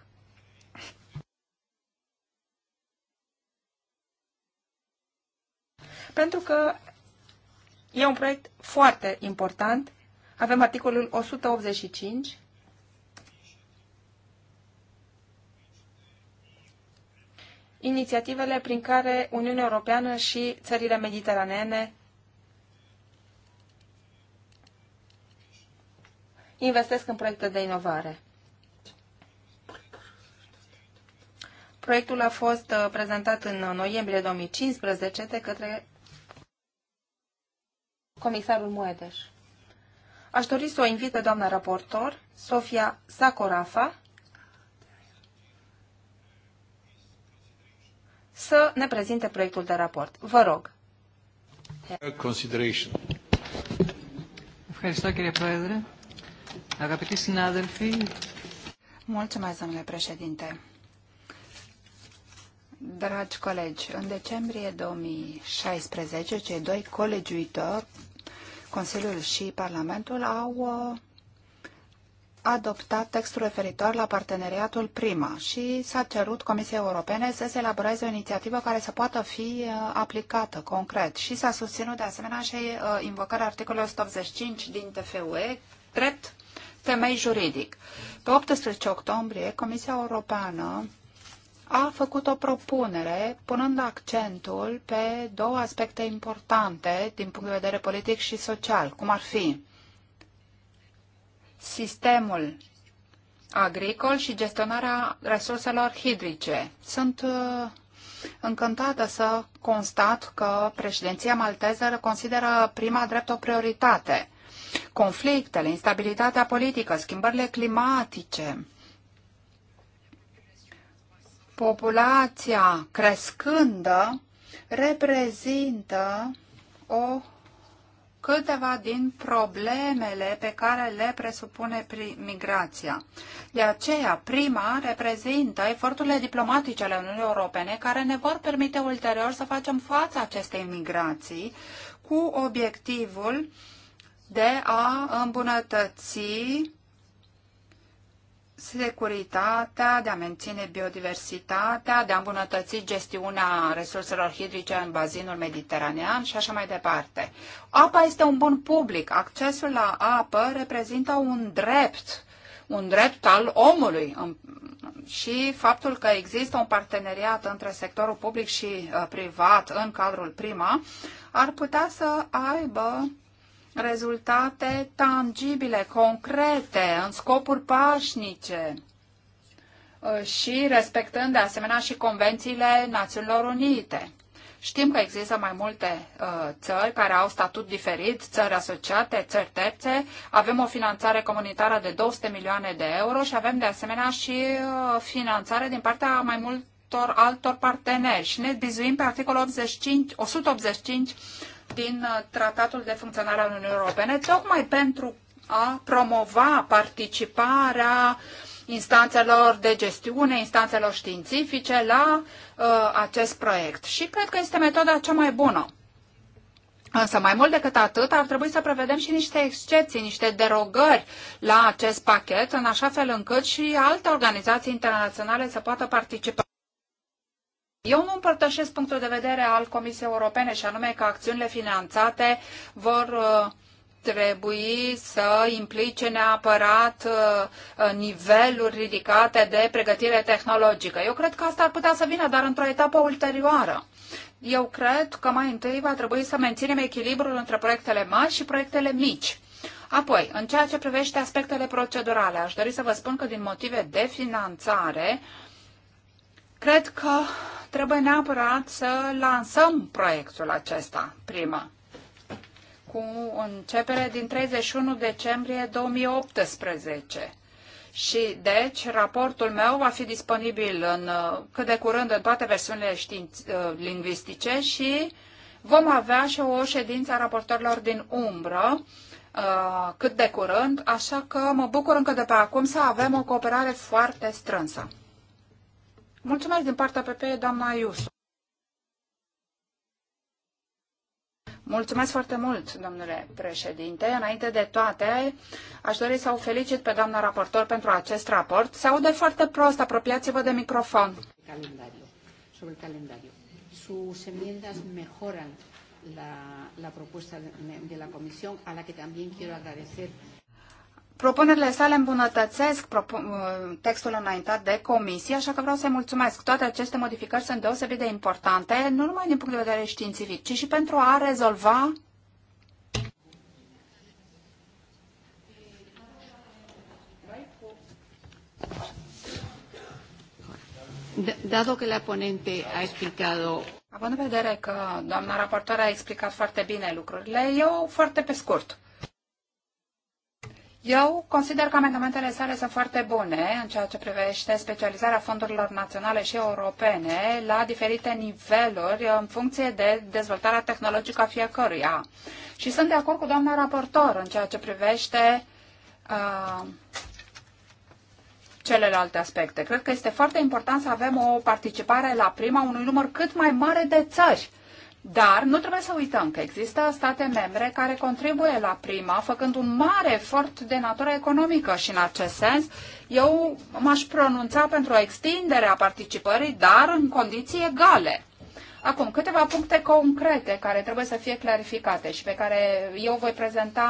Pentru că e un proiect foarte important. Avem articolul 185 inițiativele prin care Uniunea Europeană și țările mediteraneene investesc în proiecte de inovare. Proiectul a fost uh, prezentat în noiembrie 2015 de către comisarul Moedeș. Aș dori să o invit pe doamna raportor, Sofia Sacorafa, să ne prezinte proiectul de raport. Vă rog.
Consideration.
Mulțumesc, domnule președinte. Dragi colegi, în decembrie 2016, cei doi colegiuitori, Consiliul și Parlamentul, au uh, adoptat textul referitor la parteneriatul prima și s-a cerut Comisiei Europene să se elaboreze o inițiativă care să poată fi uh, aplicată concret și s-a susținut de asemenea și uh, invocarea articolului 185 din TFUE drept temei juridic. Pe 18 octombrie, Comisia Europeană a făcut o propunere punând accentul pe două aspecte importante din punct de vedere politic și social, cum ar fi sistemul agricol și gestionarea resurselor hidrice. Sunt uh, încântată să constat că președinția malteză consideră prima drept o prioritate. Conflictele, instabilitatea politică, schimbările climatice, populația crescândă reprezintă o câteva din problemele pe care le presupune migrația. De aceea, prima reprezintă eforturile diplomatice ale Uniunii Europene care ne vor permite ulterior să facem față acestei migrații cu obiectivul de a îmbunătăți securitatea, de a menține biodiversitatea, de a îmbunătăți gestiunea resurselor hidrice în bazinul mediteranean și așa mai departe. Apa este un bun public. Accesul la apă reprezintă un drept, un drept al omului și faptul că există un parteneriat între sectorul public și uh, privat în cadrul prima ar putea să aibă rezultate tangibile, concrete, în scopuri pașnice ă, și respectând de asemenea și convențiile Națiunilor Unite. Știm că există mai multe uh, țări care au statut diferit, țări asociate, țări terțe. Avem o finanțare comunitară de 200 milioane de euro și avem de asemenea și uh, finanțare din partea mai multor altor parteneri. Și ne bizuim pe articolul 85, 185 din uh, Tratatul de Funcționare al Uniunii Europene, tocmai pentru a promova participarea instanțelor de gestiune, instanțelor științifice la uh, acest proiect. Și cred că este metoda cea mai bună. Însă, mai mult decât atât, ar trebui să prevedem și niște excepții, niște derogări la acest pachet, în așa fel încât și alte organizații internaționale să poată participa. Eu nu împărtășesc punctul de vedere al Comisiei Europene și anume că acțiunile finanțate vor uh, trebui să implice neapărat uh, niveluri ridicate de pregătire tehnologică. Eu cred că asta ar putea să vină, dar într-o etapă ulterioară. Eu cred că mai întâi va trebui să menținem echilibrul între proiectele mari și proiectele mici. Apoi, în ceea ce privește aspectele procedurale, aș dori să vă spun că din motive de finanțare, cred că trebuie neapărat să lansăm proiectul acesta, prima, cu începere din 31 decembrie 2018. Și deci raportul meu va fi disponibil în, uh, cât de curând în toate versiunile științ, uh, lingvistice și vom avea și o ședință a raportorilor din umbră uh, cât de curând, așa că mă bucur încă de pe acum să avem o cooperare foarte strânsă. Mulțumesc din partea PP, doamna Iusu. Mulțumesc foarte mult, domnule președinte. Înainte de toate, aș dori să o felicit pe doamna raportor pentru acest raport. Se aude foarte prost, apropiați-vă de microfon. Calendario, sobre calendariu. Sus enmiendas mejoran la, la propuesta de, de la comisión, a la que también quiero agradecer Propunerile sale îmbunătățesc uh, textul înaintat de comisie, așa că vreau să-i mulțumesc. Toate aceste modificări sunt deosebit de importante, nu numai din punct de vedere științific, ci și pentru a rezolva Dado că la ponente a explicat. Având în vedere că doamna raportoare a explicat foarte bine lucrurile, eu foarte pe scurt. Eu consider că amendamentele sale sunt foarte bune în ceea ce privește specializarea fondurilor naționale și europene la diferite niveluri în funcție de dezvoltarea tehnologică a fiecăruia. Și sunt de acord cu doamna raportor în ceea ce privește uh, celelalte aspecte. Cred că este foarte important să avem o participare la prima unui număr cât mai mare de țări dar nu trebuie să uităm că există state membre care contribuie la prima, făcând un mare efort de natură economică și în acest sens eu m-aș pronunța pentru extinderea participării, dar în condiții egale. Acum, câteva puncte concrete care trebuie să fie clarificate și pe care eu voi prezenta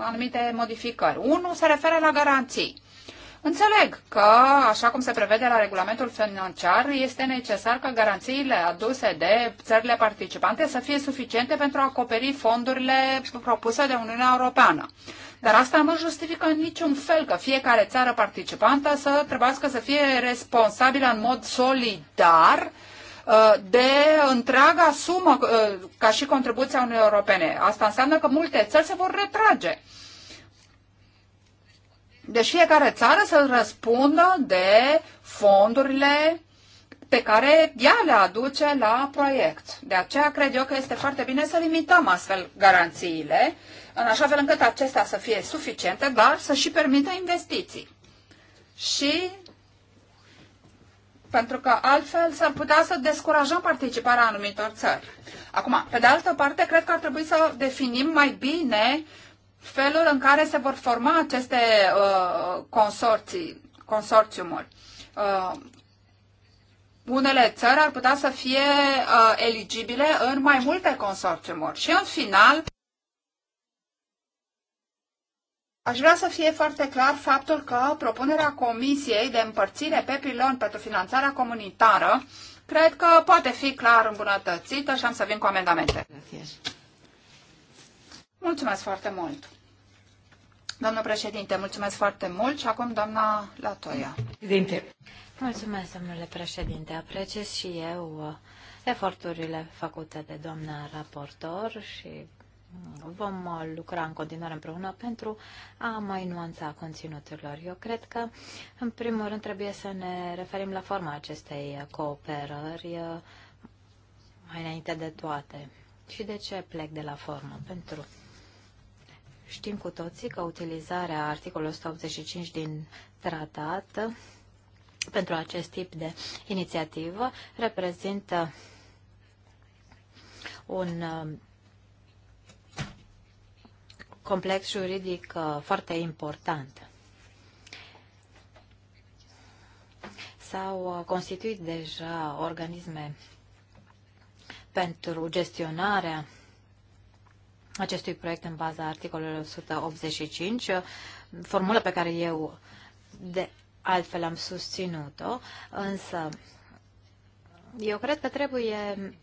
anumite modificări. Unul se referă la garanții. Înțeleg că, așa cum se prevede la regulamentul financiar, este necesar ca garanțiile aduse de țările participante să fie suficiente pentru a acoperi fondurile propuse de Uniunea Europeană. Dar asta nu justifică în niciun fel că fiecare țară participantă să trebuiască să fie responsabilă în mod solidar uh, de întreaga sumă uh, ca și contribuția Uniunii Europene. Asta înseamnă că multe țări se vor retrage. Deci fiecare țară să răspundă de fondurile pe care ea le aduce la proiect. De aceea cred eu că este foarte bine să limităm astfel garanțiile, în așa fel încât acestea să fie suficiente, dar să și permită investiții. Și pentru că altfel s-ar putea să descurajăm participarea anumitor țări. Acum, pe de altă parte, cred că ar trebui să definim mai bine felul în care se vor forma aceste uh, consorții, consorțiumuri. Uh, unele țări ar putea să fie uh, eligibile în mai multe consorțiumuri. Și în final, aș vrea să fie foarte clar faptul că propunerea Comisiei de împărțire pe pilon pentru finanțarea comunitară cred că poate fi clar îmbunătățită și am să vin cu amendamente. Gracias. Mulțumesc foarte mult! Doamnă președinte, mulțumesc foarte mult și acum doamna Latoia.
Președinte. Mulțumesc, domnule președinte. Apreciez și eu uh, eforturile făcute de doamna raportor și uh, vom uh, lucra în continuare împreună pentru a mai nuanța conținuturilor. Eu cred că, în primul rând, trebuie să ne referim la forma acestei cooperări mai înainte de toate. Și de ce plec de la formă? Pentru Știm cu toții că utilizarea articolului 185 din tratat pentru acest tip de inițiativă reprezintă un um, complex juridic uh, foarte important. S-au uh, constituit deja organisme pentru gestionarea acestui proiect în baza articolului 185, formulă pe care eu de altfel am susținut-o, însă eu cred că trebuie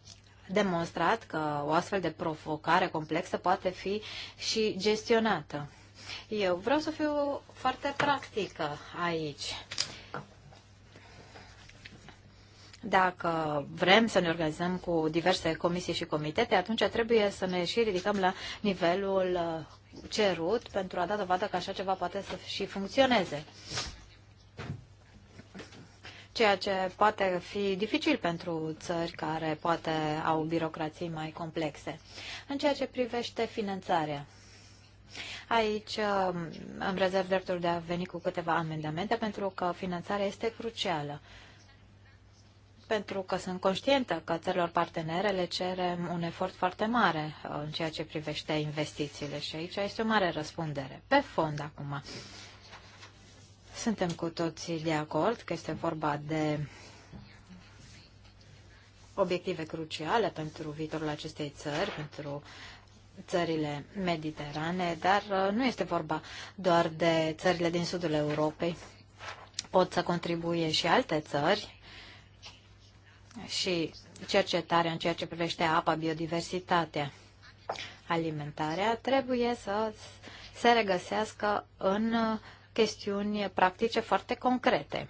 demonstrat că o astfel de provocare complexă poate fi și gestionată. Eu vreau să fiu foarte practică aici. Dacă vrem să ne organizăm cu diverse comisii și comitete, atunci trebuie să ne și ridicăm la nivelul uh, cerut pentru a da dovadă că așa ceva poate să și funcționeze ceea ce poate fi dificil pentru țări care poate au birocrații mai complexe. În ceea ce privește finanțarea, aici um, am rezerv dreptul de a veni cu câteva amendamente pentru că finanțarea este crucială pentru că sunt conștientă că țărilor partenere le cerem un efort foarte mare uh, în ceea ce privește investițiile și aici este o mare răspundere. Pe fond acum, suntem cu toții de acord că este vorba de obiective cruciale pentru viitorul acestei țări, pentru țările mediterane, dar uh, nu este vorba doar de țările din sudul Europei. Pot să contribuie și alte țări și cercetarea în ceea ce privește apa, biodiversitatea, alimentarea, trebuie să se regăsească în chestiuni practice foarte concrete.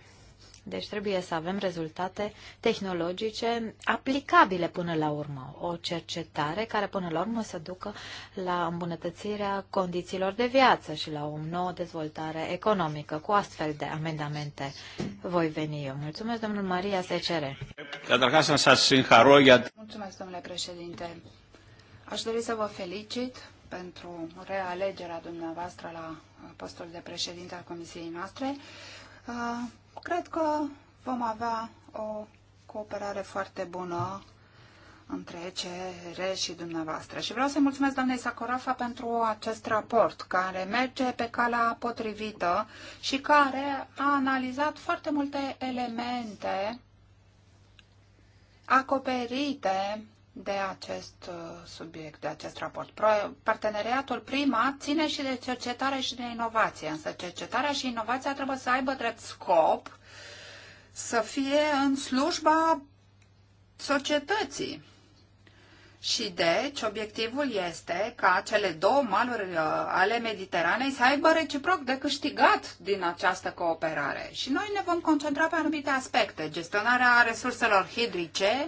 Deci trebuie să avem rezultate tehnologice aplicabile până la urmă. O cercetare care până la urmă să ducă la îmbunătățirea condițiilor de viață și la o nouă dezvoltare economică. Cu astfel de amendamente voi veni eu. Mulțumesc, domnul Maria Secere. Mulțumesc, domnule președinte. Aș dori să vă felicit
pentru realegerea dumneavoastră la postul de președinte al comisiei noastre. Uh, cred că vom avea o cooperare foarte bună între ECR și dumneavoastră. Și vreau să mulțumesc doamnei Sacorafa pentru acest raport care merge pe calea potrivită și care a analizat foarte multe elemente acoperite de acest uh, subiect, de acest raport. Parteneriatul prima ține și de cercetare și de inovație, însă cercetarea și inovația trebuie să aibă drept scop să fie în slujba societății. Și deci, obiectivul este ca cele două maluri uh, ale Mediteranei să aibă reciproc de câștigat din această cooperare. Și noi ne vom concentra pe anumite aspecte, gestionarea resurselor hidrice,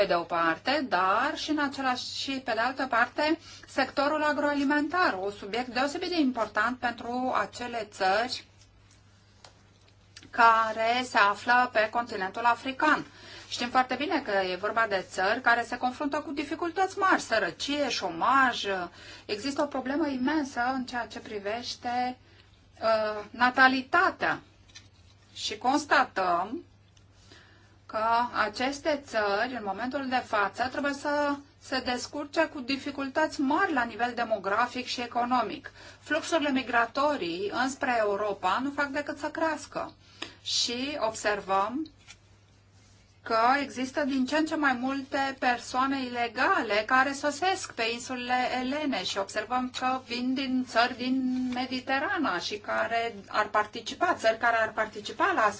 pe de o parte, dar și, în același, și pe de altă parte sectorul agroalimentar, un subiect deosebit de important pentru acele țări care se află pe continentul african. Știm foarte bine că e vorba de țări care se confruntă cu dificultăți mari, sărăcie, șomaj. Există o problemă imensă în ceea ce privește uh, natalitatea. Și constatăm că aceste țări, în momentul de față, trebuie să se descurce cu dificultăți mari la nivel demografic și economic. Fluxurile migratorii înspre Europa nu fac decât să crească. Și observăm că există din ce în ce mai multe persoane ilegale care sosesc pe insulele Elene și observăm că vin din țări din Mediterana și care ar participa, țări care ar participa la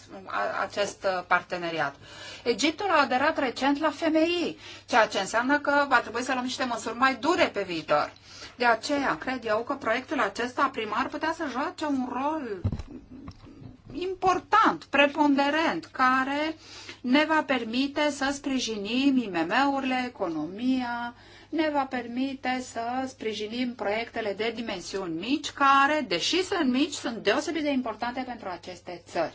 acest parteneriat. Egiptul a aderat recent la FMI, ceea ce înseamnă că va trebui să luăm niște măsuri mai dure pe viitor. De aceea, cred eu că proiectul acesta primar putea să joace un rol important, preponderent, care ne va permite să sprijinim IMM-urile, economia, ne va permite să sprijinim proiectele de dimensiuni mici, care, deși sunt mici, sunt deosebit de importante pentru aceste țări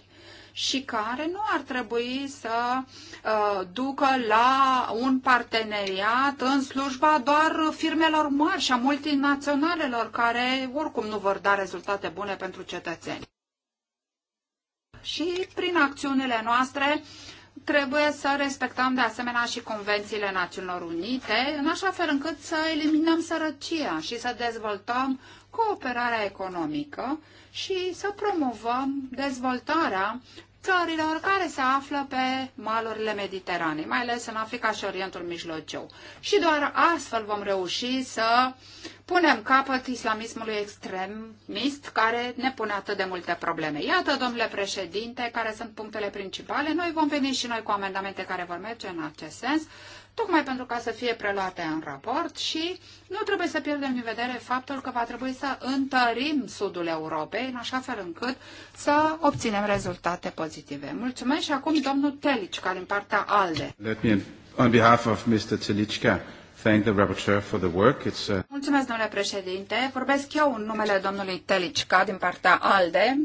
și care nu ar trebui să uh, ducă la un parteneriat în slujba doar firmelor mari și a multinaționalelor care oricum nu vor da rezultate bune pentru cetățeni și prin acțiunile noastre trebuie să respectăm de asemenea și convențiile Națiunilor Unite, în așa fel încât să eliminăm sărăcia și să dezvoltăm cooperarea economică și să promovăm dezvoltarea florilor care se află pe malurile Mediteranei, mai ales în Africa și Orientul Mijlociu. Și doar astfel vom reuși să punem capăt islamismului extremist care ne pune atât de multe probleme. Iată, domnule președinte, care sunt punctele principale. Noi vom veni și noi cu amendamente care vor merge în acest sens tocmai pentru ca să fie preluate în raport și nu trebuie să pierdem din vedere faptul că va trebui să întărim sudul Europei în așa fel încât să obținem rezultate pozitive. Mulțumesc și acum domnul Telicca din partea ALDE.
Let me, on behalf of Mr. Telicca, thank the rapporteur for the work. It's, uh,
Mulțumesc, domnule președinte. Vorbesc eu în numele domnului Telicca din partea ALDE.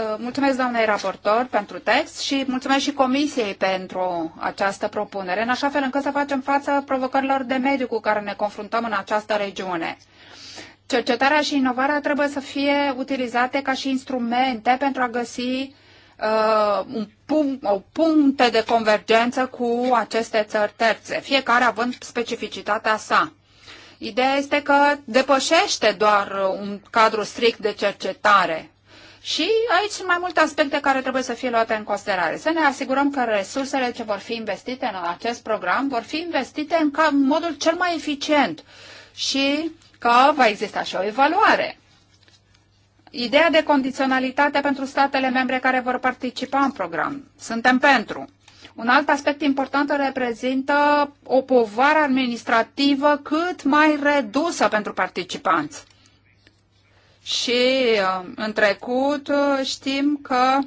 Uh, mulțumesc doamnei raportor pentru text și mulțumesc și Comisiei pentru această propunere, în așa fel încât să facem față provocărilor de mediu cu care ne confruntăm în această regiune. Cercetarea și inovarea trebuie să fie utilizate ca și instrumente pentru a găsi uh, un punct, o puncte de convergență cu aceste țări terțe, fiecare având specificitatea sa. Ideea este că depășește doar un cadru strict de cercetare. Și aici sunt mai multe aspecte care trebuie să fie luate în considerare. Să ne asigurăm că resursele ce vor fi investite în acest program vor fi investite în, ca, modul cel mai eficient și că va exista și o evaluare. Ideea de condiționalitate pentru statele membre care vor participa în program. Suntem pentru. Un alt aspect important reprezintă o povară administrativă cât mai redusă pentru participanți. Și uh, în trecut uh, știm că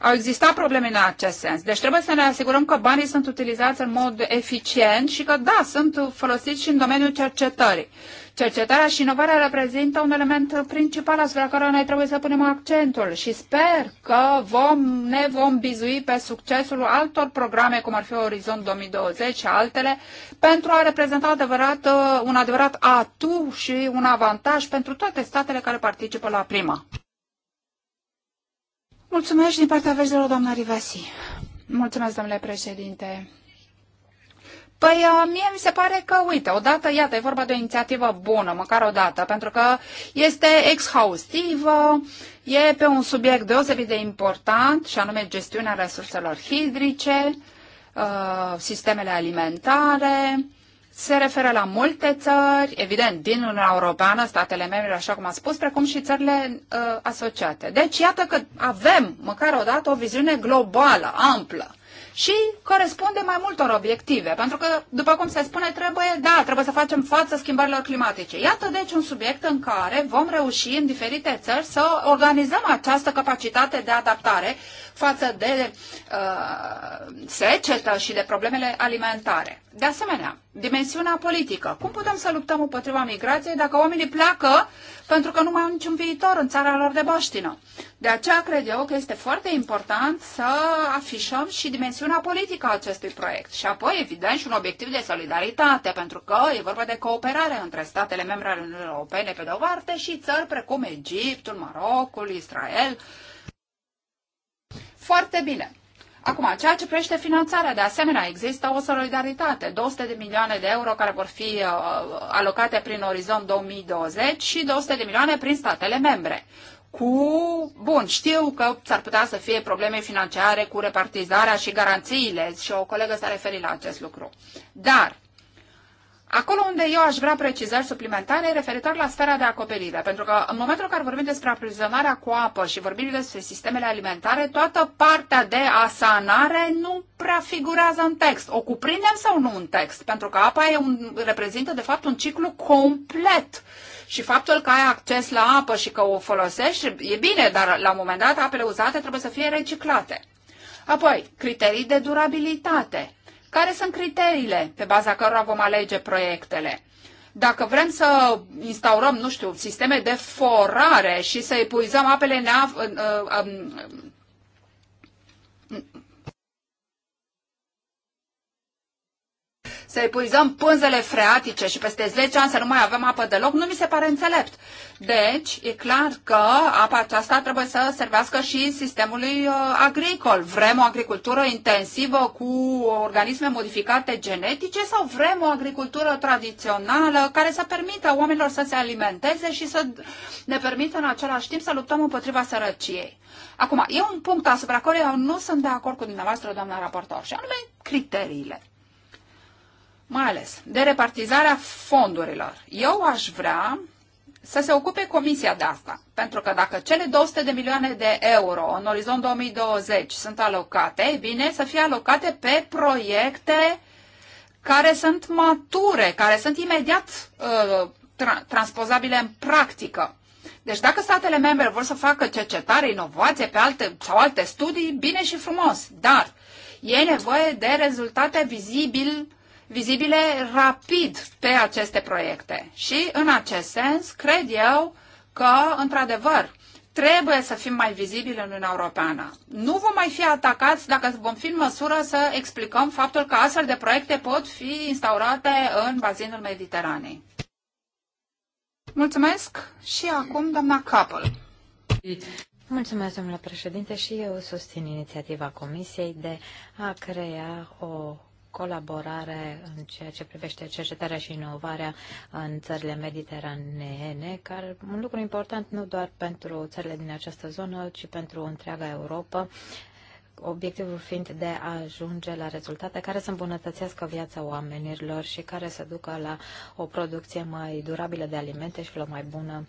au existat probleme în acest sens. Deci trebuie să ne asigurăm că banii sunt utilizați în mod eficient și că, da, sunt folosiți și în domeniul cercetării. Cercetarea și inovarea reprezintă un element principal asupra care noi trebuie să punem accentul și sper că vom, ne vom bizui pe succesul altor programe, cum ar fi Orizont 2020 și altele, pentru a reprezenta adevărat, uh, un adevărat atu și un avantaj pentru toate statele care participă la prima. Mulțumesc din partea verzilor, doamna Rivasi. Mulțumesc, domnule președinte. Păi uh, mie mi se pare că, uite, odată, iată, e vorba de o inițiativă bună, măcar odată, pentru că este exhaustivă, uh, e pe un subiect deosebit de important, și anume gestiunea resurselor hidrice, uh, sistemele alimentare, se referă la multe țări, evident, din Uniunea Europeană, statele membre, așa cum a spus, precum și țările uh, asociate. Deci, iată că avem, măcar o dată, o viziune globală, amplă și corespunde mai multor obiective. Pentru că, după cum se spune, trebuie, da, trebuie să facem față schimbărilor climatice. Iată, deci, un subiect în care vom reuși în diferite țări să organizăm această capacitate de adaptare față de uh, secetă și de problemele alimentare. De asemenea, dimensiunea politică. Cum putem să luptăm împotriva migrației dacă oamenii pleacă uh, pentru că nu mai au niciun viitor în țara lor de baștină. De aceea cred eu că este foarte important să afișăm și dimensiunea politică a acestui proiect și apoi, evident, și un obiectiv de solidaritate, pentru că e vorba de cooperare între statele membre ale Uniunii Europene pe de-o parte și țări precum Egiptul, Marocul, Israel. Foarte bine. Acum, ceea ce privește finanțarea, de asemenea, există o solidaritate, 200 de milioane de euro care vor fi uh, alocate prin Orizont 2020 și 200 de milioane prin statele membre. Cu, bun, știu că s-ar putea să fie probleme financiare cu repartizarea și garanțiile și o colegă s-a referit la acest lucru. Dar Acolo unde eu aș vrea precizări suplimentare referitor la sfera de acoperire, pentru că în momentul în care vorbim despre aprovizionarea cu apă și vorbim despre sistemele alimentare, toată partea de asanare nu prea figurează în text. O cuprindem sau nu în text? Pentru că apa e un, reprezintă de fapt un ciclu complet și faptul că ai acces la apă și că o folosești e bine, dar la un moment dat apele uzate trebuie să fie reciclate. Apoi, criterii de durabilitate care sunt criteriile pe baza cărora vom alege proiectele? Dacă vrem să instaurăm, nu știu, sisteme de forare și să epuizăm apele să epuizăm pânzele freatice și peste 10 ani să nu mai avem apă deloc, nu mi se pare înțelept. Deci, e clar că apa aceasta trebuie să servească și sistemului uh, agricol. Vrem o agricultură intensivă cu organisme modificate genetice sau vrem o agricultură tradițională care să permită oamenilor să se alimenteze și să ne permită în același timp să luptăm împotriva sărăciei. Acum, e un punct asupra căruia eu nu sunt de acord cu dumneavoastră, doamna raportor, și anume criteriile mai ales de repartizarea fondurilor. Eu aș vrea să se ocupe comisia de asta, pentru că dacă cele 200 de milioane de euro în orizont 2020 sunt alocate, e bine să fie alocate pe proiecte care sunt mature, care sunt imediat uh, tra- transpozabile în practică. Deci dacă statele membre vor să facă cercetare, inovație pe alte, sau alte studii, bine și frumos, dar e nevoie de rezultate vizibile vizibile rapid pe aceste proiecte. Și în acest sens, cred eu că, într-adevăr, trebuie să fim mai vizibili în Uniunea Europeană. Nu vom mai fi atacați dacă vom fi în măsură să explicăm faptul că astfel de proiecte pot fi instaurate în bazinul Mediteranei.
Mulțumesc și acum doamna Capel. Mulțumesc, domnule președinte, și eu susțin inițiativa Comisiei de a crea o colaborare în ceea ce privește cercetarea și inovarea în țările mediteraneene, care un lucru important nu doar pentru țările din această zonă, ci pentru întreaga Europa, obiectivul fiind de a ajunge la rezultate care să îmbunătățească viața oamenilor și care să ducă la o producție mai durabilă de alimente și la o mai bună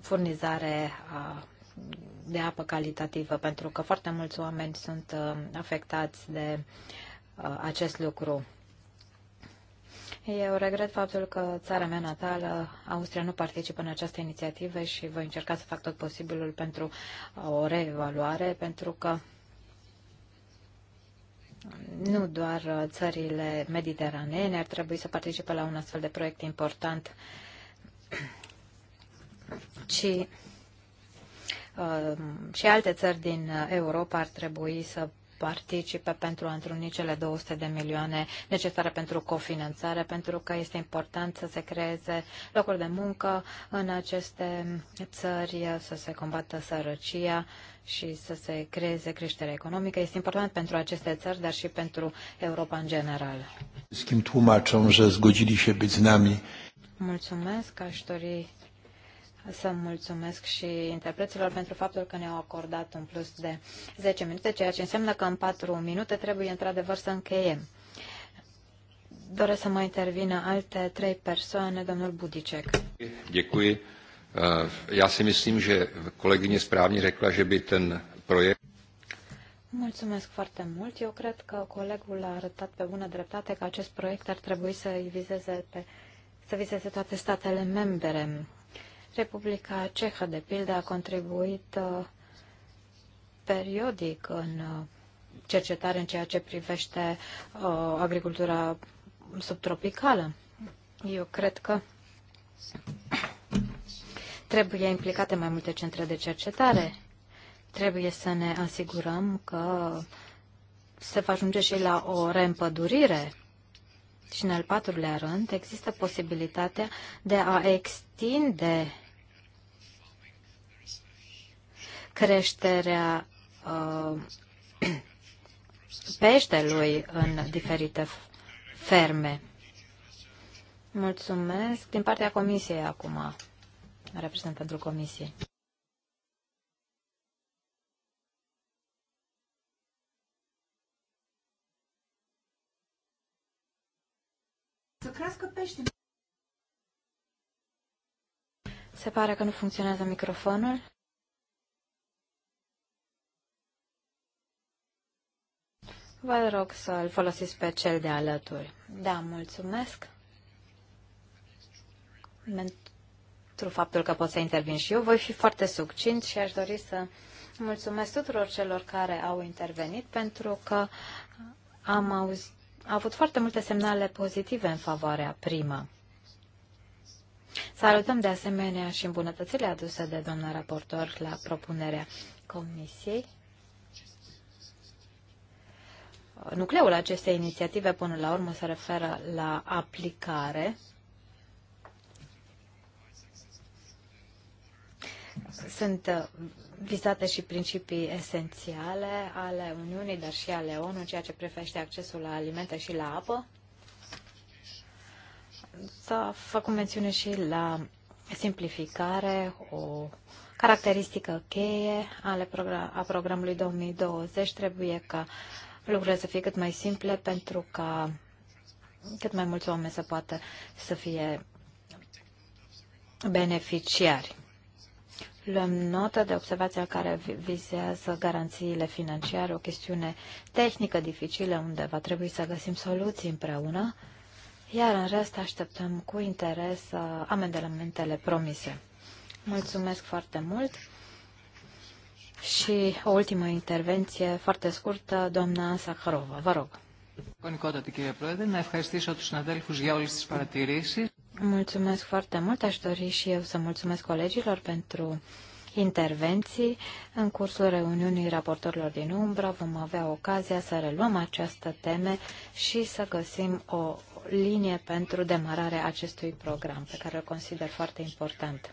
furnizare a de apă calitativă, pentru că foarte mulți oameni sunt uh, afectați de uh, acest lucru. Eu regret faptul că țara mea natală, Austria, nu participă în această inițiativă și voi încerca să fac tot posibilul pentru o reevaluare, pentru că nu doar țările mediteranene ar trebui să participe la un astfel de proiect important, ci Uh, și alte țări din uh, Europa ar trebui să participe pentru a întruni cele 200 de milioane necesare pentru cofinanțare, pentru că este important să se creeze locuri de muncă în aceste țări, uh, să se combată sărăcia și să se creeze creștere economică. Este important pentru aceste țări, dar și pentru Europa în general. Mulțumesc, aș dori să mulțumesc și interpreților pentru faptul că ne-au acordat un plus de 10 minute, ceea ce înseamnă că în 4 minute trebuie într-adevăr să încheiem. Doresc să mai intervină alte trei persoane, domnul Budicek.
Děkuji. Eh, já si myslím, že kolegyně správně řekla, že by ten projekt
Mulțumesc foarte mult. Eu cred că colegul a arătat pe bună dreptate că acest proiect ar trebui să vizeze, pe, să vizeze toate statele membre Republica Cehă, de pildă, a contribuit uh, periodic în uh, cercetare în ceea ce privește uh, agricultura subtropicală. Eu cred că trebuie implicate mai multe centre de cercetare. Trebuie să ne asigurăm că se va ajunge și la o reîmpădurire. Și în al patrulea rând există posibilitatea de a extinde creșterea uh, peștelui în diferite ferme. Mulțumesc. Din partea Comisiei acum, reprezentantul Comisiei. Să crească pește. Se pare că nu funcționează microfonul. Vă rog să-l folosiți pe cel de alături. Da, mulțumesc pentru faptul că pot să intervin și eu. Voi fi foarte succint și aș dori să mulțumesc tuturor celor care au intervenit pentru că am a avut foarte multe semnale pozitive în favoarea prima. Salutăm de asemenea și îmbunătățirile aduse de doamna raportor la propunerea Comisiei nucleul acestei inițiative până la urmă se referă la aplicare. Sunt uh, vizate și principii esențiale ale Uniunii, dar și ale ONU, ceea ce privește accesul la alimente și la apă. S-a da, făcut mențiune și la simplificare, o caracteristică cheie ale program- a programului 2020 trebuie ca uh, lucrurile să fie cât mai simple pentru ca cât mai mulți oameni să poată să fie beneficiari. Luăm notă de observația care vizează garanțiile financiare, o chestiune tehnică dificilă unde va trebui să găsim soluții împreună, iar în rest așteptăm cu interes uh, amendamentele promise. Mulțumesc foarte mult! Și o ultimă intervenție foarte scurtă, doamna Sakharova. Vă rog. Mulțumesc foarte mult. Aș dori și eu să mulțumesc colegilor pentru intervenții. În cursul reuniunii raportorilor din umbră vom avea ocazia să reluăm această teme și să găsim o linie pentru demararea acestui program, pe care îl consider foarte important.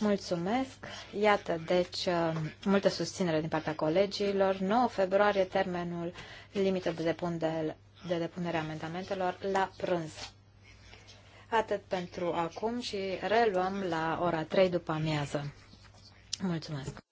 Mulțumesc. Iată, deci, uh, multă susținere din partea colegilor. 9 februarie, termenul limită de, depunde, de depunere a amendamentelor la prânz. Atât pentru acum și reluăm la ora 3 după amiază. Mulțumesc.